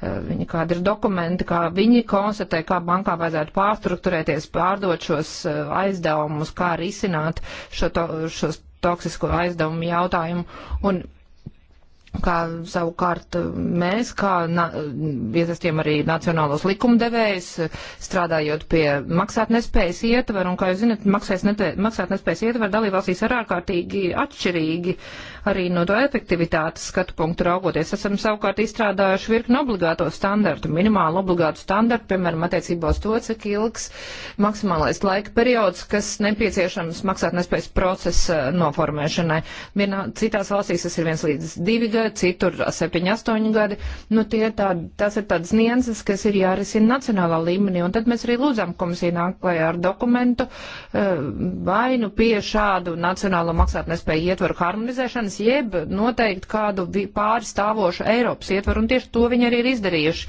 Eh, viņi kādi ir dokumenti, kā viņi konstatē, kā bankā vajadzētu pārstruktūrēties, pārdot šos eh, aizdevumus, kā risināt šo to, šos toksisko aizdevumu jautājumu. Un kā savukārt mēs, kā iesaistiem arī nacionālos likumdevējus, strādājot pie maksātnespējas ietveru, un, kā jūs zinat, maksātnespējas ietveru dalībvalstīs ir ārkārtīgi atšķirīgi arī no to efektivitātes skatu punktu raugoties. Esam savukārt izstrādājuši virkni obligāto standartu, minimālu obligātu standartu, piemēram, attiecībā uz to, cik ilgs maksimālais laika periods, kas nepieciešams maksātnespējas procesa noformēšanai. Vienā, citās valstīs tas ir viens līdz divi gadi gadi, citur 7, 8 gadi. Nu, tā, tas ir tāds nianses, kas ir jārisina nacionālā līmenī. Un tad mēs arī lūdzām komisiju nāk klajā ar dokumentu eh, vai nu pie šādu nacionālo maksātnespēju ietvaru harmonizēšanas, jeb noteikti kādu pārstāvošu Eiropas ietvaru. Un tieši to viņi arī ir izdarījuši,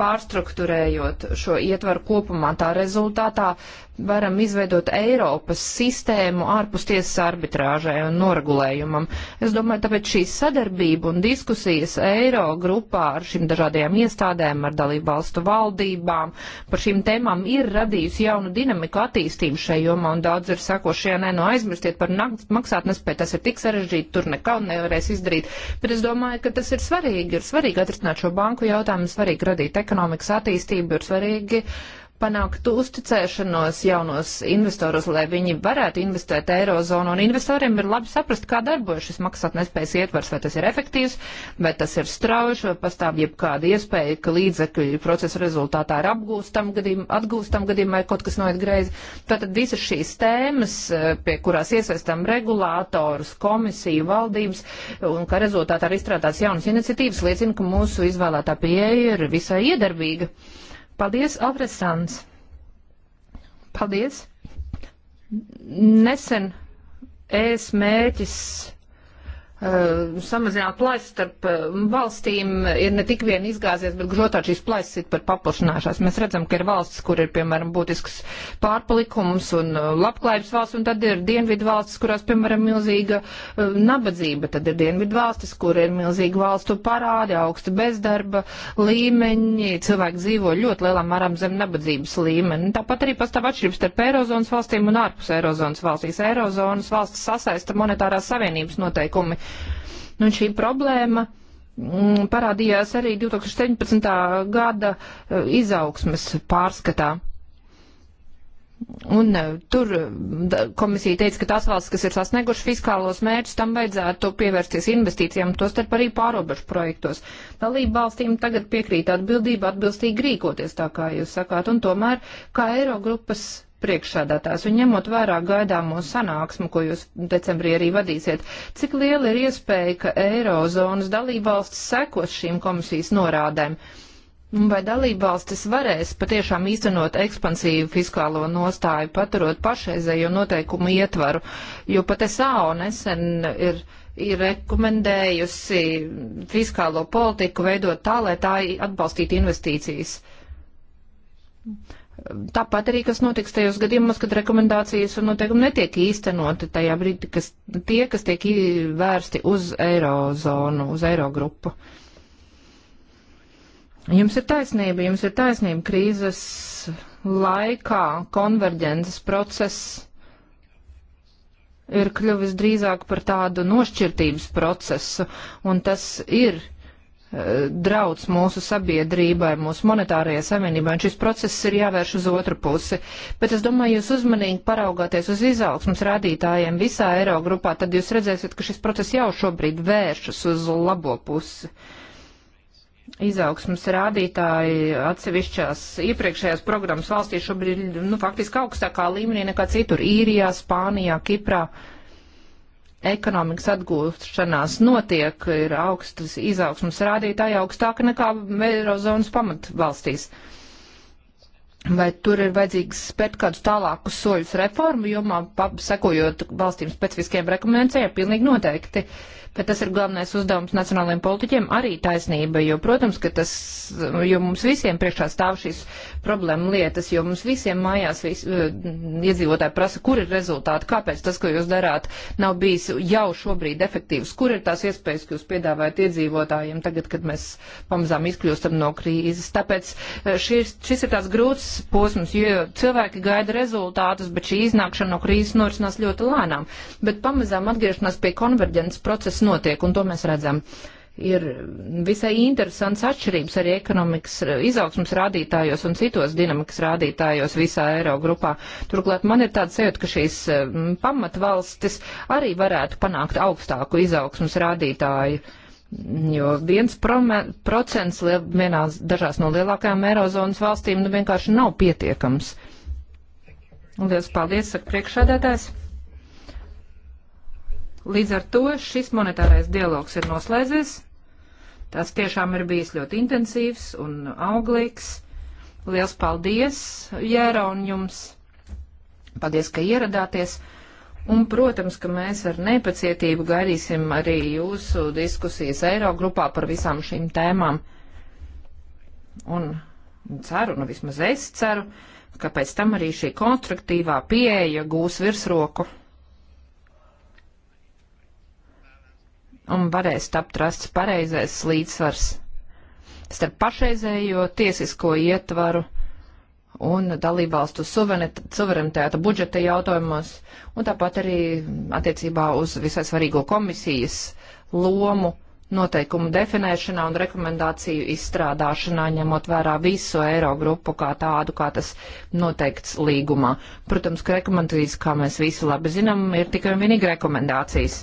pārstrukturējot šo ietvaru kopumā. Tā rezultātā varam izveidot Eiropas sistēmu ārpus tiesas arbitrāžai un noregulējumam. Es domāju, tāpēc šī sadarbība un diskusijas Eiro grupā ar šīm dažādajām iestādēm, ar dalību valstu valdībām par šīm tēmām ir radījusi jaunu dinamiku attīstību šai jomā un daudz ir sakošajā, nē, no nu aizmirstiet par maksātnespēju, tas ir tik sarežģīti, tur nekā nevarēs izdarīt. Bet es domāju, ka tas ir svarīgi, ir svarīgi atrisināt šo banku jautājumu, ir svarīgi radīt ekonomikas attīstību, ir svarīgi uh, panākt uzticēšanos jaunos investorus, lai viņi varētu investēt eirozonu. Un investoriem ir labi saprast, kā darbojas šis maksātnespējas ietvars, vai tas ir efektīvs, vai tas ir strauji, vai pastāv jebkāda iespēja, ka līdzekļu procesa rezultātā ir apgūstam gadījumā, atgūstam gadījumā, ja kaut kas noiet greizi. Tātad visas šīs tēmas, eh, pie kurās iesaistām regulātorus, komisiju, valdības, un kā rezultātā ir izstrādāts jaunas iniciatīvas, liecina, ka mūsu izvēlētā pieeja ir visai iedarbīga. Paldies, Avresāns! Paldies! Nesen ēs mērķis Uh, samazināt plaisu starp uh, valstīm ir ne tik vien izgāzies, bet grotāk šīs plaisas ir par paplašināšanās. Mēs redzam, ka ir valstis, kur ir, piemēram, būtisks pārpalikums un uh, labklājības valsts, un tad ir dienvidu valstis, kurās, piemēram, milzīga nabadzība, tad ir dienvidu valstis, kur ir milzīga valstu parādi, augsta bezdarba līmeņi, cilvēki dzīvo ļoti lielā mērā zem nabadzības līmeni. Tāpat arī pastāv atšķirības starp Eirozonas valstīm un ārpus Eirozonas valstīs. Eirozonas valstis sasaista monetārās savienības noteikumi Nu, un šī problēma mm, parādījās arī 2017. gada eh, izaugsmes pārskatā. Un eh, tur eh, komisija teica, ka tās valsts, kas ir sasnieguši fiskālos mērķus, tam vajadzētu pievērsties investīcijām, tostarp arī pārobežu projektos. Dalību valstīm tagad piekrīt atbildība atbilstīgi rīkoties, tā kā jūs sakāt, un tomēr kā Eirogrupas priekšsādātājs, un ņemot vērā gaidāmo sanāksmu, ko jūs decembrī arī vadīsiet, cik liela ir iespēja, ka Eirozonas dalībvalstis sekos šīm komisijas norādēm? Vai dalībvalstis varēs patiešām īstenot ekspansīvu fiskālo nostāju, paturot pašreizējo noteikumu ietvaru, jo pat SAO nesen ir, ir rekomendējusi fiskālo politiku veidot tā, lai tā atbalstītu investīcijas. Tāpat arī, kas notiks tajos gadījumos, kad rekomendācijas un noteikumi netiek īstenoti tajā brīdī, kas tie, kas tiek vērsti uz eirozonu, uz eirogrupu. Jums ir taisnība, jums ir taisnība krīzes laikā konverģences process ir kļuvis drīzāk par tādu nošķirtības procesu, un tas ir drauds mūsu sabiedrībai, mūsu monetārajai savienībai, un šis process ir jāvērš uz otru pusi. Bet es domāju, jūs uzmanīgi paraugāties uz izaugsmas rādītājiem visā Eirogrupā, tad jūs redzēsiet, ka šis process jau šobrīd vēršas uz labo pusi. Izaugsmas rādītāji atsevišķās iepriekšējās programmas valstīs šobrīd, nu, faktiski augstākā līmenī nekā citur - Īrijā, Spānijā, Kiprā. Uh, ekonomikas atgūšanās notiek, ir augstas izaugsmas rādītāji augstāka nekā Eirozonas pamatvalstīs. Vai tur ir vajadzīgs spērt kādus tālākus soļus reformu jomā, sekojot valstīm specifiskiem rekomendācijām? Pilnīgi noteikti. Uh, ka tas ir galvenais uzdevums nacionālajiem politiķiem, arī taisnība, jo, protams, ka tas, jo mums visiem priekšā stāv šīs problēma lietas, jo mums visiem mājās vis, eh, iedzīvotāji prasa, kur ir rezultāti, kāpēc tas, ko jūs darāt, nav bijis jau šobrīd efektīvs, kur ir tās iespējas, ko jūs piedāvājat iedzīvotājiem tagad, kad mēs pamazām izkļūstam no krīzes. Tāpēc eh, šis, šis ir tāds grūts posms, jo cilvēki gaida rezultātus, bet šī iznākšana no krīzes norisinās ļoti lēnām. Bet pamazām atgriešanās pie konverģences procesa kas notiek, un to mēs redzam. Ir visai interesants atšķirības arī ekonomikas izaugsmas rādītājos un citos dinamikas rādītājos visā Eirogrupā. Turklāt man ir tāds sajūta, ka šīs mm, pamatvalstis arī varētu panākt augstāku izaugsmas rādītāju. Jo viens procents vienās dažās no lielākajām Eirozonas valstīm nu, vienkārši nav pietiekams. Lielas paldies, saka priekšādātājs. Līdz ar to šis monetārais dialogs ir noslēdzies. Tas tiešām ir bijis ļoti intensīvs un auglīgs. Liels paldies, Jēra, un jums! Paldies, ka ieradāties! Un, protams, ka mēs ar nepacietību gaidīsim arī jūsu diskusijas Eirogrupā par visām šīm tēmām. Un ceru, nu vismaz es ceru, ka pēc tam arī šī konstruktīvā pieeja gūs virsroku. un varēs tapt rasts pareizais līdzsvars starp pašreizējo tiesisko ietvaru un dalībvalstu suverenitāte budžeta jautājumos, un tāpat arī attiecībā uz visai svarīgo komisijas lomu noteikumu definēšanā un rekomendāciju izstrādāšanā, ņemot vērā visu Eirogrupu kā tādu, kā tas noteikts līgumā. Protams, ka rekomendācijas, kā mēs visi labi zinām, ir tikai un vienīgi rekomendācijas.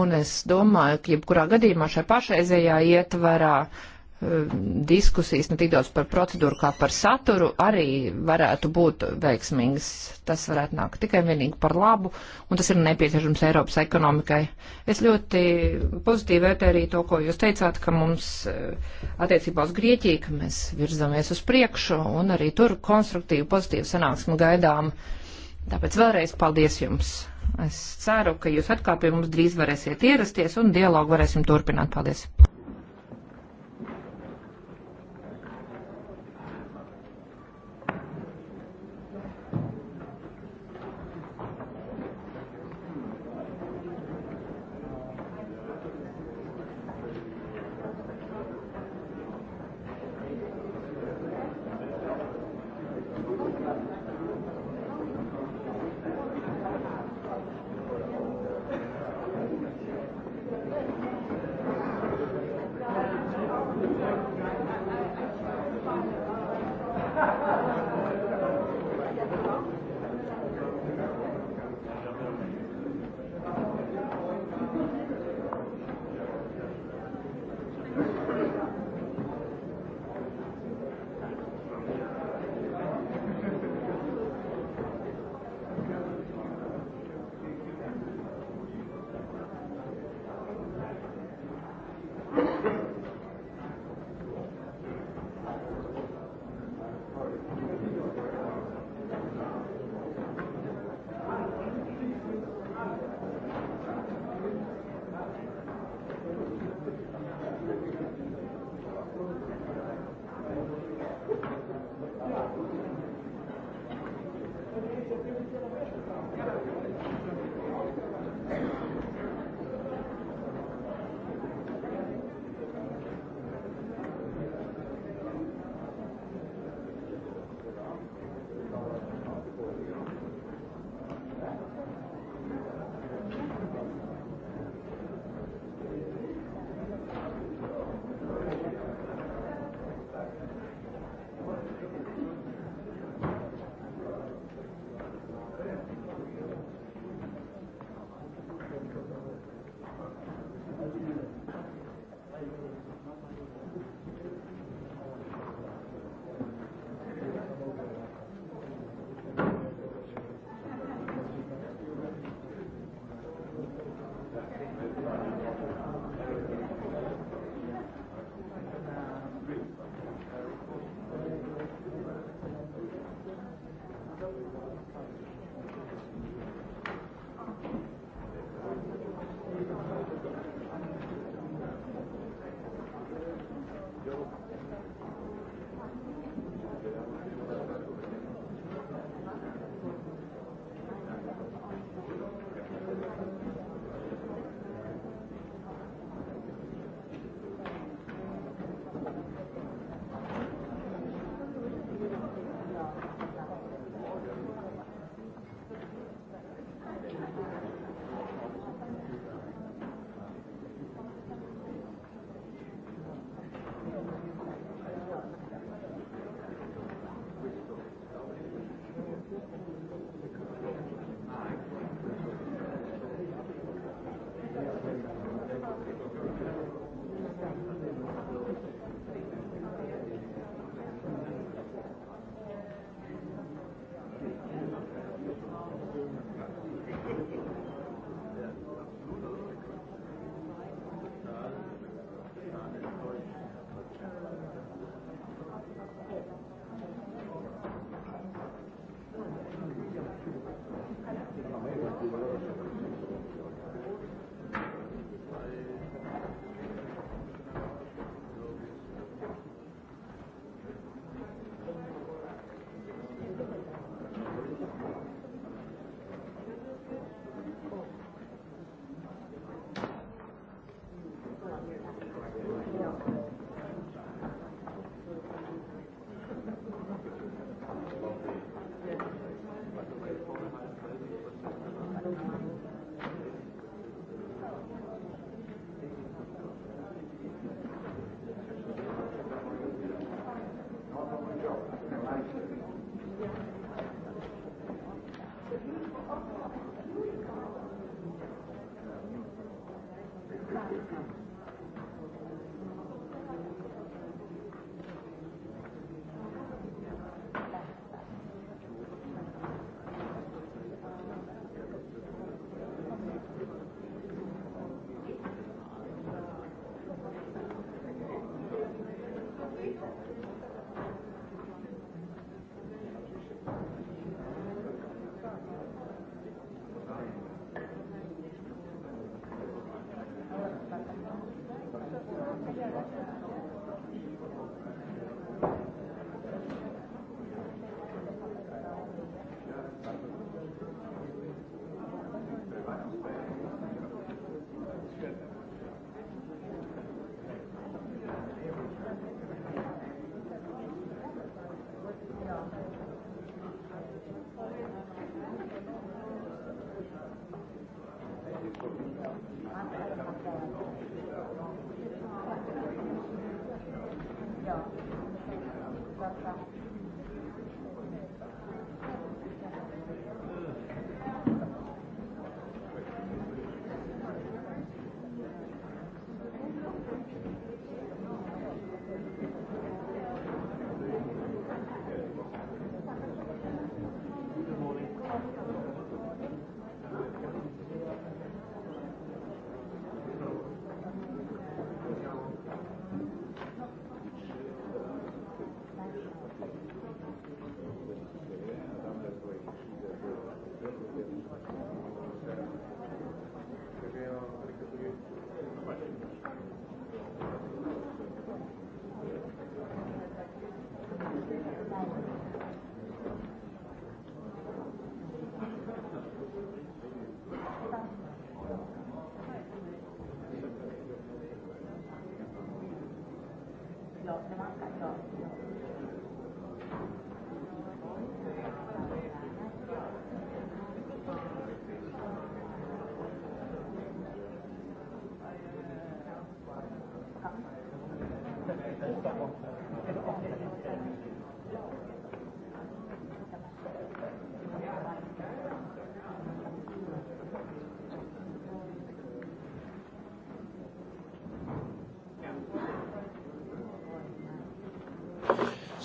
Un es domāju, ka jebkurā gadījumā šai pašreizējā ietvarā eh, diskusijas ne tik daudz par procedūru kā par saturu arī varētu būt veiksmīgas. Tas varētu nākt tikai un vienīgi par labu, un tas ir nepieciešams Eiropas ekonomikai. Es ļoti pozitīvi vērtēju arī to, ko jūs teicāt, ka mums eh, attiecībā uz Grieķiju, ka mēs virzamies uz priekšu, un arī tur konstruktīvu, pozitīvu sanāksmu gaidām. Tāpēc vēlreiz paldies jums! Es ceru, ka jūs atkal pie mums drīz varēsiet ierasties un dialogu varēsim turpināt. Paldies!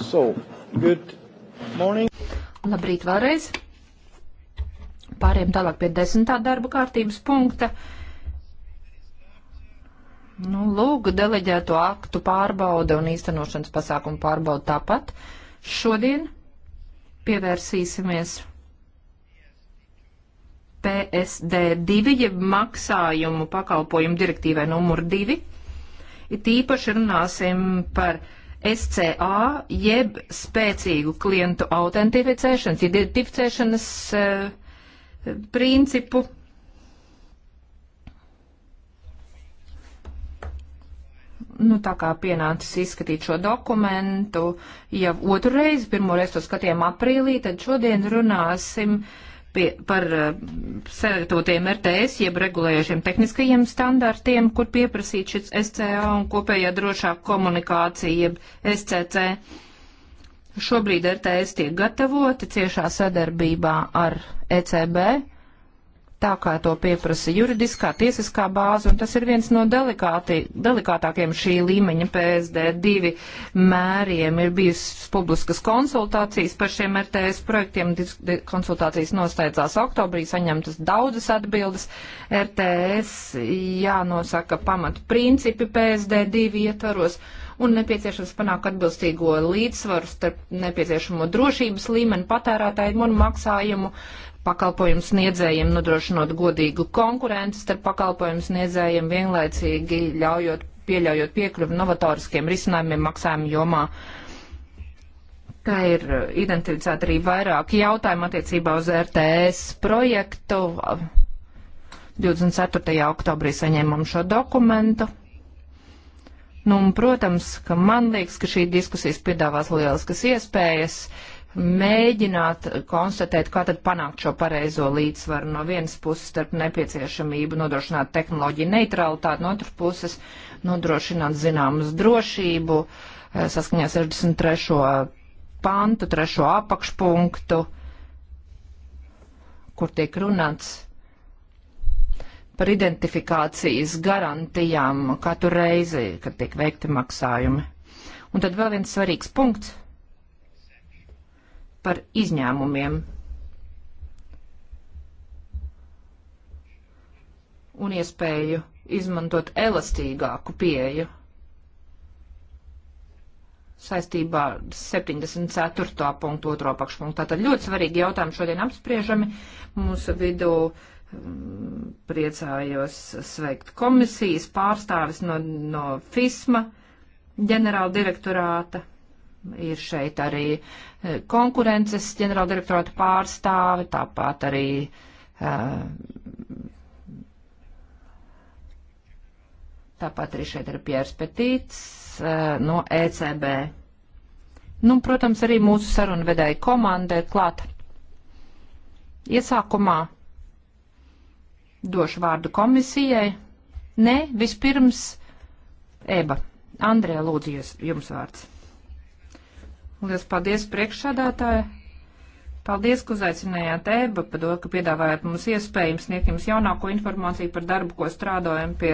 So, good morning. Labrīt vēlreiz. Pāriem tālāk pie desmitā darba kārtības punkta. Nu, lūgu deleģēto aktu pārbauda un īstenošanas pasākumu pārbauda tāpat. Šodien pievērsīsimies PSD2, jeb maksājumu pakalpojumu direktīvai numur 2. It īpaši runāsim par SCA jeb spēcīgu klientu autentificēšanas, identificēšanas uh, principu. Nu, tā kā pienācis izskatīt šo dokumentu jau otru reizi, pirmo reizi to skatījām aprīlī, tad šodien runāsim uh, pie, par eh, sagatavotiem RTS, jeb regulējošiem tehniskajiem standartiem, kur pieprasīt šis SCA un kopējā drošā komunikācija, jeb SCC. Šobrīd RTS tiek gatavoti ciešā sadarbībā ar ECB tā kā to pieprasa juridiskā, tiesiskā bāze, un tas ir viens no delikāti, delikātākiem šī līmeņa PSD2 mēriem. Ir bijusi publiskas konsultācijas par šiem RTS projektiem, konsultācijas nosteidzās oktobrī, saņemtas daudzas atbildes. RTS jānosaka pamat principi PSD2 ietvaros un nepieciešams panākt atbilstīgo līdzsvaru starp nepieciešamo drošības līmeni patērētāju un maksājumu pakalpojumu sniedzējiem, nodrošinot godīgu konkurenci starp pakalpojumu sniedzējiem, vienlaicīgi ļaujot, pieļaujot piekļuvi novatoriskiem risinājumiem maksājumu jomā. Kā ir identificēta arī vairāki jautājumi attiecībā uz RTS projektu. 24. oktobrī saņēmām šo dokumentu. Nu, un, protams, ka man liekas, ka šī diskusijas piedāvās lieliskas iespējas uh, mēģināt konstatēt, kā tad panākt šo pareizo līdzsvaru no vienas puses starp nepieciešamību nodrošināt tehnoloģiju neutralitāti, no otras puses nodrošināt zināmas drošību eh, saskaņā 63. pantu, 3. apakšpunktu, kur tiek runāts par identifikācijas garantijām katru reizi, kad tiek veikti maksājumi. Un tad vēl viens svarīgs punkts par izņēmumiem. Un iespēju izmantot elastīgāku pieeju saistībā ar 74. punktu otro pakšpunktu. Tātad ļoti svarīgi jautājumi šodien apspriežami. Mūsu vidū mm, priecājos sveikt komisijas pārstāvis no, no FISMA ģenerāla direktorāta. Ir šeit arī eh, konkurences ģenerāldirektorāta pārstāve, tāpat arī uh, Tāpat arī šeit ir Piers Petīts uh, no ECB. Nu, protams, arī mūsu sarunu vedēja komanda ir klāta. Iesākumā došu vārdu komisijai. Nē, vispirms Eba. Andrejā, lūdzu, jūs, jums vārds. Lielas paldies priekšsādātāji. Paldies, ka uzaicinājāt EBA, par to, ka piedāvājāt mums iespējumu sniegt jums jaunāko informāciju par darbu, ko strādājam pie,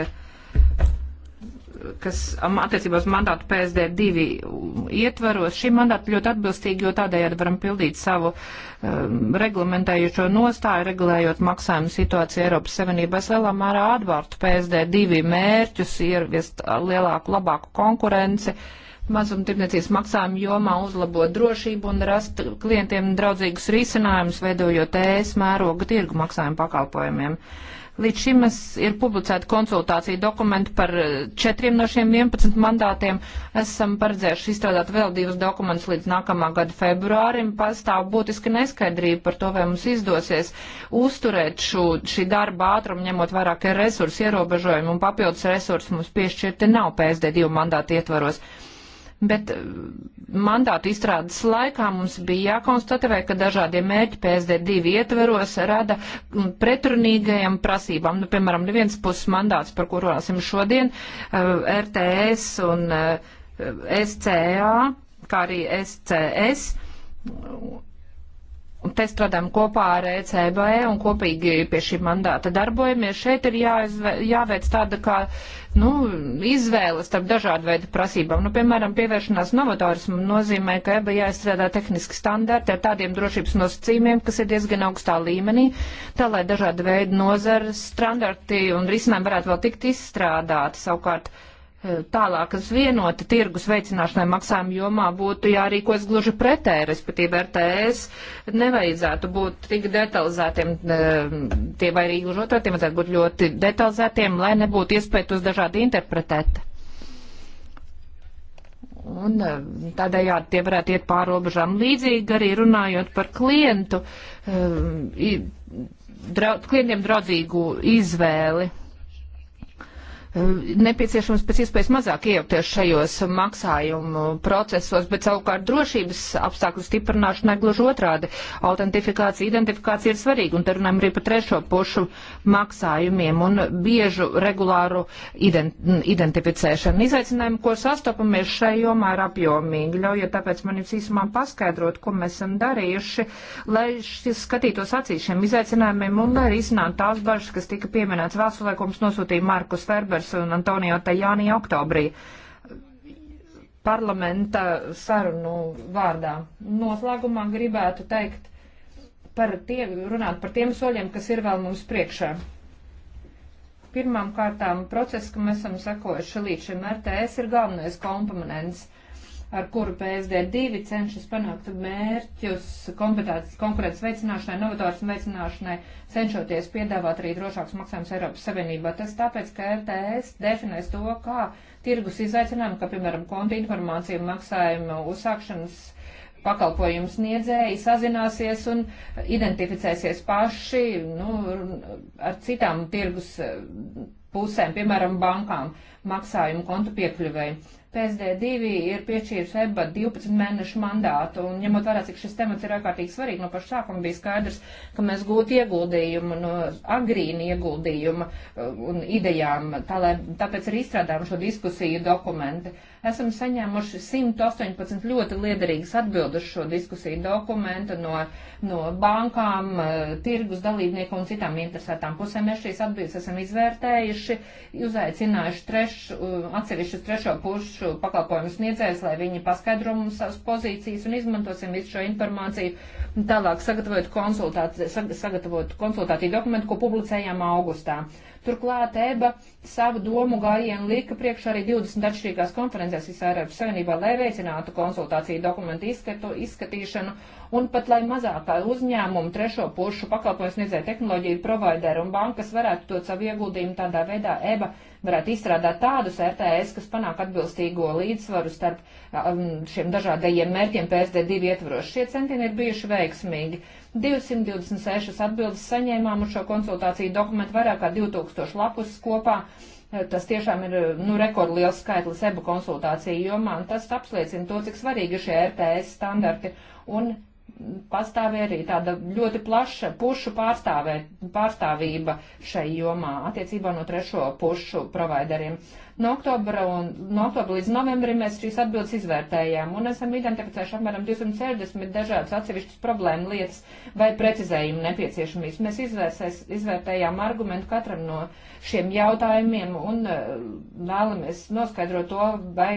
kas attiecībās mandātu PSD2 ietvaros. Šī mandāta ļoti atbilstīgi, jo tādējādi varam pildīt savu um, reglamentējušo nostāju, regulējot maksājumu situāciju Eiropas Savienībā. Es lielā mērā atvārtu PSD2 mērķus, ieviest lielāku, labāku konkurenci. Uh, mazumtirdzniecības maksājumu jomā uzlabot drošību un rast klientiem draudzīgus risinājumus, veidojot ES mēroga tirgu maksājumu pakalpojumiem. Līdz šim ir publicēta konsultācija dokumenti par e, četriem no šiem 11 mandātiem. Esam paredzējuši izstrādāt vēl divus dokumentus līdz nākamā gada februārim. Pastāv būtiski neskaidrība par to, vai mums izdosies uzturēt šo, šī darba ātrumu, ņemot vairāk resursu ierobežojumu un papildus resursu mums piešķirti nav PSD divu mandātu ietvaros bet eh, mandātu izstrādes laikā mums bija jākonstatē, ka dažādie mērķi PSD2 ietveros rada mm, pretrunīgajām prasībām. Nu, piemēram, neviens puses mandāts, par kuru runāsim šodien, eh, RTS un eh, SCA, kā arī SCS Un te strādājam kopā ar ECB un kopīgi pie šī mandāta darbojamies. Šeit ir jāizvē, jāveic tāda kā nu, izvēle starp dažādu veidu prasībām. Nu, piemēram, pievēršanās novatorismu nozīmē, ka EBA jāizstrādā tehniski standarti ar tādiem drošības nosacījumiem, kas ir diezgan augstā līmenī, tā lai dažāda veida nozares standarti un risinājumi varētu vēl tikt izstrādāti. Savukārt, uh, tālākas vienota tirgus veicināšanai maksājuma jomā būtu jārīkojas gluži pretē, respektīvi RTS nevajadzētu būt tik detalizētiem, eh, tie vai arī gluži otrā, tiem vajadzētu būt ļoti detalizētiem, lai nebūtu iespēja tos dažādi interpretēt. Un eh, tādējādi tie varētu iet pāri robežām. Līdzīgi arī runājot par klientu, eh, draud, klientiem draudzīgu izvēli nepieciešams pēc iespējas mazāk iejaukties šajos maksājumu procesos, bet savukārt drošības apstākļu stiprināšanai gluži otrādi. Autentifikācija, identifikācija ir svarīga, un te runājam arī par trešo pušu maksājumiem un biežu regulāru ident identificēšanu. Izaicinājumi, ko sastopamies šai jomā, ir apjomīgi. Ļaujiet tāpēc man jums īsumā paskaidrot, ko mēs esam darījuši, lai šis skatītos acīs šiem izaicinājumiem un lai risinātu tās bažas, kas tika pieminēts vēstulē, ko mums nosūtīja Markus Ferbers Junkers un Antonio Tajāni oktobrī parlamenta sarunu vārdā. Noslēgumā gribētu teikt par tiem, runāt par tiem soļiem, kas ir vēl mums priekšā. Pirmām kārtām process, kam esam sakojuši līdz šim RTS, ir galvenais komponents ar kuru PSD2 cenšas panākt mērķus konkurences veicināšanai, novatorismu veicināšanai, cenšoties piedāvāt arī drošāks maksājums Eiropas Savienībā. Tas tāpēc, ka RTS definēs to, kā tirgus izaicinājumu, kā piemēram konta informācija maksājuma uzsākšanas pakalpojumu sniedzēji sazināsies un identificēsies paši nu, ar citām tirgus eh, pusēm, piemēram, bankām, maksājumu kontu piekļuvēju. PSD2 ir piešķīrusi EBA 12 mēnešu mandātu, un ņemot vērā, cik šis temats ir ārkārtīgi svarīgi, no paša sākuma bija skaidrs, ka mēs gūtu ieguldījumu no agrīna ieguldījuma uh, un idejām, tā lai, tāpēc arī izstrādājam šo diskusiju dokumenti. Uh, Esam saņēmuši 118 ļoti liederīgas atbildes šo diskusiju dokumentu no, no bankām, eh, tirgus dalībnieku un citām interesētām pusēm. Mēs šīs atbildes esam izvērtējuši, uzaicinājuši treš, eh, atsevišķus trešo pušu pakalpojumu sniedzējus, lai viņi paskaidro mums savas pozīcijas un izmantosim visu šo informāciju. Tālāk sagatavot konsultāciju, sagatavot konsultāciju dokumentu, ko publicējām augustā. Turklāt EBA savu domu gājienu lika priekšā arī 20 atšķirīgās konferencēs visā Eiropas Savienībā, lai veicinātu konsultāciju dokumentu izskatu, izskatīšanu un pat lai mazākā uzņēmumu, trešo pušu pakalpojumu sniedzēju tehnoloģiju provideru un bankas varētu dot savu ieguldījumu tādā veidā EBA varētu izstrādāt tādus RTS, e kas panāk atbilstīgo līdzsvaru starp um, šiem dažādajiem mērķiem PSD2 ietvaros. Šie centieni ir bijuši veiksmīgi. 226 atbildes saņēmām uz šo konsultāciju dokumentu vairāk kā 2000 lapus kopā. E, tas tiešām ir nu, rekordliels skaitlis ebu konsultāciju jomā, un tas apliecina to, cik svarīgi ir šie RTS e standarti un pastāvēja arī tāda ļoti plaša pušu pārstāvē, pārstāvība šai jomā attiecībā no trešo pušu provideriem. Uh, No oktobra, un, no oktobra līdz novembrim mēs šīs atbildes izvērtējām un esam identificējuši apmēram 260 dažādas atsevišķas problēmu lietas vai precizējumu nepieciešamības. Mēs izvērsēs, izvērtējām argumentu katram no šiem jautājumiem un eh, vēlamies noskaidrot to, vai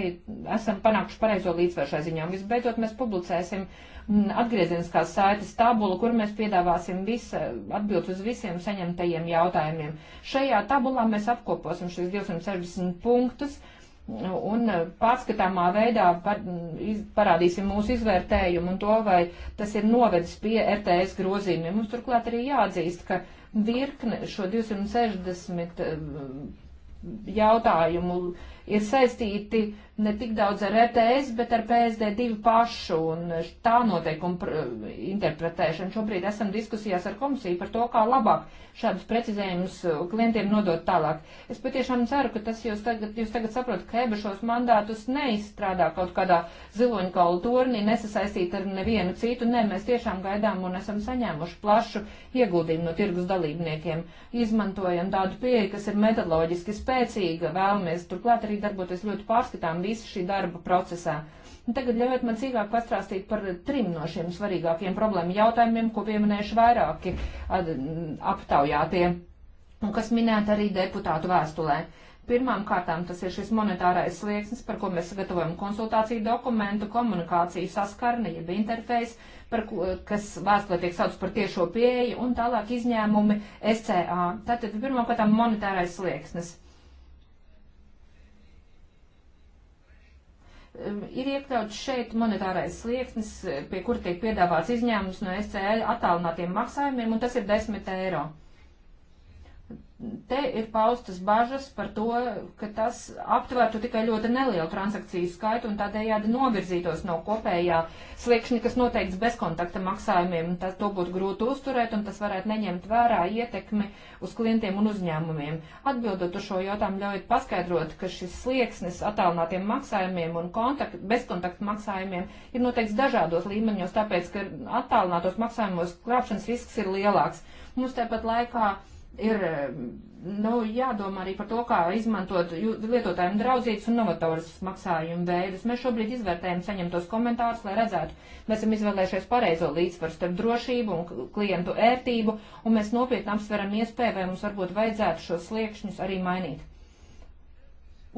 esam panākuši pareizo līdzsvaru šai ziņā. Un visbeidzot, mēs publicēsim mm, atgriezeniskās saites tabulu, kur mēs piedāvāsim visa, atbildes uz visiem saņemtajiem jautājumiem. Šajā tabulā mēs apkoposim šīs 260 punktus un pārskatāmā veidā par, iz, parādīsim mūsu izvērtējumu un to, vai tas ir novedis pie RTS grozījumiem. Mums turklāt arī jāatzīst, ka virkne šo 260 eh, jautājumu ir saistīti ne tik daudz ar RTS, e bet ar PSD2 pašu un tā noteikuma interpretēšanu. Šobrīd esam diskusijās ar komisiju par to, kā labāk šādus precizējumus klientiem nodot tālāk. Es patiešām ceru, ka tas jūs tagad, jūs tagad saprotat, ka EBA šos mandātus neizstrādā kaut kādā ziloņkalu tornī, nesasaistīt ar nevienu citu. Nē, mēs tiešām gaidām un esam saņēmuši plašu ieguldījumu no tirgus dalībniekiem. Izmantojam tādu pieeju, kas ir metodoloģiski spēcīga, vēlamies turklāt arī spējīgi darboties ļoti pārskatām visu šī darba procesā. Un tagad ļaujiet man sīkāk pastāstīt par trim no šiem svarīgākiem problēmu jautājumiem, ko pieminējuši vairāki aptaujātie un kas minēta arī deputātu vēstulē. Pirmām kārtām tas ir šis monetārais slieksnis, par ko mēs sagatavojam konsultāciju dokumentu, komunikāciju saskarni, jeb interfejs, par ko, kas vēstulē tiek sauc par tiešo pieeju, un tālāk izņēmumi SCA. Tātad pirmām kārtām monetārais slieksnis. ir iekļauts šeit monetārais slieksnis, pie kura tiek piedāvāts izņēmums no SCL attālinātiem maksājumiem, un tas ir 10 eiro te ir paustas bažas par to, ka tas aptvērtu tikai ļoti nelielu transakciju skaitu un tādējādi novirzītos no kopējā sliekšņa, kas noteikts bezkontakta maksājumiem. Tas to būtu grūti uzturēt un tas varētu neņemt vērā ietekmi uz klientiem un uzņēmumiem. Atbildot uz šo jautājumu, ļaujiet paskaidrot, ka šis slieksnis attālinātiem maksājumiem un kontakt, bezkontakta maksājumiem ir noteikts dažādos līmeņos, tāpēc, ka attālinātos maksājumos krāpšanas risks ir lielāks. Mums tāpat laikā ir mm, nu, jādomā arī par to, kā izmantot lietotājiem draudzīgus un novatoras maksājumu veidus. Mēs šobrīd izvērtējam saņemtos komentārus, lai redzētu, mēs esam izvēlējušies pareizo līdzsvaru starp drošību un klientu ērtību, un mēs nopietni apsveram iespēju, vai mums varbūt vajadzētu šos sliekšņus arī mainīt.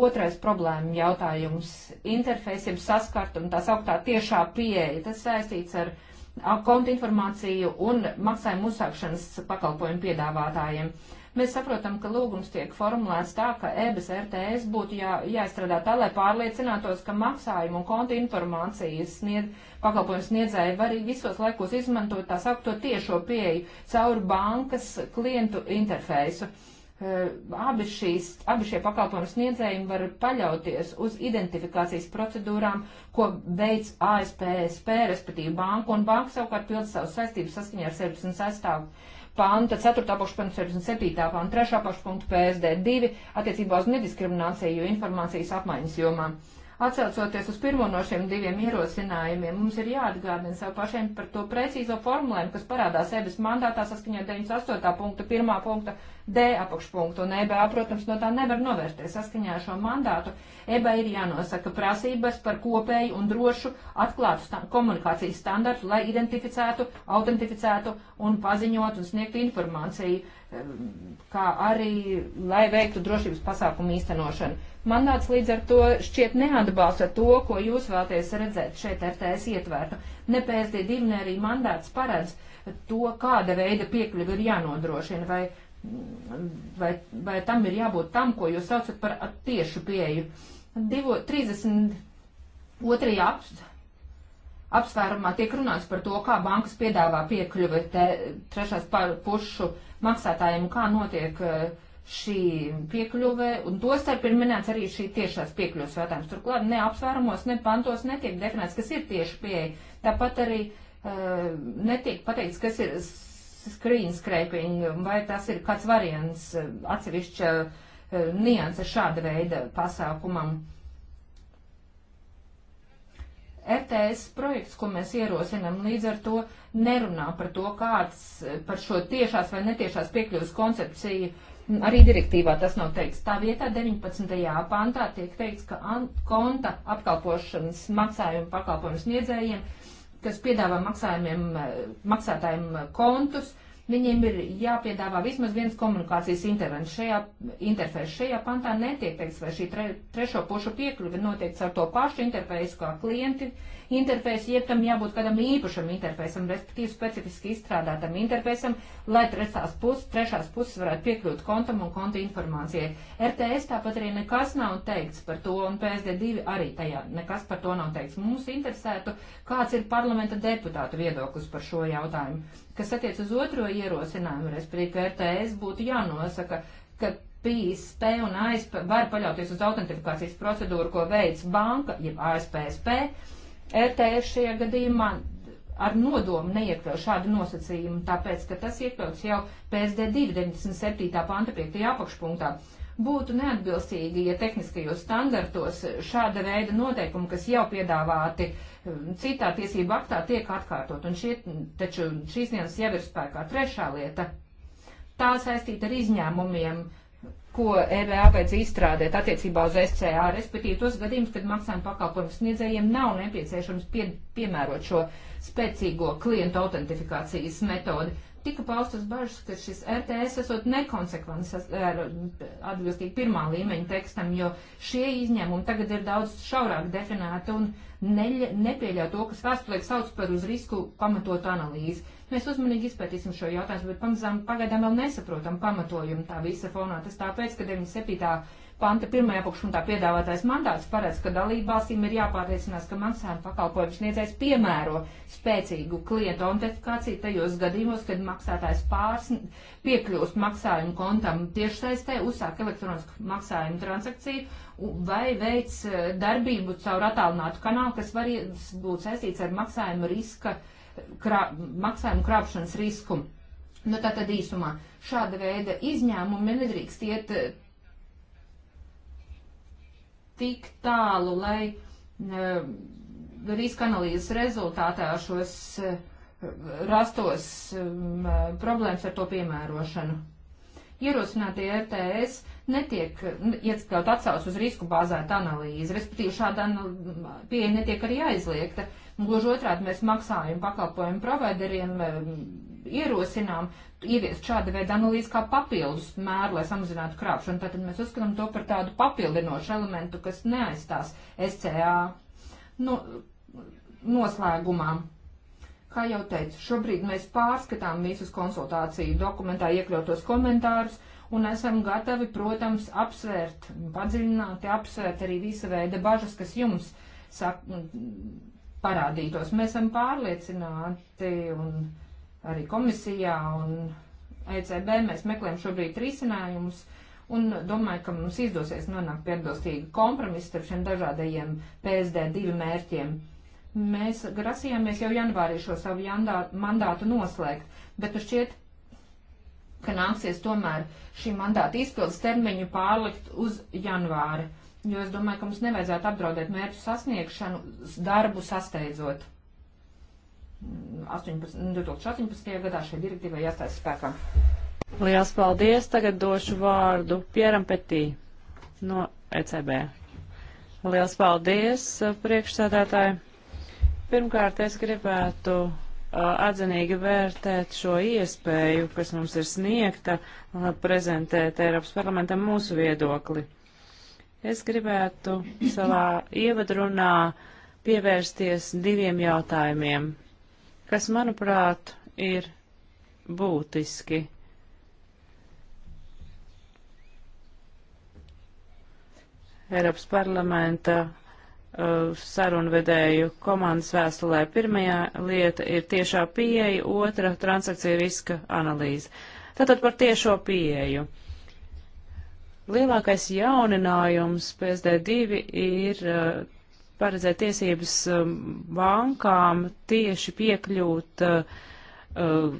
Otrais problēma jautājums - interfejs, jeb saskarta un tā sauktā tiešā pieeja. Tas saistīts ar uh, konta informāciju un maksājumu uzsākšanas pakalpojumu piedāvātājiem. Mēs saprotam, ka lūgums tiek formulēts tā, ka EBS RTS būtu jā, jāizstrādā tā, lai pārliecinātos, ka maksājumu un konta informācijas sniedz, pakalpojumu sniedzēji var arī visos laikos izmantot tā saukto tiešo pieeju caur bankas klientu interfeisu. Uh, Eh, abi, šīs, abi šie pakalpojumu sniedzējumi var paļauties uz identifikācijas procedūrām, ko veids ASPSP, respektīvi banka, un banka savukārt pild savus saistības saskaņā ar 76. pānta, 4. apakšpunktu, 67. pānta, 3. apakšpunktu PSD2 attiecībā uz nediskrimināciju informācijas apmaiņas jomā. Uh, Atcaucoties uz pirmo no šiem diviem ierosinājumiem, mums ir jāatgādina sev pašiem par to precīzo formulējumu, kas parādās EBS mandātā saskaņā 98. punktu, 1. punkta D apakšpunktu. Un EBA, protams, no tā nevar novērsties saskaņā ar šo mandātu. EBA ir jānosaka prasības par kopēju un drošu atklātu sta komunikācijas standartu, lai identificētu, autentificētu un paziņotu un sniegtu informāciju kā arī, lai veiktu drošības pasākumu īstenošanu. Mandāts līdz ar to šķiet neatbalsta to, ko jūs vēlaties redzēt šeit RTS ietvērtu. Ne PSD2, ne arī mandāts paredz to, kāda veida piekļuvi ir jānodrošina, vai, vai, vai tam ir jābūt tam, ko jūs saucat par tiešu pieeju. 32. apsvērumā tiek runāts par to, kā bankas piedāvā piekļuvi te, trešās pušu uh, maksātājiem, kā notiek eh, šī piekļuve, un to starp ir minēts arī šī tiešās piekļuves jautājums. Turklāt ne apsvērumos, ne pantos netiek definēts, kas ir tieši pieeja. Tāpat arī uh, netiek pateikts, kas ir screen scraping, vai tas ir kāds variants eh, atsevišķa uh, nianse šāda veida pasākumam. Uh, RTS e projekts, ko mēs ierosinam, līdz ar to nerunā par to, kāds par šo tiešās vai netiešās piekļuvas koncepciju arī direktīvā tas nav teikts. Tā vietā 19. pantā tiek teikts, ka konta apkalpošanas maksājumu pakalpojumu sniedzējiem, kas piedāvā maksājumiem, eh, maksātājiem eh, kontus, uh, viņiem ir jāpiedāvā vismaz viens komunikācijas intervents. Šajā interfēs šajā pantā netiek teikts, vai šī tre, trešo pušu piekļuve notiek ar to pašu interfēsu kā klienti. Uh, interfeisu, jeb tam jābūt kādam īpašam interfeisam, respektīvi specifiski izstrādātam interfeisam, lai trešās puses, trešās puses varētu piekļūt kontam un konta informācijai. RTS tāpat arī nekas nav teikts par to, un PSD2 arī tajā nekas par to nav teikts. Mums interesētu, kāds ir parlamenta deputātu viedoklis par šo jautājumu. Kas attiec uz otro ierosinājumu, respektīvi, ka RTS būtu jānosaka, ka PSP un ASP var paļauties uz autentifikācijas procedūru, ko veids banka, jeb ASPSP, RTS e šajā gadījumā ar nodomu neiekļauj šādu nosacījumu, tāpēc, ka tas iekļauts jau PSD2 97. panta 5. apakšpunktā. Būtu neatbilstīgi, ja tehniskajos standartos šāda veida noteikumi, kas jau piedāvāti um, citā tiesība aktā, tiek atkārtot. Un šie, taču šīs dienas jau ir spēkā. Trešā lieta. Tā saistīta ar izņēmumiem uh, ko EBA vajadz izstrādēt attiecībā uz SCA, respektīvi tos gadījumus, kad maksājuma pakalpojumu sniedzējiem nav nepieciešams pie, piemērot šo spēcīgo klientu autentifikācijas metodi tika paustas bažas, ka šis RTS esot nekonsekvents eh, ar atbilstīgi pirmā līmeņa tekstam, jo šie izņēmumi tagad ir daudz šaurāk definēti un neļa, nepieļauj to, kas vēstulēk sauc par uz risku pamatotu analīzi. Mēs uzmanīgi izpētīsim šo jautājumu, bet pamazām pagaidām vēl nesaprotam pamatojumu tā visa fonā. Tas tāpēc, ka 97 panta pirmajā apakšpunktā piedāvātais mandāts paredz, ka dalībvalstīm ir jāpārliecinās, ka maksājuma pakalpojums sniedzējs piemēro spēcīgu klientu identifikāciju tajos gadījumos, kad maksātājs pārs piekļūst maksājumu kontam tiešsaistē, uzsāk elektronisku maksājumu transakciju vai veids e, darbību caur attālinātu kanālu, kas var būt saistīts ar maksājumu riska, krā, maksājumu krāpšanas risku. Nu, tā tad īsumā šāda veida izņēmumi nedrīkst iet e, tik tālu, lai uh, riska analīzes rezultātā šos uh, rastos um, problēmas ar to piemērošanu. Ierosinātie RTS netiek iekļaut atsauc uz risku bāzētu analīzi, respektīvi šāda pieeja netiek arī aizliegta. Gluži otrādi mēs maksājam pakalpojumu provideriem um, ierosinām ieviest šāda veida analīzi kā papildus mēru, lai samazinātu krāpšanu. Tātad mēs uzskatām to par tādu papildinošu elementu, kas neaizstās SCA no, noslēgumā. Kā jau teicu, šobrīd mēs pārskatām visus konsultāciju dokumentā iekļautos komentārus un esam gatavi, protams, apsvērt, padziļināti apsvērt arī visa veida bažas, kas jums sak, parādītos. Mēs esam pārliecināti un arī komisijā un ECB mēs meklējam šobrīd risinājumus un domāju, ka mums izdosies nonākt pie atbilstīga kompromisa starp šiem dažādajiem PSD divi mērķiem. Mēs grasījāmies jau janvārī šo savu jandā, mandātu noslēgt, bet nu šķiet, ka nāksies tomēr šī mandāta izpildes termiņu pārlikt uz janvāri, jo es domāju, ka mums nevajadzētu apdraudēt mērķu sasniegšanu darbu sasteidzot. 18, 2018. gadā šai direktīvai jāstājas spēkā.
Lielas paldies! Tagad došu vārdu Pieram Petī no ECB. Lielas paldies, eh, priekšsēdētāji! Pirmkārt, es gribētu eh, atzinīgi vērtēt šo iespēju, kas mums ir sniegta, prezentēt Eiropas parlamentam mūsu viedokli. Es gribētu savā ievadrunā pievērsties diviem jautājumiem kas, manuprāt, ir būtiski. Eiropas parlamenta uh, sarunvedēju komandas vēstulē. Pirmajā lieta ir tiešā pieeja, otra - transakcija riska analīze. Tātad par tiešo pieeju. Lielākais jauninājums PSD2 ir uh, paredzēt tiesības um, bankām tieši piekļūt uh, uh,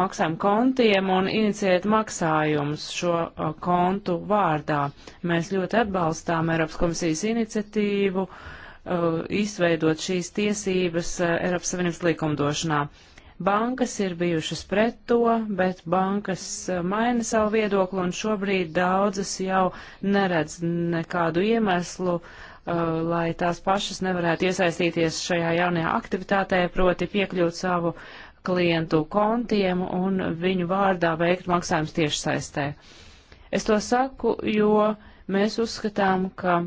maksājumu kontiem un iniciēt maksājumus šo uh, kontu vārdā. Mēs ļoti atbalstām Eiropas komisijas iniciatīvu uh, izveidot šīs tiesības uh, Eiropas Savienības likumdošanā. Bankas ir bijušas pret to, bet bankas uh, maina savu viedokli un šobrīd daudzas jau neredz nekādu iemeslu uh, Uh, lai tās pašas nevarētu iesaistīties šajā jaunajā aktivitātē, proti piekļūt savu klientu kontiem un viņu vārdā veikt maksājums tiešsaistē. Es to saku, jo mēs uzskatām, ka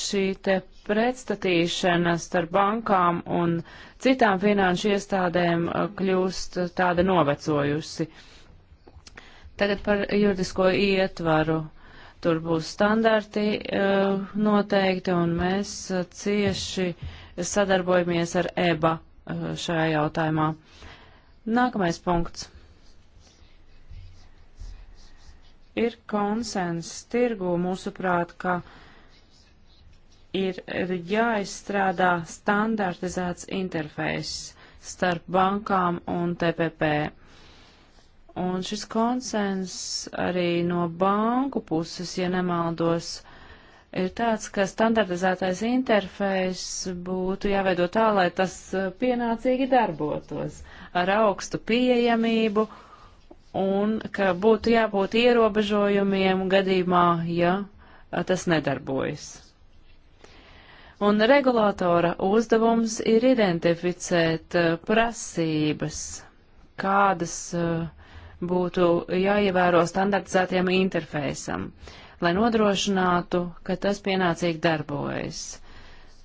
šī te pretstatīšana starp bankām un citām finanšu iestādēm uh, kļūst tāda novecojusi. Tagad par juridisko ietvaru. Tur būs standarti uh, noteikti, un mēs eh, cieši sadarbojamies ar EBA uh, eh, šajā jautājumā. Nākamais punkts. Ir konsens tirgu, mūsuprāt, ka ir jāizstrādā standartizēts interfejs starp bankām un TPP. Un šis konsens arī no banku puses, ja nemaldos, ir tāds, ka standartizētais interfejs būtu jāveido tā, lai tas uh, pienācīgi darbotos ar augstu pieejamību un ka būtu jābūt ierobežojumiem gadījumā, ja uh, tas nedarbojas. Un regulātora uzdevums ir identificēt uh, prasības, kādas uh, būtu jāievēro standartizētiem interfejsam, lai nodrošinātu, ka tas pienācīgi darbojas.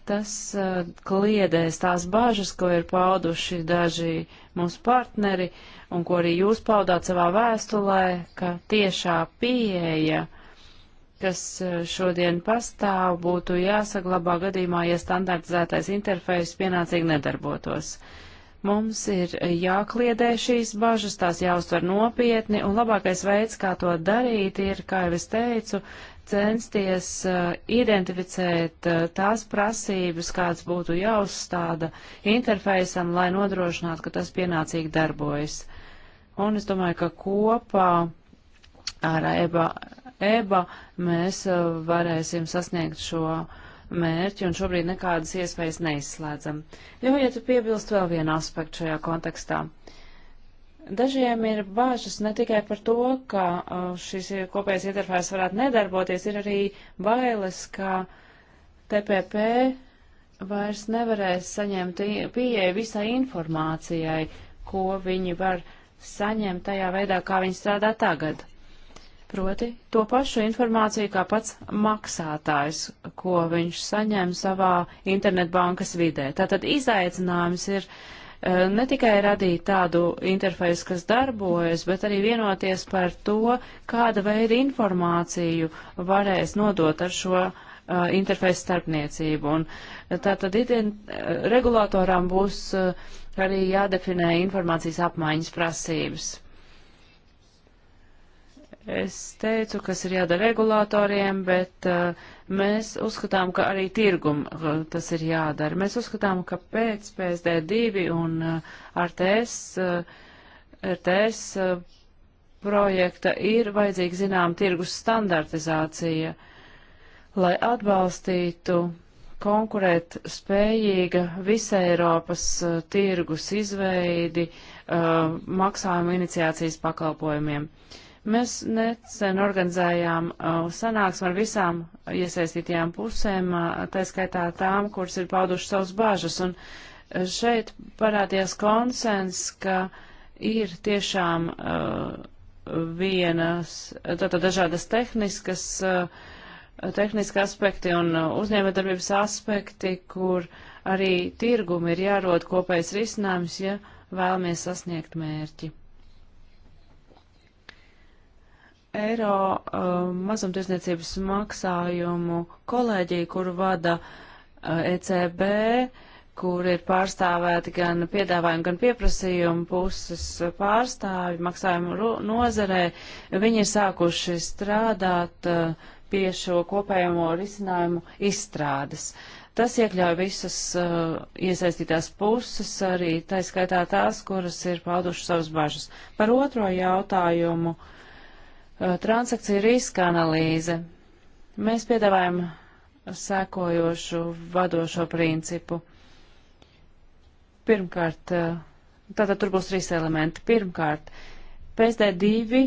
Tas uh, kliedēs tās bāžas, ko ir pauduši daži mūsu partneri un ko arī jūs paudāt savā vēstulē, ka tiešā pieeja kas eh, šodien pastāv, būtu jāsaglabā gadījumā, ja standartizētais interfejs pienācīgi nedarbotos. Uh, Mums ir jākliedē šīs bažas, tās jāuztver nopietni, un labākais veids, kā to darīt, ir, kā jau es teicu, censties uh, identificēt uh, tās prasības, kāds būtu jāuzstāda interfeisam, lai nodrošinātu, ka tas pienācīgi darbojas. Un es domāju, ka kopā ar EBA, EBA mēs uh, varēsim sasniegt šo uh, mērķi, un šobrīd nekādas iespējas neizslēdzam. Ļaujiet ja piebilst vēl vienu aspektu šajā kontekstā. Dažiem ir bāžas ne tikai par to, ka uh, šis kopējais interfejs varētu nedarboties, ir arī bailes, ka TPP vairs nevarēs saņemt pieeju visai informācijai, ko viņi var saņemt tajā veidā, kā viņi strādā tagad proti to pašu informāciju kā pats maksātājs, ko viņš saņem savā internetbankas vidē. Tātad izaicinājums ir e, ne tikai radīt tādu interfeisu, kas darbojas, bet arī vienoties par to, kāda veida informāciju varēs nodot ar šo e, interfeisu starpniecību. Un e, tātad regulātoram būs arī jādefinē informācijas apmaiņas prasības. Es teicu, kas ir jādara regulātoriem, bet uh, mēs uzskatām, ka arī tirgum uh, tas ir jādara. Mēs uzskatām, ka pēc PSD2 un uh, RTS, uh, RTS uh, projekta ir vajadzīga zinām tirgus standartizācija, lai atbalstītu konkurēt spējīga visa Eiropas uh, tirgus izveidi uh, maksājumu iniciācijas pakalpojumiem. Uh, Mēs necen organizējām uh, sanāksmu ar visām iesaistītajām pusēm, uh, tā skaitā tām, kuras ir pauduši savus bāžas. Un uh, šeit parādījās konsens, ka ir tiešām uh, vienas, tātad dažādas tehniskas, uh, tehniski aspekti un uh, uzņēmējdarbības aspekti, kur arī tirgumi ir jārod kopējs risinājums, ja vēlamies sasniegt mērķi. eiro uh, mazumtirdzniecības maksājumu kolēģiju, kuru vada uh, ECB, kur ir pārstāvēti gan piedāvājumu, gan pieprasījumu puses pārstāvi maksājumu nozarē. Viņi ir sākuši strādāt uh, pie šo kopējamo risinājumu izstrādes. Tas iekļauj visas uh, iesaistītās puses, arī taiskaitā tās, kuras ir paudušas savas bažas. Par otro jautājumu uh, Uh, Transakcija riska analīze. Mēs piedāvājam sēkojošu vadošo principu. Pirmkārt, uh, tātad tur būs trīs elementi. Pirmkārt, PSD2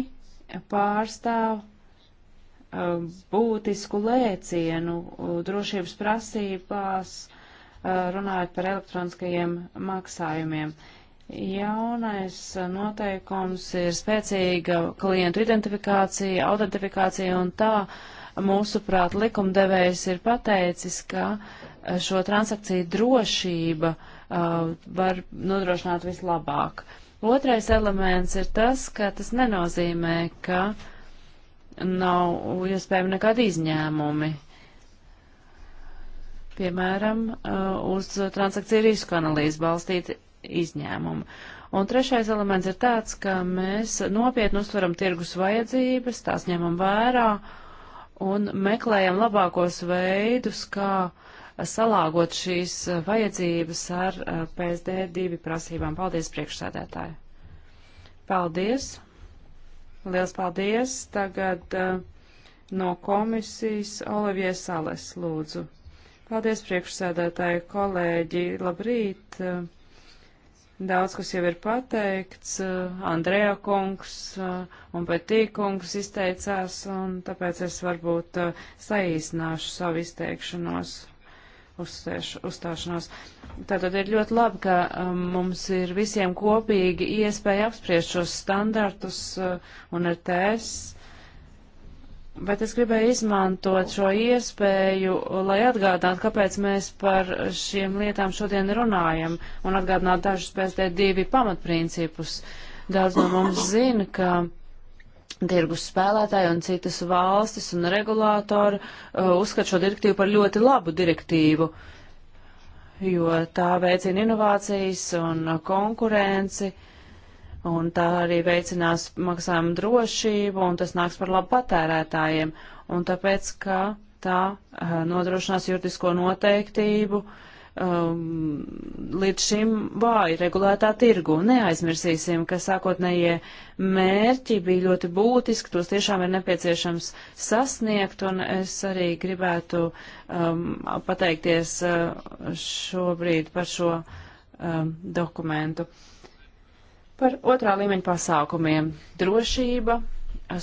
pārstāv uh, būtisku lēcienu drošības prasībās, runājot par elektroniskajiem maksājumiem. Uh, Jaunais noteikums ir spēcīga klientu identifikācija, autentifikācija un tā, mūsuprāt, likumdevējs ir pateicis, ka šo transakciju drošība uh, var nodrošināt vislabāk. Otrais elements ir tas, ka tas nenozīmē, ka nav iespējami nekādi izņēmumi. Piemēram, uh, uz transakciju risku analīzi balstīti izņēmumu. Un trešais elements ir tāds, ka mēs nopietni uztveram tirgus vajadzības, tās ņemam vērā un meklējam labākos veidus, kā salāgot šīs vajadzības ar eh, PSD divi prasībām. Paldies, priekšsēdētāji! Paldies! Liels paldies! Tagad uh, no komisijas Olivie Sales lūdzu. Paldies, priekšsēdētāji, kolēģi, labrīt! Uh, Daudz, kas jau ir pateikts, eh, Andrejā kungs eh, un Petī kungs izteicās, un tāpēc es varbūt eh, saīsināšu savu izteikšanos, uzstēšu, uzstāšanos. Tātad ir ļoti labi, ka mums ir visiem kopīgi iespēja apspriest šos standartus un RTS Bet es gribēju izmantot šo iespēju, lai atgādinātu, kāpēc mēs par šiem lietām šodien runājam, un atgādināt dažus PSD2 pamatprincipus. Daudz no mums zina, ka tirgus spēlētāji un citas valstis un regulātori uh, uzskata šo direktīvu par ļoti labu direktīvu, jo tā veicina inovācijas un konkurenci. Uh, un tā arī veicinās maksājumu drošību, un tas nāks par labu patērētājiem, un tāpēc, ka tā eh, nodrošinās juridisko noteiktību um, līdz šim vāji regulētā tirgu. Neaizmirsīsim, ka sākotnējie mērķi bija ļoti būtiski, tos tiešām ir nepieciešams sasniegt, un es arī gribētu um, pateikties uh, šobrīd par šo um, dokumentu. Uh, Par otrā līmeņa pasākumiem - drošība,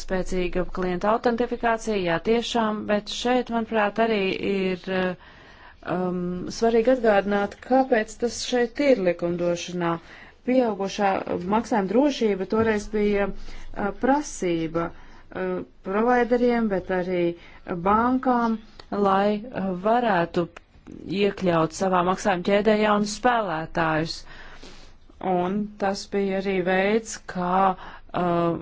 spēcīga klienta autentifikācija, jā, tiešām, bet šeit, manuprāt, arī ir um, svarīgi atgādināt, kāpēc tas šeit ir likumdošanā. Pieaugušā maksājuma drošība toreiz bija uh, prasība uh, provideriem, bet arī bankām, lai uh, varētu iekļaut savā maksājuma ķēdē jaunus spēlētājus. Un tas bija arī veids, kā uh,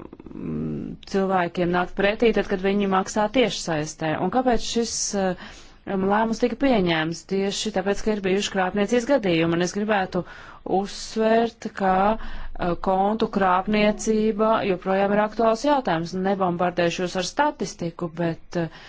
cilvēkiem nākt pretī, tad, kad viņi maksā tiešsaistē. Un kāpēc šis uh, lēmums tika pieņēmts? Tieši tāpēc, ka ir bijuši krāpniecības gadījumi. Un es gribētu uzsvērt, ka uh, kontu krāpniecība joprojām ir aktuāls jautājums. Nebombardēšos ar statistiku, bet. Uh,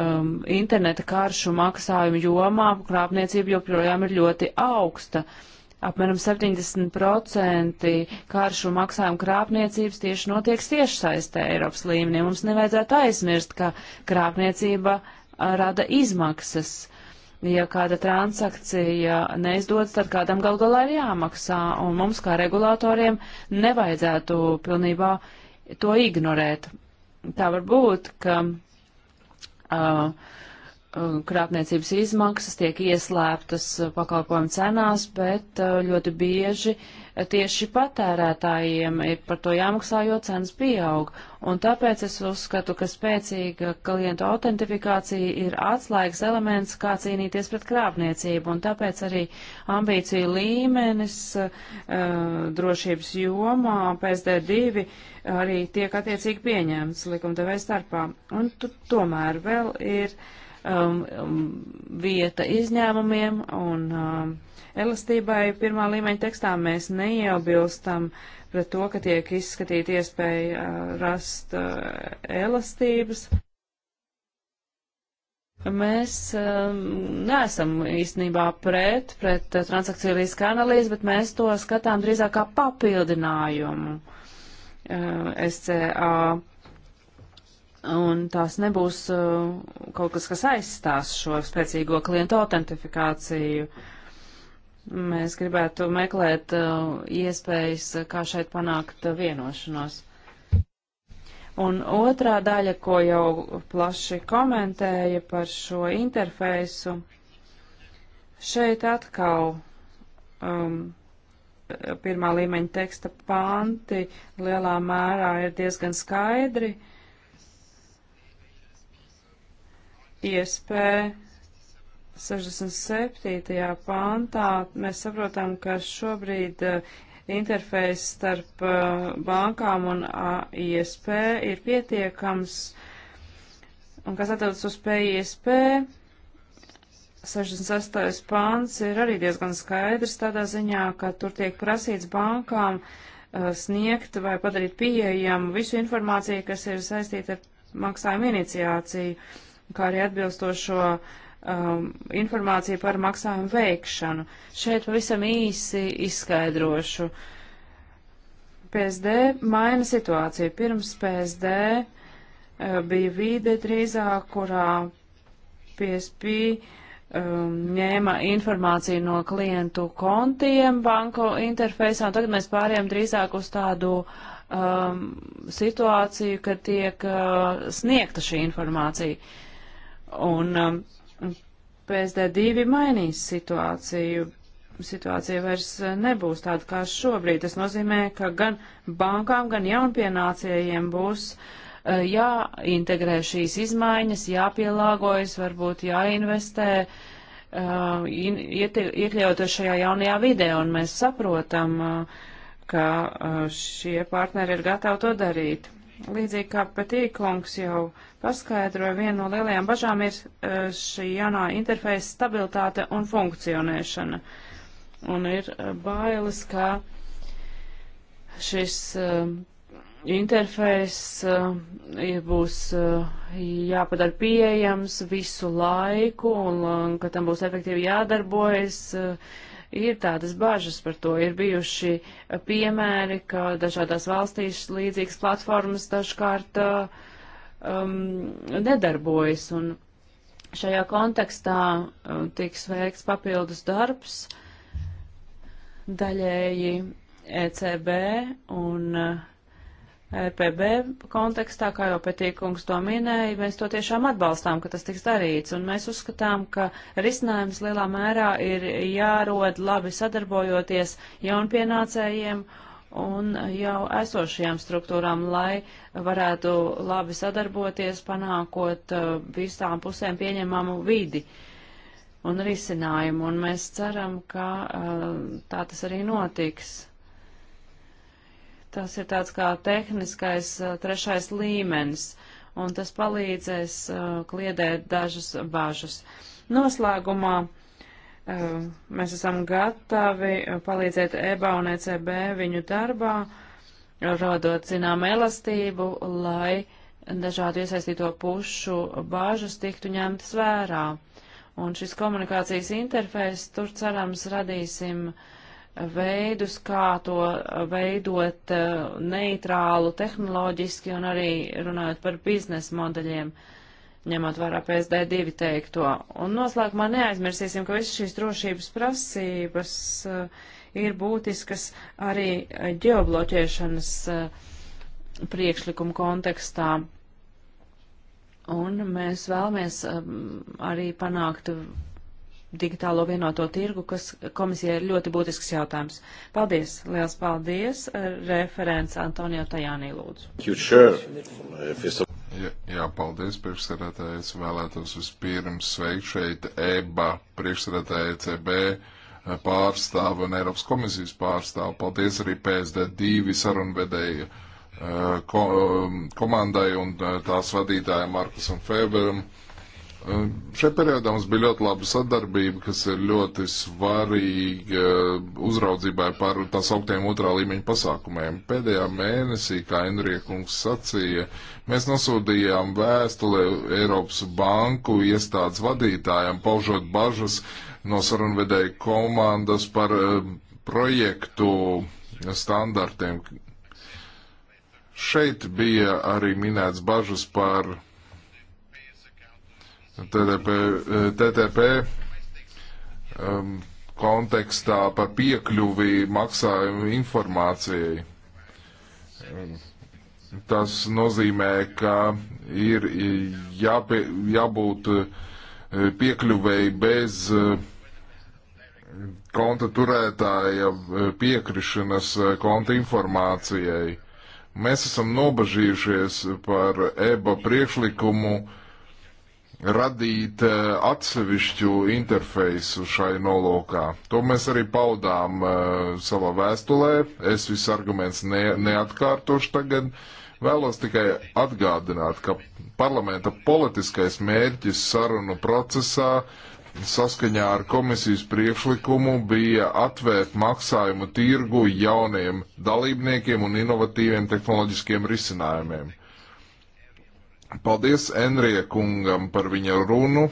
um, interneta karšu maksājumu jomā krāpniecība joprojām ir ļoti augsta. Uh, apmēram 70% karšu maksājumu krāpniecības tieši notiek tiešsaistē Eiropas līmenī. Mums nevajadzētu aizmirst, ka krāpniecība rada izmaksas. Ja kāda transakcija neizdodas, tad kādam gal galā ir jāmaksā, un mums kā regulātoriem nevajadzētu pilnībā to ignorēt. Tā var būt, ka uh, Uh, krāpniecības izmaksas tiek ieslēptas uh, pakalpojumu cenās, bet uh, ļoti bieži tieši patērētājiem ir par to jāmaksā, jo cenas pieaug. Un tāpēc es uzskatu, ka spēcīga klientu autentifikācija ir atslēgas elements, kā cīnīties pret krāpniecību, un tāpēc arī ambīciju līmenis uh, drošības jomā PSD2 arī tiek attiecīgi pieņemts likumdevēja starpā. Un tomēr vēl ir. Uh, Um, um, vieta izņēmumiem un um, elastībai pirmā līmeņa tekstā mēs neiebilstam pret to, ka tiek izskatīta iespēja uh, rast uh, elastības. Mēs um, neesam īstenībā pret, pret uh, transakciju riska analīzi, bet mēs to skatām drīzāk kā papildinājumu uh, SCA un tās nebūs uh, kaut kas, kas aizstās šo spēcīgo klientu autentifikāciju. Mēs gribētu meklēt uh, iespējas, uh, kā šeit panākt uh, vienošanos. Un otrā daļa, ko jau plaši komentēja par šo interfeisu, šeit atkal um, pirmā līmeņa teksta panti lielā mērā ir diezgan skaidri. Uh, iespēja 67. pāntā. Mēs saprotam, ka šobrīd eh, interfejs starp eh, bankām un eh, ISP ir pietiekams. Un kas attiecas uz PISP, 68. pāns ir arī diezgan skaidrs tādā ziņā, ka tur tiek prasīts bankām uh, sniegt vai padarīt pieejamu visu informāciju, kas ir saistīta ar maksājumu iniciāciju kā arī atbilstošo um, informāciju par maksājumu veikšanu. Šeit pavisam īsi izskaidrošu. PSD maina situāciju. Pirms PSD uh, bija vīde drīzāk, kurā PSP um, ņēma informāciju no klientu kontiem banku interfeisā, un tagad mēs pārējām drīzāk uz tādu um, situāciju, kad tiek uh, sniegta šī informācija. Uh, Un um, PSD2 mainīs situāciju. Situācija vairs uh, nebūs tāda kā šobrīd. Tas nozīmē, ka gan bankām, gan jaunpienācējiem būs uh, jāintegrē šīs izmaiņas, jāpielāgojas, varbūt jāinvestē, uh, in, iet, iekļauties šajā jaunajā vidē. Un mēs saprotam, uh, ka uh, šie partneri ir gatavi to darīt. Līdzīgi kā Patīkungs jau uh, paskaidroja, viena no lielajām bažām ir eh, šī jaunā interfeisa stabilitāte un funkcionēšana. Un ir eh, bailes, ka šis eh, interfejs būs jāpadara pieejams visu laiku un ka tam būs efektīvi jādarbojas ir tādas bažas par to. Ir bijuši piemēri, ka dažādās valstīs līdzīgas platformas dažkārt uh, um, nedarbojas. Un šajā kontekstā um, tiks veikts papildus darbs daļēji ECB un uh, EPB kontekstā, kā jau Petīkungs to minēja, mēs to tiešām atbalstām, ka tas tiks darīts, un mēs uzskatām, ka risinājums lielā mērā ir jārod labi sadarbojoties jaunpienācējiem un jau esošajām struktūrām, lai varētu labi sadarboties, panākot uh, visām pusēm pieņemamu vidi un risinājumu. Un mēs ceram, ka uh, tā tas arī notiks. Tas ir tāds kā tehniskais uh, trešais līmenis, un tas palīdzēs kliedēt dažas bažas. Noslēgumā Ehm, mēs esam gatavi palīdzēt EBA un ECB viņu darbā, rodot zinām elastību, lai dažādu iesaistīto pušu bāžas tiktu ņemtas vērā. Un šis komunikācijas interfejs tur cerams radīsim veidus, kā to veidot eh, neitrālu tehnoloģiski un arī runājot par biznesa modeļiem. Uh, ņemot vērā PSD2 teikto. Un noslēgumā neaizmirsīsim, ka visas šīs drošības prasības uh, ir būtiskas arī ģeobloķēšanas uh, priekšlikumu kontekstā. Un mēs vēlamies um, arī panākt digitālo vienoto tirgu, kas komisijai ir ļoti būtisks jautājums. Paldies, liels paldies, eh, referents Antonio Tajānī lūdzu.
Eh, jā, jā, paldies, priekšsēdētāji. Es vēlētos vispirms sveikt šeit EBA priekšsēdētāja ECB eh, pārstāvu un Eiropas komisijas pārstāvu. Paldies arī PSD2 sarunvedēju ko, komandai un tās vadītājiem Markusam Feberam. Uh, Ehm, šajā periodā mums bija ļoti laba sadarbība, kas ir ļoti svarīga ehm, uzraudzībai par tās augtiem otrā līmeņa pasākumiem. Pēdējā mēnesī, kā Enriekungs sacīja, mēs nosūtījām vēstuli Eiropas banku iestādes vadītājiem, paužot bažas no sarunvedēju komandas par ehm, projektu standartiem. Šeit bija arī minēts bažas par TTP, TTP um, kontekstā par piekļuvi maksājumu informācijai. Um, tas nozīmē, ka ir jāpie, jābūt uh, piekļuvēji bez uh, konta turētāja uh, piekrišanas konta informācijai. Mēs esam nobažījušies par EBA priekšlikumu uh, radīt eh, atsevišķu interfeisu šai nolūkā. To mēs arī paudām eh, savā vēstulē. Es visu arguments ne, neatkārtošu tagad. Vēlos tikai atgādināt, ka parlamenta politiskais mērķis sarunu procesā saskaņā ar komisijas priekšlikumu bija atvērt maksājumu tirgu jauniem dalībniekiem un inovatīviem tehnoloģiskiem risinājumiem. Paldies Enrie kungam par viņa runu.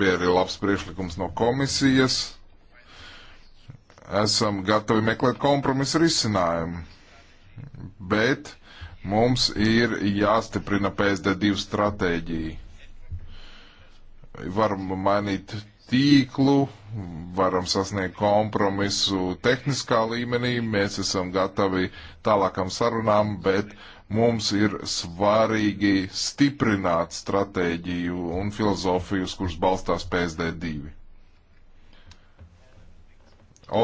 Bija arī labs priekšlikums no komisijas. Esam gatavi meklēt kompromisu risinājumu. Bet mums ir jāstiprina PSD2 stratēģija varam mainīt tīklu, varam sasniegt kompromisu tehniskā līmenī, mēs esam gatavi tālākam sarunām, bet mums ir svarīgi stiprināt stratēģiju un filozofiju, uz kuras balstās PSD2.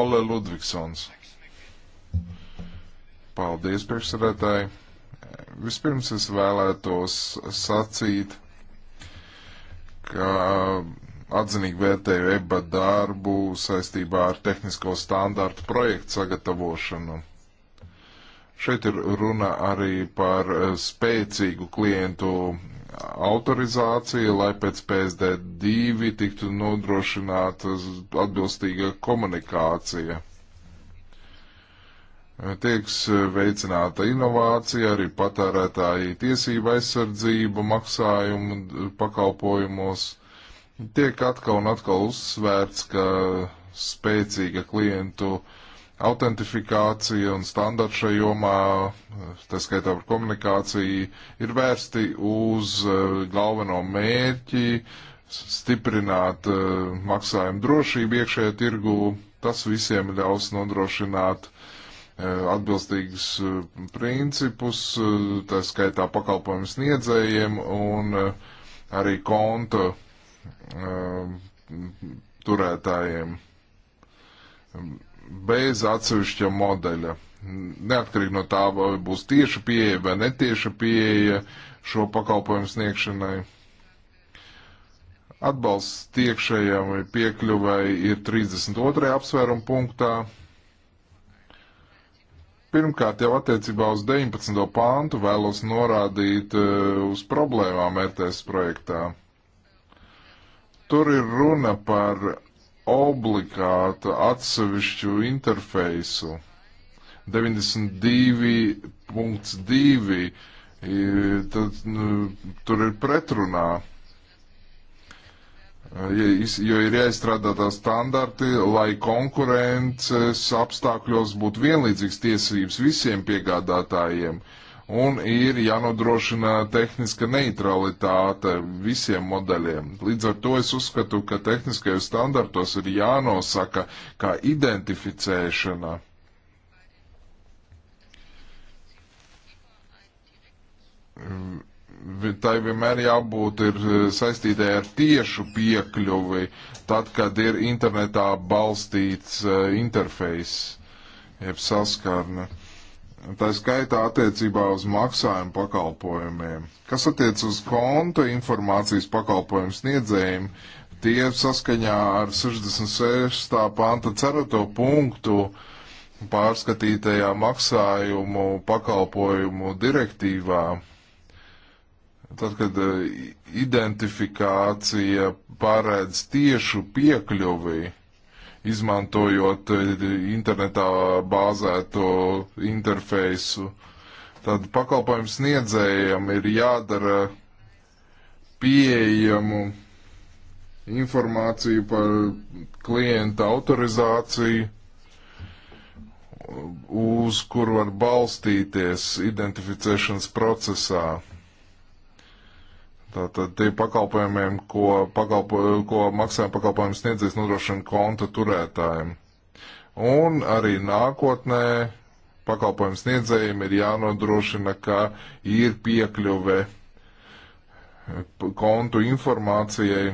Ole Ludvigsons. Paldies, priekšsēdētāji. Vispirms es vēlētos sacīt, ka atzinīgi vērtēju EBA darbu saistībā ar tehnisko standārtu projektu sagatavošanu. Šeit ir runa arī par eh, spēcīgu klientu autorizāciju, lai pēc PSD2 tiktu nodrošināta atbilstīga komunikācija. Tieks e, veicināta inovācija, arī patērētāji tiesība aizsardzība maksājumu pakalpojumos. Tiek atkal un atkal uzsvērts, ka spēcīga klientu autentifikācija un standarts šajā jomā, tā skaitā par komunikāciju, ir vērsti uz e, galveno mērķi stiprināt e, maksājumu drošību iekšējā tirgu. Tas visiem ļaus nodrošināt Eh, atbilstīgus eh, principus, eh, tā skaitā pakalpojumu sniedzējiem un arī konta turētājiem bez atsevišķa modeļa. Neatkarīgi no tā, vai būs tieša pieeja vai netieša pieeja šo pakalpojumu sniegšanai. Atbalsts tiekšējai piekļuvai ir 32. apsvērumu punktā. Pirmkārt, jau attiecībā uz 19. pāntu vēlos norādīt e, uz problēmām RTS e projektā. Tur ir runa par obligātu atsevišķu interfeisu. 92.2. Tad, nu, tur ir pretrunā jo ir jāizstrādā tā standarti, lai konkurences apstākļos būtu vienlīdzīgas tiesības visiem piegādātājiem. Un ir jānodrošina tehniska neutralitāte visiem modeļiem. Līdz ar to es uzskatu, ka tehniskajos standartos ir jānosaka kā identificēšana. Mm tai vienmēr jābūt ir eh, saistītē ar tiešu piekļuvi, tad, kad ir internetā balstīts uh, interfejs, jeb saskarne. Tā skaitā attiecībā uz maksājumu pakalpojumiem. Kas attiec uz konta informācijas pakalpojumu sniedzējiem, tie saskaņā ar 66. panta cerato punktu pārskatītajā maksājumu pakalpojumu direktīvā Tad, kad e, identifikācija paredz tiešu piekļuvi, izmantojot e, internetā bāzēto interfeisu, tad pakalpojums sniedzējiem ir jādara pieejamu informāciju par klienta autorizāciju, uz kur var balstīties identificēšanas procesā. Tātad tie pakalpojumiem, ko, pakalpo, ko maksājuma pakalpojumu sniedzējs nodrošina konta turētājiem. Un arī nākotnē pakalpojumu sniedzējiem ir jānodrošina, ka ir piekļuve kontu informācijai,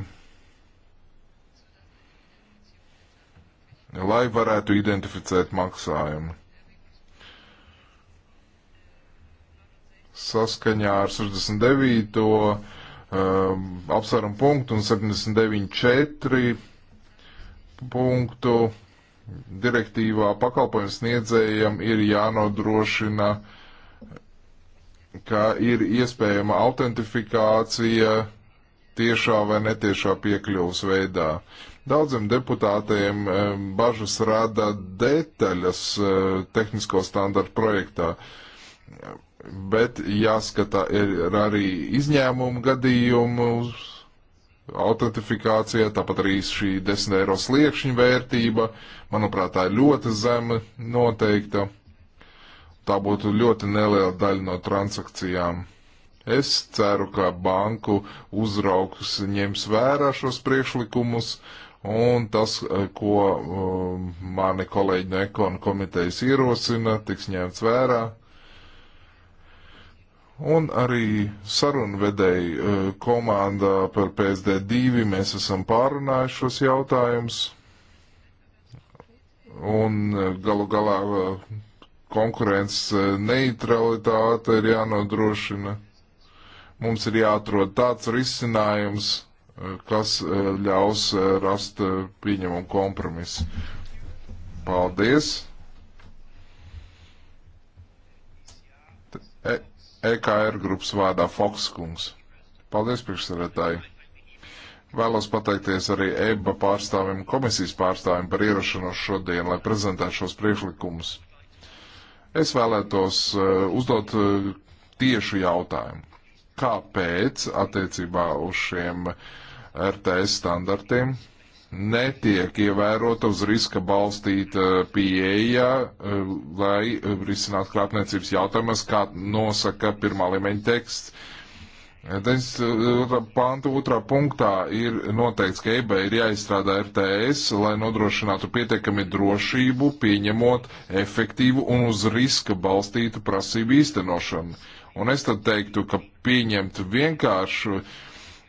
lai varētu identificēt maksājumu. Saskaņā ar 69. Eh, apsvērumu punktu un 79.4 punktu direktīvā pakalpojumu sniedzējiem ir jānodrošina, ka ir iespējama autentifikācija tiešā vai netiešā piekļuvas veidā. Daudziem deputātiem eh, bažas rada detaļas eh, tehnisko standartu projektā bet jāskatā ir arī izņēmumu gadījumu autentifikācija, tāpat arī šī 10 eiro sliekšņa vērtība, manuprāt, tā ir ļoti zema noteikta. Tā būtu ļoti neliela daļa no transakcijām. Es ceru, ka banku uzraugs ņems vērā šos priekšlikumus, un tas, ko um, mani kolēģi no ekonu komitejas ierosina, tiks ņemts vērā. Un arī sarunvedēji e, komandā par PSD2 mēs esam pārunājuši šos jautājumus. Un e, galu galā e, konkurences neutralitāte ir jānodrošina. Mums ir jāatrod tāds risinājums, kas ļaus rast pieņemumu kompromisu. Paldies! EKR er grupas vārdā Fokskungs. Paldies, priekšsarētāji! Vēlos pateikties arī EBA pārstāvim, komisijas pārstāvim par ierašanos šodien, lai prezentētu šos priekšlikumus. Es vēlētos e, uzdot e, tiešu jautājumu. Kāpēc attiecībā uz šiem RTS standartiem netiek ievērota uz riska balstīta pieeja, eh, lai eh, risinātu krāpniecības jautājumus, kā nosaka pirmā līmeņa teksts. Tens, eh, pānta otrā punktā ir noteikts, ka EBA ir jāizstrādā RTS, lai nodrošinātu pietiekami drošību, pieņemot efektīvu un uz riska balstītu prasību īstenošanu. Un es tad teiktu, ka pieņemt vienkāršu uh,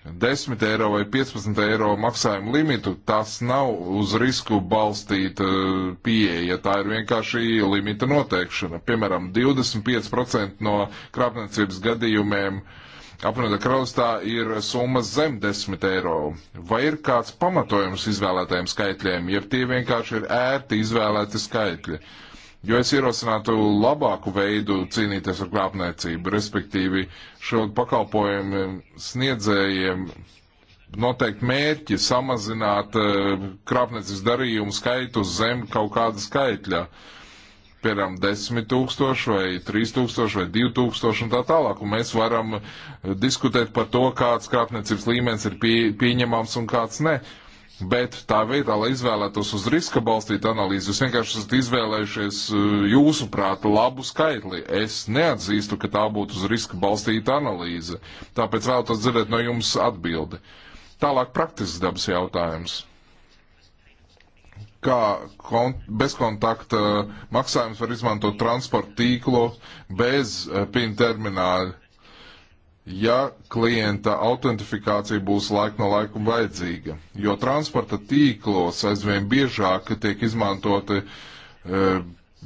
10 eiro vai 15 eiro maksājumu limitu, tas nav uz risku balstīta e, pieeja. Tā ir vienkārši limita noteikšana. Piemēram, 25% no krāpniecības gadījumiem apvienotā kraustā ir summas zem 10 eiro. Vai ir kāds pamatojums izvēlētajiem skaitļiem, jeb tie vienkārši ir ērti izvēlēti skaitļi? Uh, Jo es ierosinātu labāku veidu cīnīties ar krāpniecību, respektīvi šo pakalpojumu sniedzējiem noteikti mērķi samazināt eh, krāpniecības darījumu skaitu zem kaut kāda skaitļa. Piemēram, 10 tūkstoši vai 3 tūkstoši vai 2 tūkstoši un tā tālāk. Un mēs varam eh, diskutēt par to, kāds krāpniecības līmenis ir pie, pieņemams un kāds ne. Uh, Bet tā vietā, lai izvēlētos uz riska balstītu analīzi, jūs vienkārši esat izvēlējušies eh, jūsuprāt labu skaitli. Es neatzīstu, ka tā būtu uz riska balstīta analīze. Tāpēc vēlētos dzirdēt no jums atbildi. Tālāk praktisks dabas jautājums. Kā kont bezkontakta maksājums var izmantot transporta tīklo bez eh, PIN termināļa? ja klienta autentifikācija būs laika no laika vajadzīga, jo transporta tīklos aizvien biežāk tiek izmantoti e,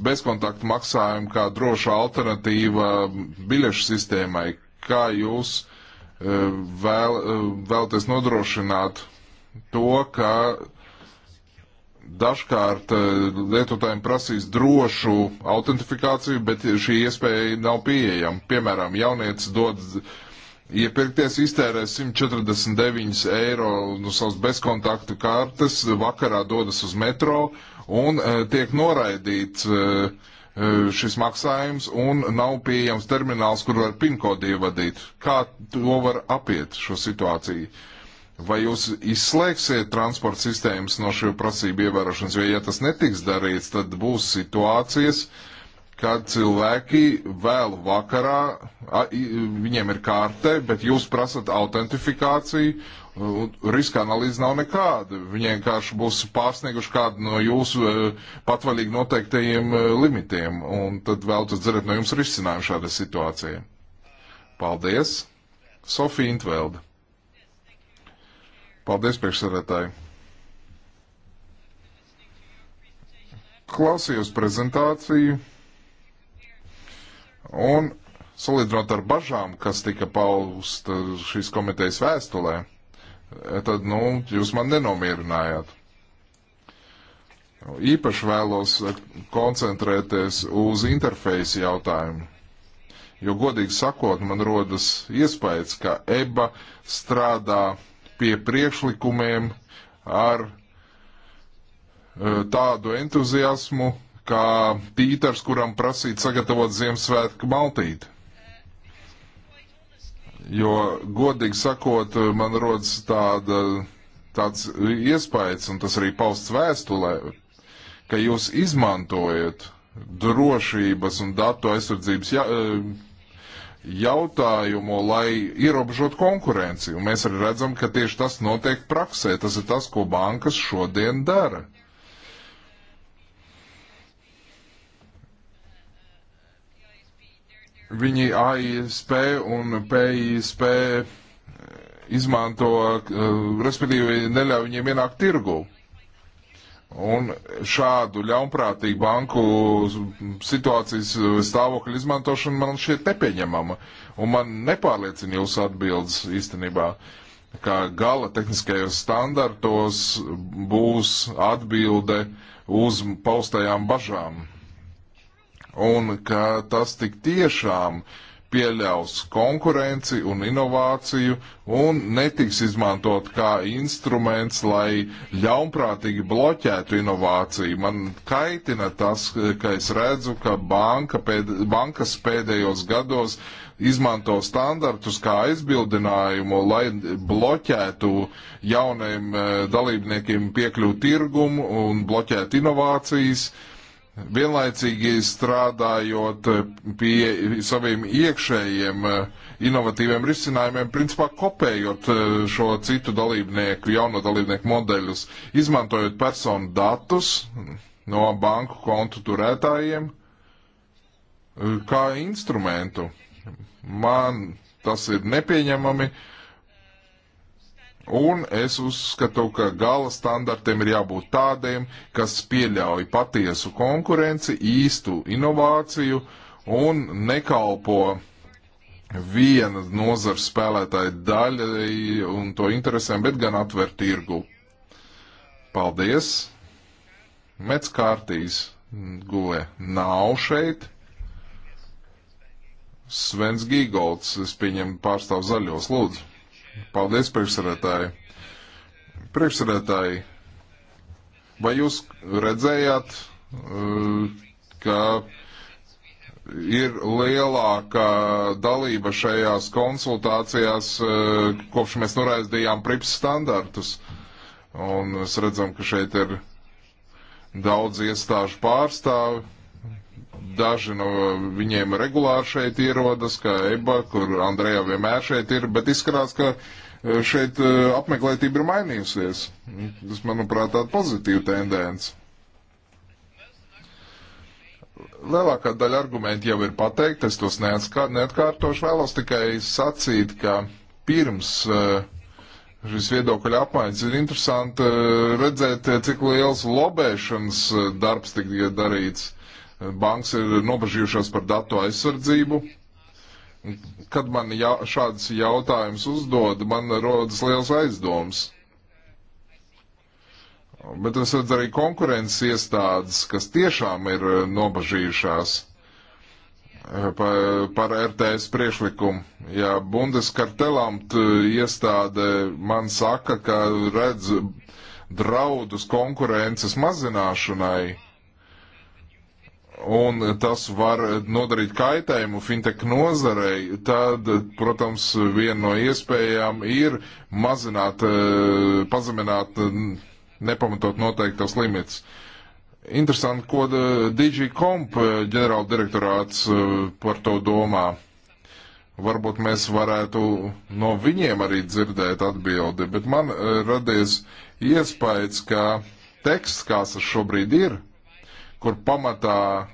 bezkontaktu maksājumi kā droša alternatīva biļešu sistēmai. Kā jūs e, vēl, e, vēlaties nodrošināt to, ka dažkārt e, lietotājiem prasīs drošu autentifikāciju, bet šī iespēja nav pieejama. Piemēram, jaunieci dod Iepirkties iztērē 149 eiro no savas bezkontaktu kartes, vakarā dodas uz metro un e, tiek noraidīts e, šis maksājums un nav pieejams termināls, kur var pinkodi ievadīt. Kā to var apiet šo situāciju? Vai jūs izslēgsiet transporta sistēmas no šo prasību ievērošanas, jo ja tas netiks darīts, tad būs situācijas, uh, ka cilvēki vēlu vakarā, a, viņiem ir kārte, bet jūs prasat autentifikāciju, riska analīze nav nekāda. Viņi vienkārši būs pārsnieguši kādu no jūsu e, patvaļīgi noteiktajiem e, limitiem, un tad vēl tad dzirdēt no jums risinājumu šāda situācija. Paldies! Sofija Intvelda. Paldies, priekšsarētāji! Klausījos prezentāciju. Un salīdzinot ar bažām, kas tika pausta šīs komitejas vēstulē, tad, nu, jūs man nenomierinājāt. Īpaši vēlos koncentrēties uz interfeisi jautājumu, jo, godīgi sakot, man rodas iespējas, ka EBA strādā pie priekšlikumiem ar eh, tādu entuziasmu, kā Pīters, kuram prasīt sagatavot Ziemassvētku maltīti. Jo, godīgi sakot, man rodas tāda, tāds iespējas, un tas arī pausts vēstulē, ka jūs izmantojat drošības un datu aizsardzības ja, eh, jautājumu, lai ierobežot konkurenci. Un mēs arī redzam, ka tieši tas notiek praksē. Tas ir tas, ko bankas šodien dara. Viņi AISP un PISP eh, izmanto, eh, respektīvi neļauj viņiem ienākt tirgu. Un šādu ļaunprātīgu banku situācijas eh, stāvokļu izmantošanu man šķiet nepieņemama. Un man nepārliecina jūsu atbildes īstenībā, kā gala tehniskajos standartos būs atbilde uz paustajām bažām un ka tas tik tiešām pieļaus konkurenci un inovāciju un netiks izmantot kā instruments, lai ļaunprātīgi bloķētu inovāciju. Man kaitina tas, ka es redzu, ka banka pēd, bankas pēdējos gados izmanto standartus kā aizbildinājumu, lai bloķētu jauniem eh, dalībniekiem piekļūt tirgumu un bloķētu inovācijas. Uh, vienlaicīgi strādājot pie saviem iekšējiem eh, inovatīviem risinājumiem, principā kopējot eh, šo citu dalībnieku, jauno dalībnieku modeļus, izmantojot personu datus no banku kontu turētājiem eh, kā instrumentu. Man tas ir nepieņemami. Uh, Un es uzskatu, ka gala standartiem ir jābūt tādiem, kas pieļauj patiesu konkurenci, īstu inovāciju un nekalpo viena nozara spēlētāja daļai un to interesēm, bet gan atver tirgu. Paldies! Mets kārtīs gulē nav šeit. Svens Gīgolds, es pieņemu pārstāvu zaļos, lūdzu. Paldies, priekšsarētāji. Priekšsarētāji, vai jūs redzējāt, uh, ka ir lielāka dalība šajās konsultācijās, uh, kopš mēs noraizdījām prips standartus? Un mēs redzam, ka šeit ir daudz iestāžu pārstāvi. Daži no viņiem regulāri šeit ierodas, kā Eba, kur Andrejā vienmēr šeit ir, bet izskatās, ka e, šeit e, apmeklētība ir mainījusies. Tas, manuprāt, tāda pozitīva tendence. Lielākā daļa argumentu jau ir pateikta, es tos neatkārtošu, vēlos tikai sacīt, ka pirms e, šis viedokļa apmaiņas ir interesanti redzēt, cik liels lobēšanas darbs tika darīts bankas ir nobežījušās par datu aizsardzību. Kad man jā, šāds jautājums uzdod, man rodas liels aizdoms. Bet es redzu arī konkurences iestādes, kas tiešām ir eh, nobažījušās eh, par, par RTS priešlikumu. Ja Bundeskartelamt iestāde man saka, ka redz draudus konkurences mazināšanai, un tas var nodarīt kaitējumu fintech nozarei, tad, protams, viena no iespējām ir mazināt, eh, pazemināt eh, nepamatot noteiktos limits. Interesanti, ko eh, DigiComp ģenerāla direktorāts par to domā. Varbūt mēs varētu no viņiem arī dzirdēt atbildi, bet man radies iespējas, ka teksts, kāds tas šobrīd ir, uh, kur pamatā eh,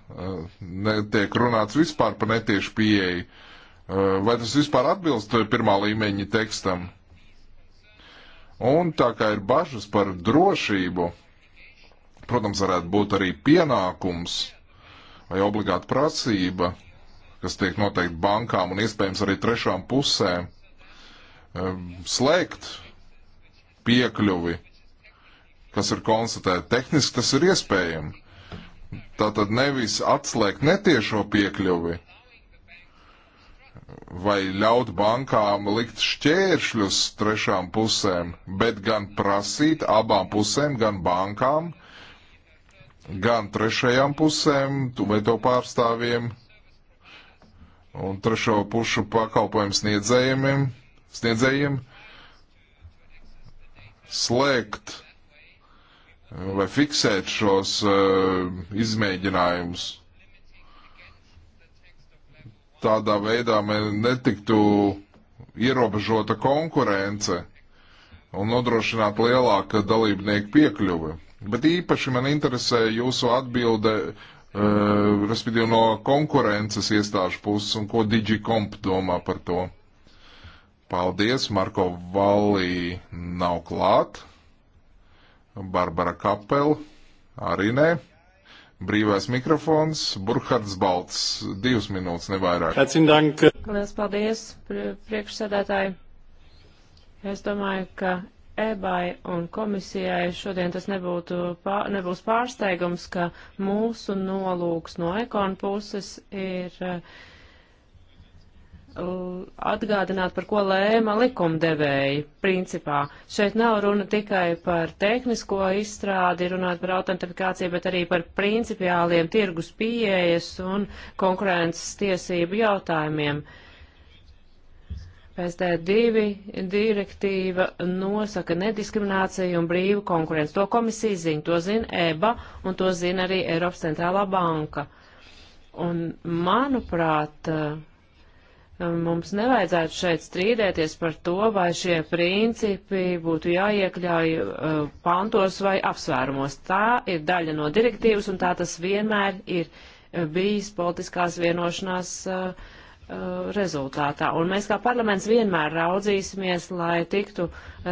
netiek runāts vispār par netiešu pieeju. Eh, vai tas vispār atbilst pirmā līmeņa tekstam? Un tā kā ir bažas par drošību, protams, varētu būt arī pienākums vai obligāta prasība, kas tiek noteikti bankām un iespējams arī trešām pusēm, eh, slēgt piekļuvi, kas ir konstatēta tehniski, tas ir iespējams. Tātad nevis atslēgt netiešo piekļuvi vai ļaut bankām likt šķēršļus trešām pusēm, bet gan prasīt abām pusēm, gan bankām, gan trešajām pusēm vai to pārstāvjiem un trešo pušu pakalpojumu sniedzējiem, sniedzējiem slēgt vai fiksēt šos uh, izmēģinājumus. Tādā veidā netiktu ierobežota konkurence un nodrošināt lielāka dalībnieku piekļuve. Bet īpaši man interesē jūsu atbilde, uh, respektīvi no konkurences iestāžu puses un ko DigiComp domā par to. Paldies, Marko Valī nav klāt. Barbara Kapela, arī nē. Brīvais mikrofons, Burkhards Balts, divas minūtes nevairāk.
Lielas paldies, priekšsēdētāji. Es domāju, ka EBAI un komisijai šodien tas nebūtu, pār, nebūs pārsteigums, ka mūsu nolūks no ekonu puses ir uh, atgādināt, par ko lēma likumdevēji. Principā šeit nav runa tikai par tehnisko izstrādi, runāt par autentifikāciju, bet arī par principiāliem tirgus pieejas un konkurences tiesību jautājumiem. PSD2 direktīva nosaka nediskrimināciju un brīvu konkurenci. To komisija zina, to zina EBA un to zina arī Eiropas centrālā banka. Un, manuprāt, uh, Mums nevajadzētu šeit strīdēties par to, vai šie principi būtu jāiekļauj uh, pantos vai apsvērumos. Tā ir daļa no direktīvas, un tā tas vienmēr ir uh, bijis politiskās vienošanās uh, rezultātā. Un mēs kā parlaments vienmēr raudzīsimies, lai tiktu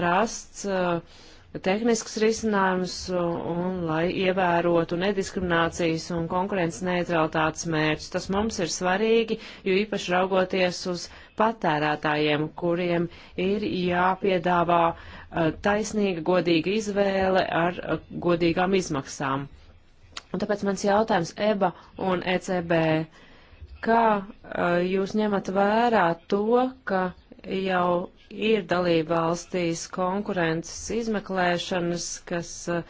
rasts uh, tehnisks risinājums un lai ievērotu nediskriminācijas un konkurences neutralitātes mērķus. Tas mums ir svarīgi, jo īpaši raugoties uz patērētājiem, kuriem ir jāpiedāvā eh, taisnīga, godīga izvēle ar eh, godīgām izmaksām. Un tāpēc mans jautājums EBA un ECB, kā eh, jūs ņemat vērā to, ka jau ir dalībvalstīs konkurences izmeklēšanas, kas uh,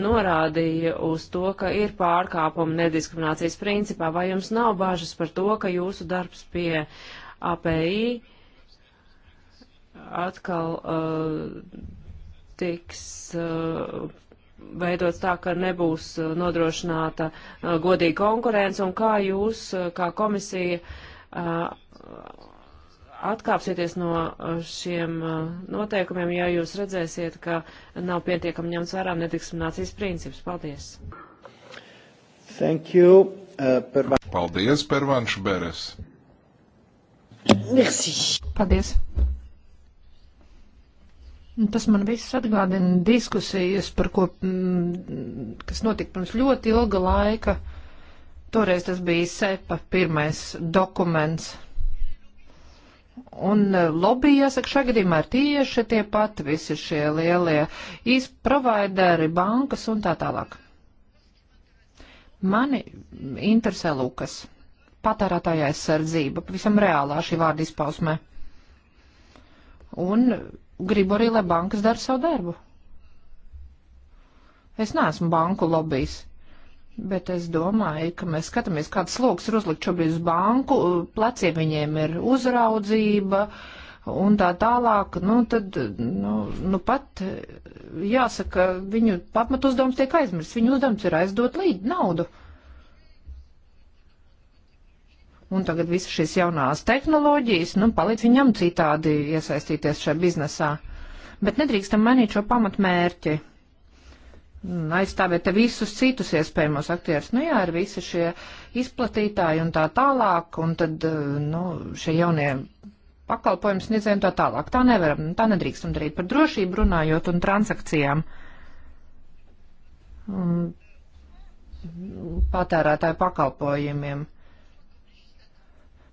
norādīja uz to, ka ir pārkāpumi nediskriminācijas principā. Vai jums nav bažas par to, ka jūsu darbs pie API atkal uh, tiks uh, veidots tā, ka nebūs nodrošināta uh, godīga konkurence un kā jūs, uh, kā komisija, uh, atkāpsieties no uh, šiem uh, noteikumiem, ja jūs redzēsiet, ka nav pietiekami ņemts vērā nediskriminācijas princips.
Paldies!
Thank you, uh, pervan... Paldies, Pervanš Beres!
Merci! Paldies! Nu, tas man viss atgādina diskusijas, par ko, m, mm, kas notika pirms ļoti ilga laika. Toreiz tas bija SEPA pirmais dokuments Un eh, lobby, jāsaka, šajā gadījumā ir tieši tie pati visi šie lielie izprovideri, bankas un tā tālāk. Mani interesē Lukas. Patērētāja aizsardzība, pavisam reālā šī vārda izpausmē. Un gribu arī, lai bankas dara savu darbu. Es neesmu banku lobbyis. Bet es domāju, ka mēs skatāmies, kāds sloks ir uzlikt šobrīd uz banku, pleciem viņiem ir uzraudzība un tā tālāk. Nu, tad, nu, nu pat jāsaka, viņu pamat uzdevums tiek aizmirsts. Viņu uzdevums ir aizdot līdzi naudu. Un tagad visas šīs jaunās tehnoloģijas, nu, palīdz viņam citādi iesaistīties šajā biznesā. Bet nedrīkstam mainīt šo pamatmērķi aizstāvēt visus citus iespējamos aktierus. Nu jā, ir visi šie izplatītāji un tā tālāk, un tad, eh, nu, šie jaunie pakalpojums sniedzējiem tā tālāk. Tā nevaram, tā nedrīkstam darīt par drošību runājot un transakcijām. Un patērētāju pakalpojumiem.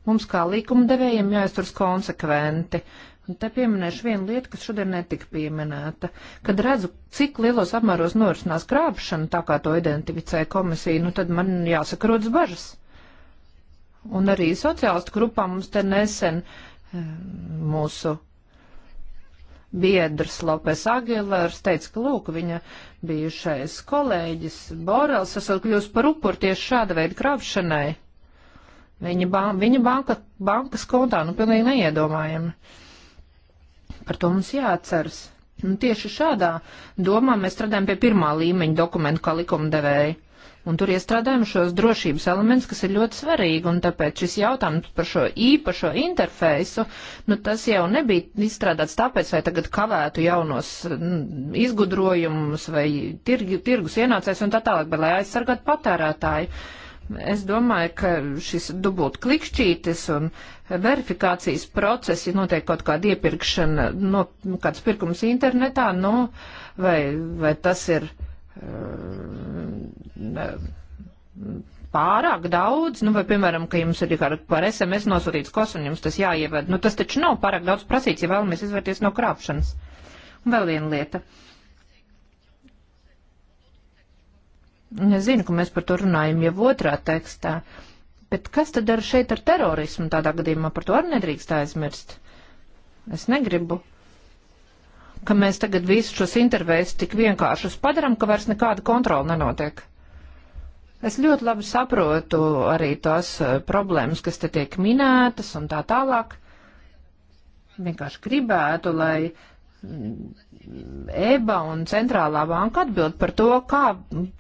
Mums kā likumdevējiem jāizturas konsekventi Te pieminēšu vienu lietu, kas šodien netika pieminēta. Kad redzu, cik lielos apmēros norisinās krāpšana, tā kā to identificēja komisija, nu tad man jāsaka rodas bažas. Un arī sociālistu grupā mums te nesen eh, mūsu biedrs Lopes Agilārs teica, ka lūk, viņa bijušais kolēģis Borels esot kļūst par upuru tieši šāda veida krāpšanai. Viņa, ban viņa banka, bankas kontā, nu pilnīgi neiedomājami. Par to mums jāatceras. Un nu, tieši šādā domā mēs strādājam pie pirmā līmeņa dokumentu kā likumdevēja. Un tur iestrādājam šos drošības elementus, kas ir ļoti svarīgi, un tāpēc šis jautājums par šo īpašo interfeisu, nu tas jau nebija izstrādāts tāpēc, lai tagad kavētu jaunos mm, izgudrojumus vai tirgi, tirgus ienācēs un tā tālāk, bet lai aizsargātu patērētāju. Es domāju, ka šis dubult klikšķītis un verifikācijas procesi notiek kaut kāda iepirkšana, no kāds pirkums internetā, no, nu, vai, vai tas ir
uh,
pārāk daudz, nu, vai, piemēram, ka jums ir par SMS nosūtīts kos un jums tas jāieved. Nu, tas taču nav pārāk daudz prasīts, ja vēlamies izvērties no krāpšanas. Un vēl viena lieta. Uh, Zinu, ka mēs par to runājam jau otrā tekstā, bet kas tad ar šeit ar terorismu tādā gadījumā par to arī nedrīkst aizmirst? Es negribu, ka mēs tagad visus šos intervējus tik vienkāršus padaram, ka vairs nekāda kontrola nenotiek. Es ļoti labi saprotu arī tās eh, problēmas, kas te tiek minētas un tā tālāk. Vienkārši gribētu, lai mm, EBA un Centrālā banka atbild par to, kā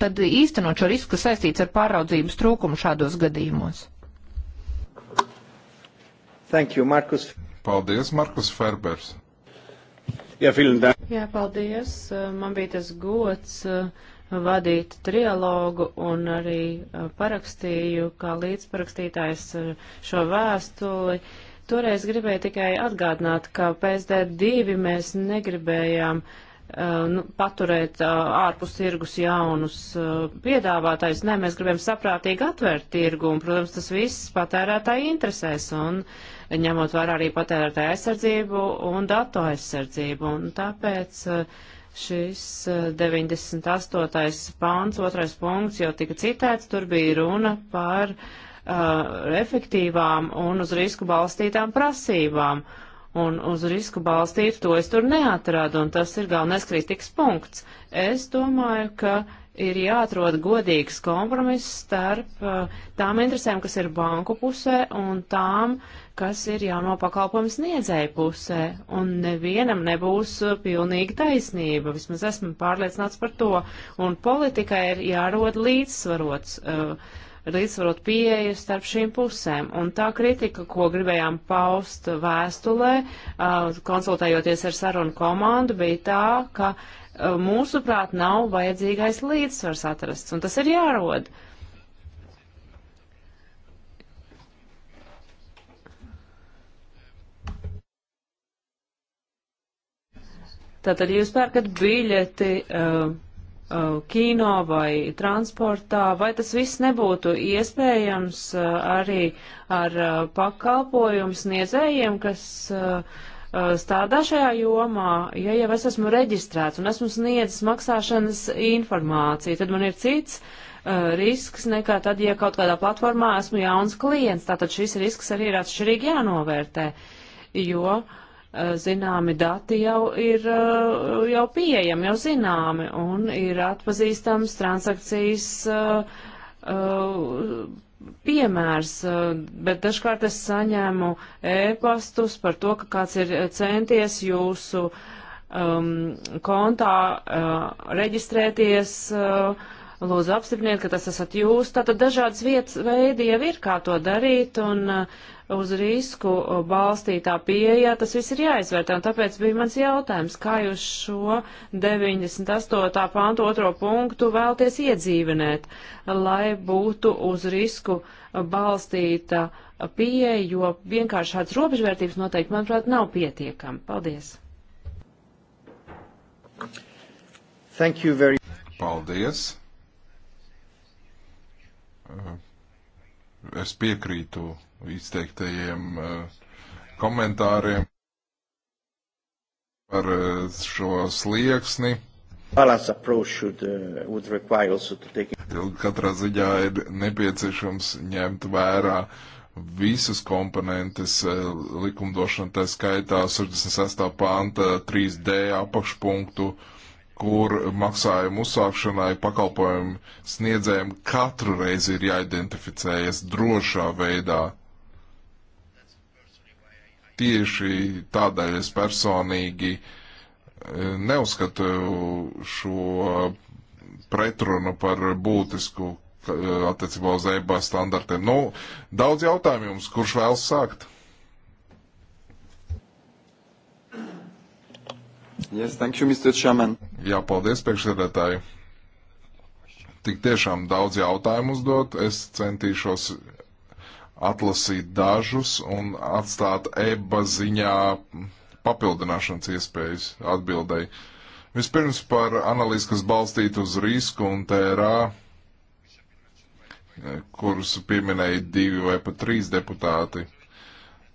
tad īstenot šo risku, kas saistīts ar pāraudzības trūkumu šādos gadījumos.
Thank you, Markus. Paldies, Markus Ferbers. Jā,
Jā, paldies. Man bija tas gods uh, vadīt trialogu un arī uh, parakstīju, kā līdzparakstītājs uh, šo vēstuli. Uh, Toreiz gribēju tikai atgādināt, ka PSD2 mēs negribējām uh, nu, paturēt uh, ārpus tirgus jaunus uh, piedāvātājus. Nē, mēs gribējām saprātīgi atvērt tirgu, un, protams, tas viss patērētāji interesēs, un ņemot vērā arī patērētāju aizsardzību un datu aizsardzību. Un tāpēc uh, šis 98. Uh, pāns, otrais punkts jau tika citēts, tur bija runa par uh, Uh, efektīvām un uz risku balstītām prasībām. Un uz risku balstītu to es tur neatradu, un tas ir galvenais kritikas punkts. Es domāju, ka ir jāatrod godīgs kompromiss starp uh, tām interesēm, kas ir banku pusē, un tām, kas ir jauno pakalpojumu sniedzēju pusē. Un nevienam nebūs uh, pilnīga taisnība, vismaz esmu pārliecināts par to. Un politikai ir jārod līdzsvarots uh, līdzsvarot pieeju starp šīm pusēm. Un tā kritika, ko gribējām paust vēstulē, konsultējoties ar sarunu komandu, bija tā, ka mūsuprāt nav vajadzīgais līdzsvars atrasts, un tas ir jārod. Tātad jūs pērkat biļeti. Uh, Uh, kino vai transportā, vai tas viss nebūtu iespējams uh, arī ar uh, pakalpojumu sniedzējiem, kas strādā šajā jomā, ja jau es esmu reģistrēts un esmu sniedzis maksāšanas informāciju, tad man ir cits risks nekā tad, ja kaut kādā platformā esmu jauns klients. Tātad šis risks arī ir atšķirīgi jānovērtē, jo uh, Eh, zināmi dati jau ir eh, jau pieejami, jau zināmi un ir atpazīstams transakcijas eh, piemērs, bet dažkārt es saņēmu ēpastus e par to, ka kāds ir centies jūsu um, kontā uh, reģistrēties, uh, lūdzu apstipriniet, ka tas esat jūs. Tātad dažādas vietas veidi jau ir, kā to darīt, un uh, uz risku balstītā pieejā, tas viss ir jāizvērtē. Un tāpēc bija mans jautājums, kā jūs šo 98. pāntu otro punktu vēlties iedzīvinēt, lai būtu uz risku balstīta pieeja, jo vienkārši šāds robežvērtības noteikti, manuprāt, nav pietiekami. Paldies!
Thank you very much. Paldies! Es piekrītu izteiktajiem eh, komentāriem par eh, šo slieksni. Should, uh, take... Katrā ziņā ir nepieciešams ņemt vērā visas komponentes likumdošana, tā skaitā 66. panta 3D apakšpunktu, kur maksājumu uzsākšanai pakalpojumu sniedzējiem katru reizi ir jāidentificējas drošā veidā tieši tādēļ es personīgi e, neuzskatu šo pretrunu par būtisku e, attiecībā uz EBA standartiem. Nu, daudz jautājumu jums, kurš vēlas sākt? Yes, thank you, Mr. Chairman. Jā, paldies, priekšsēdētāji. Tik tiešām daudz jautājumu uzdot. Es centīšos atlasīt dažus un atstāt eba ziņā papildināšanas iespējas atbildēji. Vispirms par analīzi, kas balstīta uz risku un tērā, kurus pieminēja divi vai pat trīs deputāti.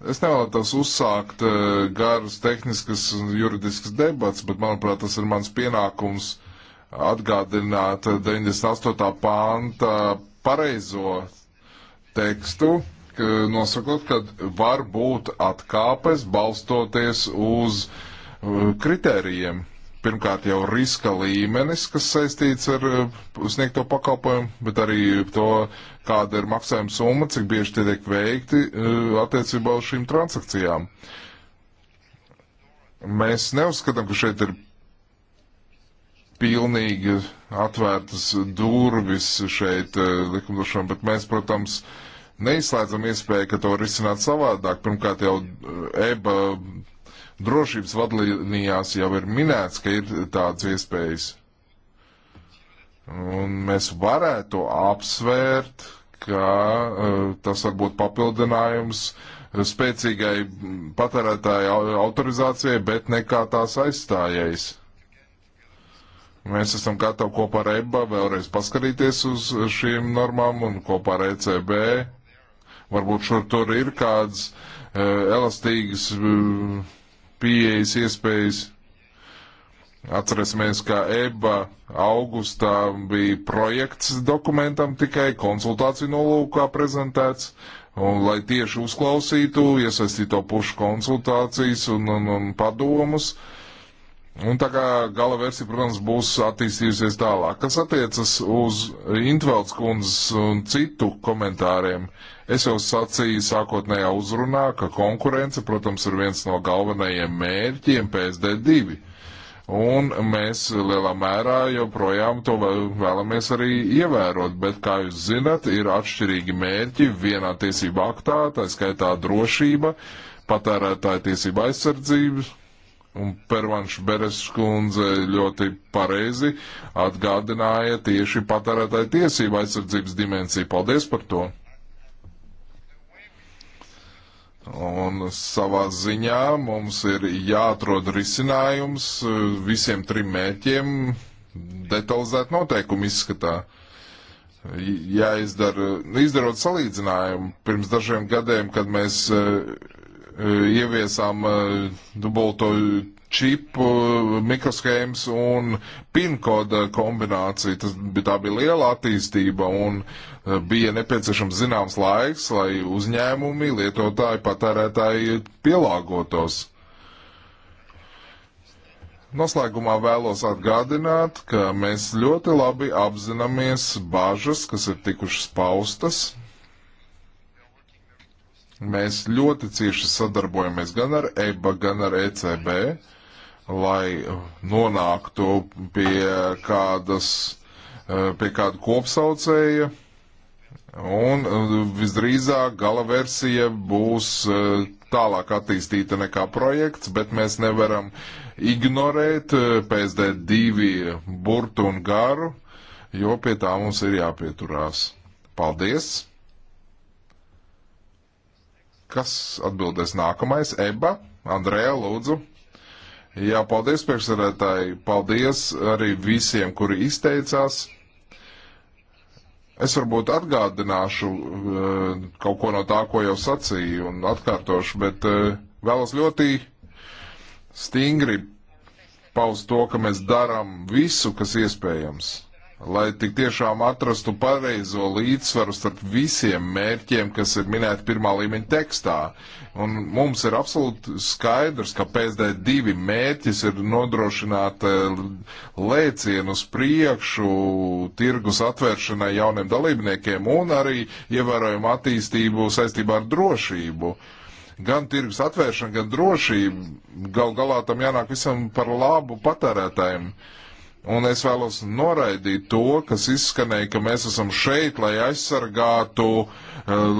Es nevēlētos uzsākt e, garas tehniskas un juridiskas debats, bet, manuprāt, tas ir mans pienākums atgādināt 98. pānta pareizo tekstu, nosakot, ka var būt atkāpes balstoties uz uh, kritērijiem. Pirmkārt jau riska līmenis, kas saistīts ar uh, sniegto pakalpojumu, bet arī to, kāda ir maksājuma summa, cik bieži tie tiek veikti uh, attiecībā uz šīm transakcijām. Mēs neuzskatām, ka šeit ir pilnīgi atvērtas durvis šeit eh, likumdošanā, bet mēs, protams, neizslēdzam iespēju, ka to var risināt savādāk. Pirmkārt, jau EBA eh, e drošības vadlīnijās jau ir minēts, ka ir tādas iespējas. Un mēs varētu apsvērt, ka uh, tas var būt papildinājums spēcīgai patērētāja autorizācijai, bet ne kā tās aizstājais. Mēs esam gatavi kopā ar EBA vēlreiz paskatīties uz šīm normām un kopā ar ECB. Varbūt šur tur ir kādas uh, e, elastīgas uh, pieejas, iespējas. Atcerēsimies, ka EBA augustā bija projekts dokumentam tikai konsultāciju nolūkā prezentēts, un lai tieši uzklausītu iesaistīto pušu konsultācijas un, un, un padomus. Uh, Un tā kā gala versija, protams, būs attīstījusies tālāk. Kas attiecas uz Intvelds kundzes un citu komentāriem, es jau sacīju sākotnējā uzrunā, ka konkurence, protams, ir viens no galvenajiem mērķiem PSD2. Un mēs lielā mērā joprojām to vēlamies arī ievērot, bet, kā jūs zinat, ir atšķirīgi mērķi vienā tiesība aktā, tā skaitā drošība, patērētāja tiesība aizsardzības un Pervanša Bereskundze ļoti pareizi atgādināja tieši patērētāju tiesību aizsardzības dimensiju. Paldies par to! Un savā ziņā mums ir jāatrod risinājums e, visiem trim mēķiem detalizēt noteikumu izskatā. Jāizdara, izdarot salīdzinājumu pirms dažiem gadiem, kad mēs e, ieviesām dubulto čipu, mikroshēmas un pinkoda kombināciju. Tas bija, tā bija liela attīstība un bija nepieciešams zināms laiks, lai uzņēmumi, lietotāji, patērētāji pielāgotos. Noslēgumā vēlos atgādināt, ka mēs ļoti labi apzināmies bažas, kas ir tikušas paustas Mēs ļoti cieši sadarbojamies gan ar EBA, gan ar ECB, lai nonāktu pie kādas, eh, pie kāda kopsaucēja. Un eh, visdrīzāk gala versija būs eh, tālāk attīstīta nekā projekts, bet mēs nevaram ignorēt PSD2 burtu un garu, jo pie tā mums ir jāpieturās. Paldies! Kas atbildēs nākamais? Eba, Andrēja, lūdzu. Jā, paldies, priekšsarētāji. Paldies arī visiem, kuri izteicās. Es varbūt atgādināšu eh, kaut ko no tā, ko jau sacīju un atkārtošu, bet eh, vēlos ļoti stingri paust to, ka mēs darām visu, kas iespējams lai tik tiešām atrastu pareizo līdzsvaru starp visiem mērķiem, kas ir minēti pirmā līmeņa tekstā. Un mums ir absolūti skaidrs, ka PSD2 mērķis ir nodrošināt eh, lēcienu uz priekšu tirgus atvēršanai jauniem dalībniekiem un arī ievērojumu attīstību saistībā ar drošību gan tirgus atvēršana, gan drošība. Gal galā tam jānāk visam par labu patērētājiem. Uh, Un es vēlos noraidīt to, kas izskanēja, ka mēs esam šeit, lai aizsargātu uh,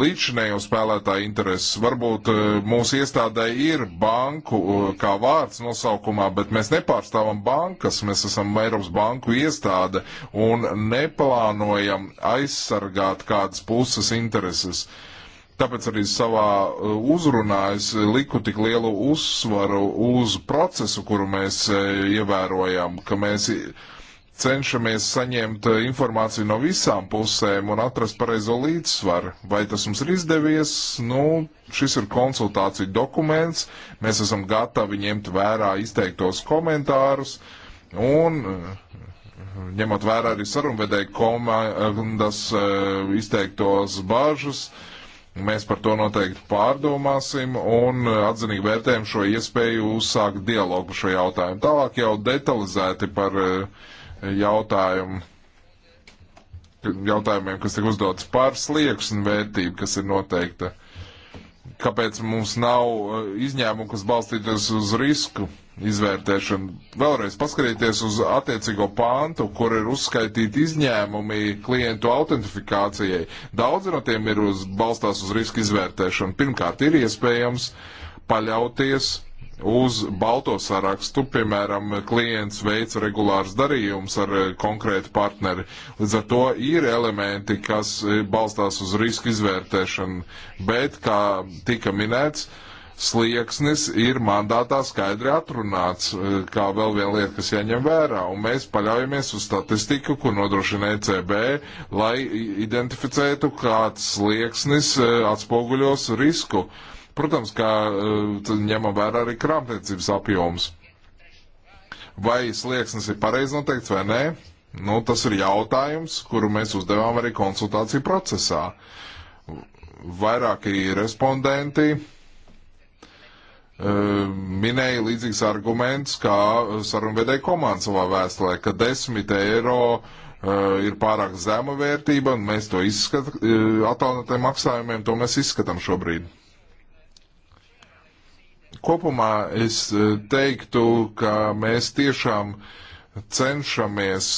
līdzinējo spēlētāju intereses. Varbūt uh, mūsu iestādē ir banku uh, kā vārds nosaukumā, bet mēs nepārstāvam bankas, mēs esam Eiropas banku iestāde un neplānojam aizsargāt kādas puses intereses. Uh, Tāpēc arī savā uh, uzrunā es liku tik lielu uzsvaru uz procesu, kuru mēs uh, ievērojam, ka mēs cenšamies saņemt uh, informāciju no visām pusēm un atrast pareizo līdzsvaru. Vai tas mums ir izdevies? Nu, šis ir konsultāciju dokuments, mēs esam gatavi ņemt vērā izteiktos komentārus un ņemot vērā arī sarunvedēju komandas izteiktos bažas. Uh, Mēs par to noteikti pārdomāsim un eh, atzinīgi vērtējam šo iespēju uzsākt dialogu par šo jautājumu. Tālāk jau detalizēti par eh, jautājumu, jautājumiem, kas tiek uzdots par slieksni vērtību, kas ir noteikta. Kāpēc mums nav eh, izņēmumu, kas balstītos uz risku? izvērtēšanu. Vēlreiz paskatieties uz attiecīgo pāntu, kur ir uzskaitīti izņēmumi klientu autentifikācijai. Daudz no tiem ir uz, balstās uz riska izvērtēšanu. Pirmkārt, ir iespējams paļauties uz balto sarakstu, piemēram, klients veica regulārs darījums ar konkrētu partneri. Līdz ar to ir elementi, kas balstās uz riska izvērtēšanu, bet, kā tika minēts, uh, slieksnis ir mandātā skaidri atrunāts, e, kā vēl viena lieta, kas jāņem vērā, un mēs paļaujamies uz statistiku, ko nodrošina ECB, lai identificētu, kāds slieksnis e, atspoguļos risku. Protams, kā e, ņemam vērā arī krāpniecības apjoms. Vai slieksnis ir pareizi noteikts vai nē? Nu, tas ir jautājums, kuru mēs uzdevām arī konsultāciju procesā. Vairāki respondenti Ehm, minēja līdzīgs arguments, kā sarunvedēja komanda savā vēstulē, ka 10 eiro ehm, ir pārāk zema vērtība, un mēs to izskatām, ehm, attālinātajiem maksājumiem to mēs izskatām šobrīd. Kopumā es teiktu, ka mēs tiešām cenšamies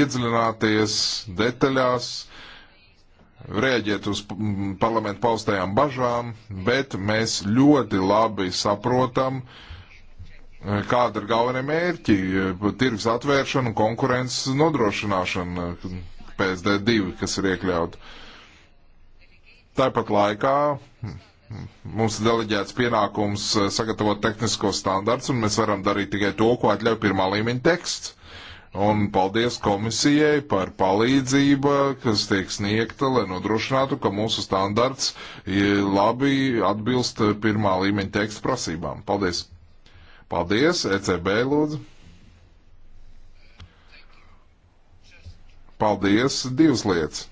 iedziļināties detaļās, rēģēt uz mm, parlamentu paustajām bažām, bet mēs ļoti labi saprotam, eh, kāda ir galvenie mērķi eh, - tirgus atvēršana un konkurences nodrošināšana eh, PSD2, kas ir iekļauta. Tāpat laikā mm, mums ir deleģēts pienākums sagatavot tehniskos standarts, un mēs varam darīt tikai to, ko atļauj pirmā līmeņa teksts. Un paldies komisijai par palīdzību, kas tiek sniegta, lai nodrošinātu, ka mūsu standarts labi atbilst pirmā līmeņa teksta prasībām. Paldies! Paldies, ECB lūdzu! Paldies, divas lietas.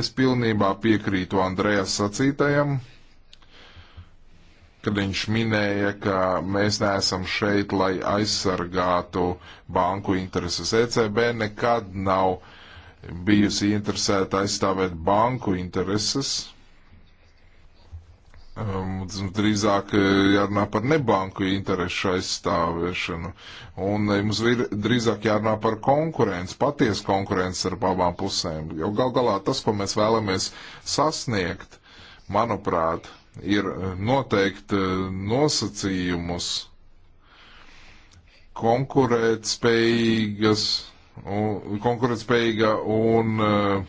Es pilnībā piekrītu Andrējas sacītajam kad viņš minēja, ka mēs neesam šeit, lai aizsargātu banku intereses. ECB nekad nav bijusi interesēta aizstāvēt banku intereses. Um, drīzāk eh, jārunā par nebanku interesu aizstāvēšanu. Un eh, mums ir drīzāk jārunā par konkurenci, patiesu konkurenci ar abām pusēm. Jo gal galā tas, ko mēs vēlamies sasniegt, manuprāt, ir eh, noteikti eh, nosacījumus konkurētspējīgas, konkurētspējīga un eh,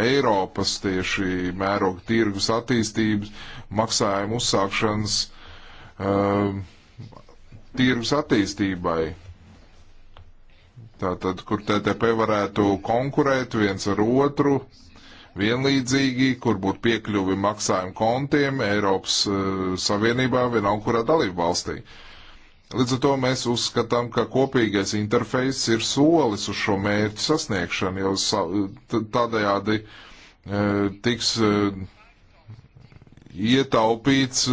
Eiropas tieši mēroga tirgus attīstības maksājuma uzsākšanas tirgus attīstībai. Tātad, kur TTP varētu konkurēt viens ar otru, vienlīdzīgi, kur būtu piekļuvi maksājumu kontiem Eiropas eh, Savienībā vienalga kurā dalību valstī. Līdz ar to mēs uzskatām, ka kopīgais interfejs ir solis uz šo mērķu sasniegšanu, jo tādējādi eh, tiks eh, ietaupīts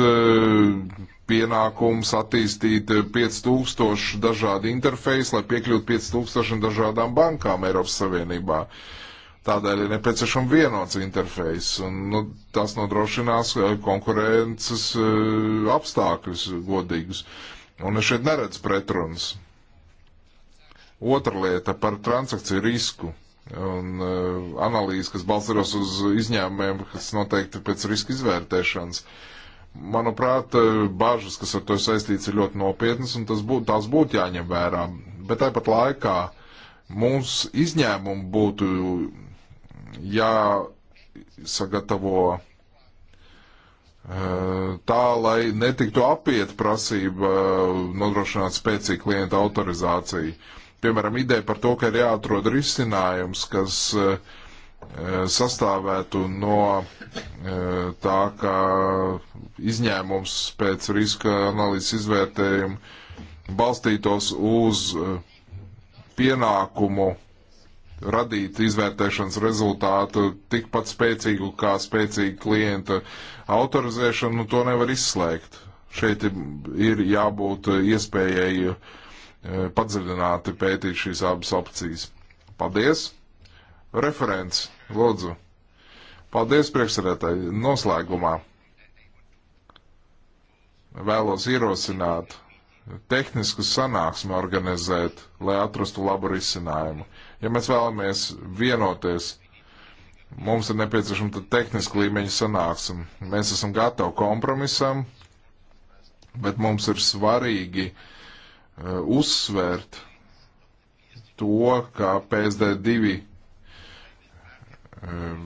pienākums attīstīt 5000 dažādu interfeisu, lai piekļūtu 5000 dažādām bankām Eiropas Savienībā. Uh, Tādēļ ir nepieciešama vienots interfejs, un nu, tas nodrošinās eh, konkurences eh, apstākļus godīgus. Un es šeit neredzu pretrunas. Otra lieta par transakciju risku un uh, analīzi, kas balstās uz izņēmumiem, kas noteikti pēc riska izvērtēšanas. Manuprāt, bažas, kas ar to saistīts, ir ļoti nopietnas, un tas būtu, tās būtu jāņem vērā. Bet tāpat laikā mums izņēmumi būtu jāsagatavo eh, tā, lai netiktu apiet prasība eh, nodrošināt spēcīgu klienta autorizāciju. Piemēram, ideja par to, ka ir jāatrod risinājums, kas eh, sastāvētu no tā, ka izņēmums pēc riska analīzes izvērtējuma balstītos uz pienākumu radīt izvērtēšanas rezultātu tikpat spēcīgu kā spēcīga klienta autorizēšana, nu, to nevar izslēgt. Šeit ir jābūt iespējai eh, padziļināti pētīt šīs abas opcijas. Paldies! Referents, lūdzu! Paldies priekšsarētāji! Noslēgumā vēlos ierosināt tehnisku sanāksmi organizēt, lai atrastu labu risinājumu. Ja mēs vēlamies vienoties, mums ir nepieciešama tehniska līmeņa sanāksme. Mēs esam gatavi kompromisam, bet mums ir svarīgi uh, uzsvērt to, ka PSD2 uh,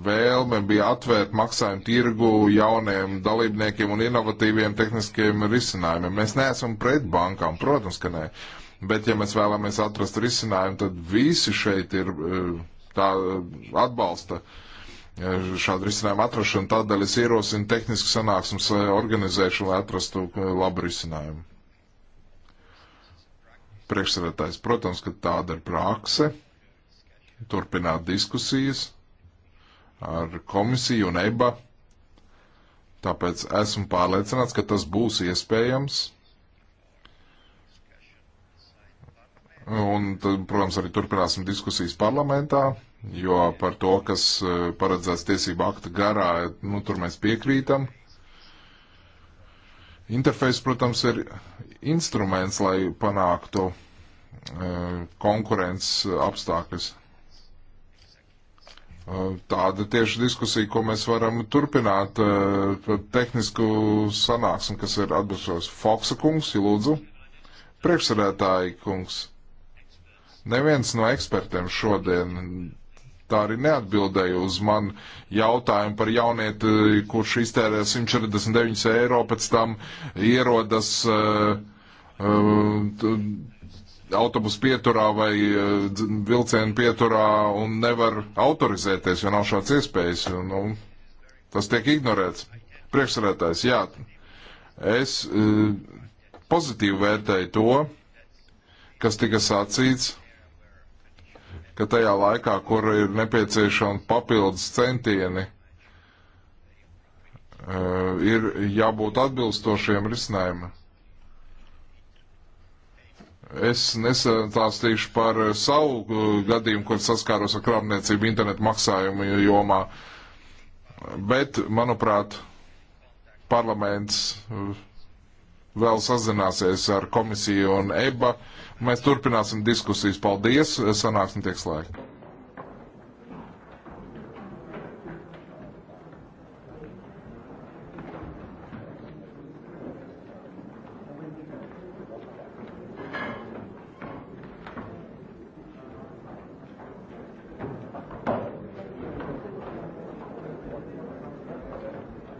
vēlme bija atvērt maksājumu tirgu jauniem dalībniekiem un inovatīviem tehniskiem risinājumiem. Mēs neesam pret bankām, protams, ka nē. Ne Bet, ja mēs vēlamies atrast risinājumu, tad visi šeit ir e, tā atbalsta e, šādu risinājumu atrašanu. Tādēļ es ierosinu tehnisku sanāksmes organizēšanu, lai atrastu e, labu risinājumu. Priekšsēdētājs, protams, ka tāda ir prakse. Turpināt diskusijas ar komisiju un EBA. Tāpēc esmu pārliecināts, ka tas būs iespējams Un, tad, protams, arī turpināsim diskusijas parlamentā, jo par to, kas e, paredzēts tiesību akta garā, nu, tur mēs piekrītam. Interfejs, protams, ir instruments, lai panāktu e, konkurences apstākļus. E, tāda tieši diskusija, ko mēs varam turpināt, tehnisku sanāksmi, kas ir atbilstoši Foksa kungs, lūdzu, priekšsarētāji kungs. Neviens no ekspertiem šodien tā arī neatbildēja uz man jautājumu par jaunieti, kurš iztērē 149 eiro, pēc tam ierodas uh, eh, uh, eh, autobusu pieturā vai uh, vilcienu pieturā un nevar autorizēties, jo nav šāds iespējas. Nu, tas tiek ignorēts. Priekšsarētājs, jā, es uh, pozitīvi vērtēju to, kas tika sacīts ka tajā laikā, kur ir nepieciešama papildus centieni, eh, ir jābūt atbilstošiem risinājumiem. Es nesastāstīšu par savu eh, gadījumu, kur saskāros ar krāpniecību internetu maksājumu jomā, bet, manuprāt, parlaments eh, vēl sazināsies ar komisiju un EBA. Uh, Mēs turpināsim diskusijas. Paldies! Sanāksim tiek slēgta.